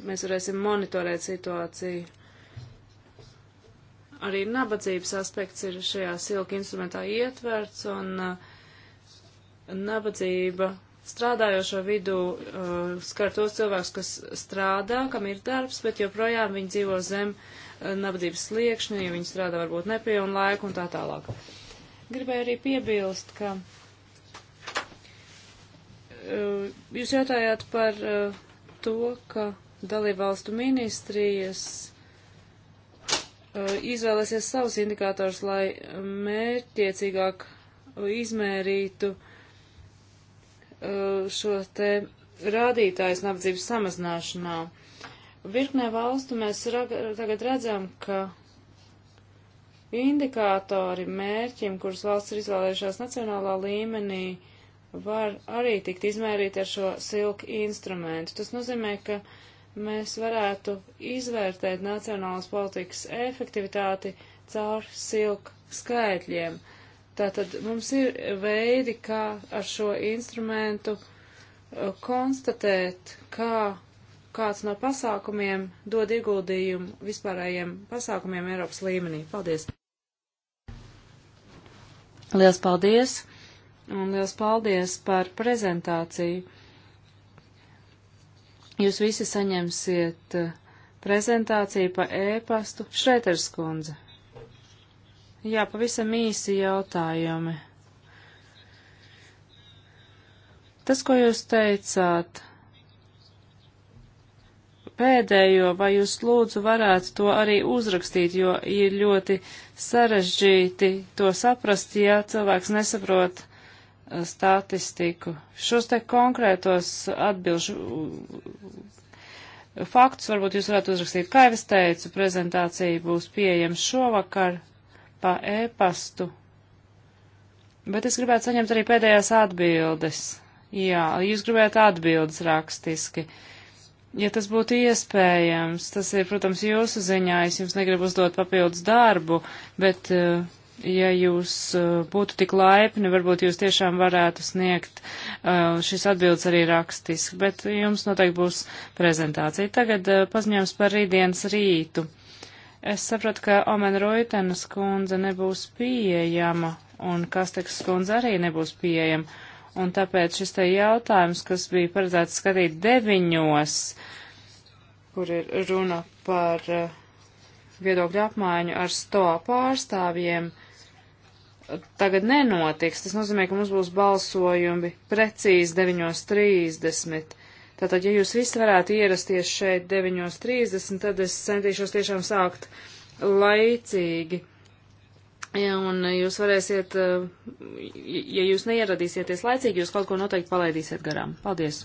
Mēs varēsim monitorēt situāciju. Arī nabadzības aspekts ir šajā silk instrumentā ietverts, un uh, nabadzība strādājošo vidū uh, skar tos cilvēkus, kas strādā, kam ir darbs, bet joprojām viņi dzīvo zem uh, nabadzības sliekšņa, ja viņi strādā varbūt nepilnu laiku un tā tālāk. Gribēju arī piebilst, ka uh, jūs jautājāt par uh, to, ka dalībvalstu ministrijas uh, izvēlēsies savus indikātors, lai mērķiecīgāk izmērītu uh, Uh, šo te rādītājs nabadzības samazināšanā. Virknē valstu mēs tagad redzam, ka indikātori mērķim, kurus valsts ir izvēlējušās nacionālā līmenī, var arī tikt izmērīti ar šo silku instrumentu. Tas nozīmē, ka mēs varētu izvērtēt nacionālas politikas efektivitāti caur silku skaitļiem. Uh, Tātad mums ir veidi, kā ar šo instrumentu uh, konstatēt, kā kāds no pasākumiem dod ieguldījumu vispārējiem pasākumiem Eiropas līmenī. Paldies! Liels paldies! Un liels paldies par prezentāciju! Jūs visi saņemsiet uh, prezentāciju pa ēpastu e Šreiters kundze. Jā, pavisam īsi jautājumi. Tas, ko jūs teicāt, pēdējo, vai jūs lūdzu varētu to arī uzrakstīt, jo ir ļoti sarežģīti to saprast, ja cilvēks nesaprot uh, statistiku. Šos te konkrētos atbilžu uh, faktus varbūt jūs varētu uzrakstīt. Kā jau es teicu, prezentācija būs pieejama šovakar, pa e-pastu. Bet es gribētu saņemt arī pēdējās atbildes. Jā, jūs gribētu atbildes rakstiski. Ja tas būtu iespējams, tas ir, protams, jūsu ziņā, es jums negribu uzdot papildus darbu, bet, eh, ja jūs eh, būtu tik laipni, varbūt jūs tiešām varētu sniegt eh, šis atbildes arī rakstiski, bet jums noteikti būs prezentācija. Tagad paziņojums par rītdienas rītu. Es saprotu, ka Omen Roitenas kundze nebūs pieejama un Kasteks kundze arī nebūs pieejama. Un tāpēc šis te jautājums, kas bija paredzēts skatīt deviņos, kur ir runa par eh, viedokļu apmaiņu ar sto pārstāvjiem, tagad nenotiks. Tas nozīmē, ka mums būs balsojumi precīzi 9.30. Tātad, ja jūs visi varētu ierasties šeit 9.30, tad es centīšos tiešām sākt laicīgi. Ja, un jūs varēsiet, eh, ja jūs neieradīsieties laicīgi, jūs kaut ko noteikti palaidīsiet garām. Paldies!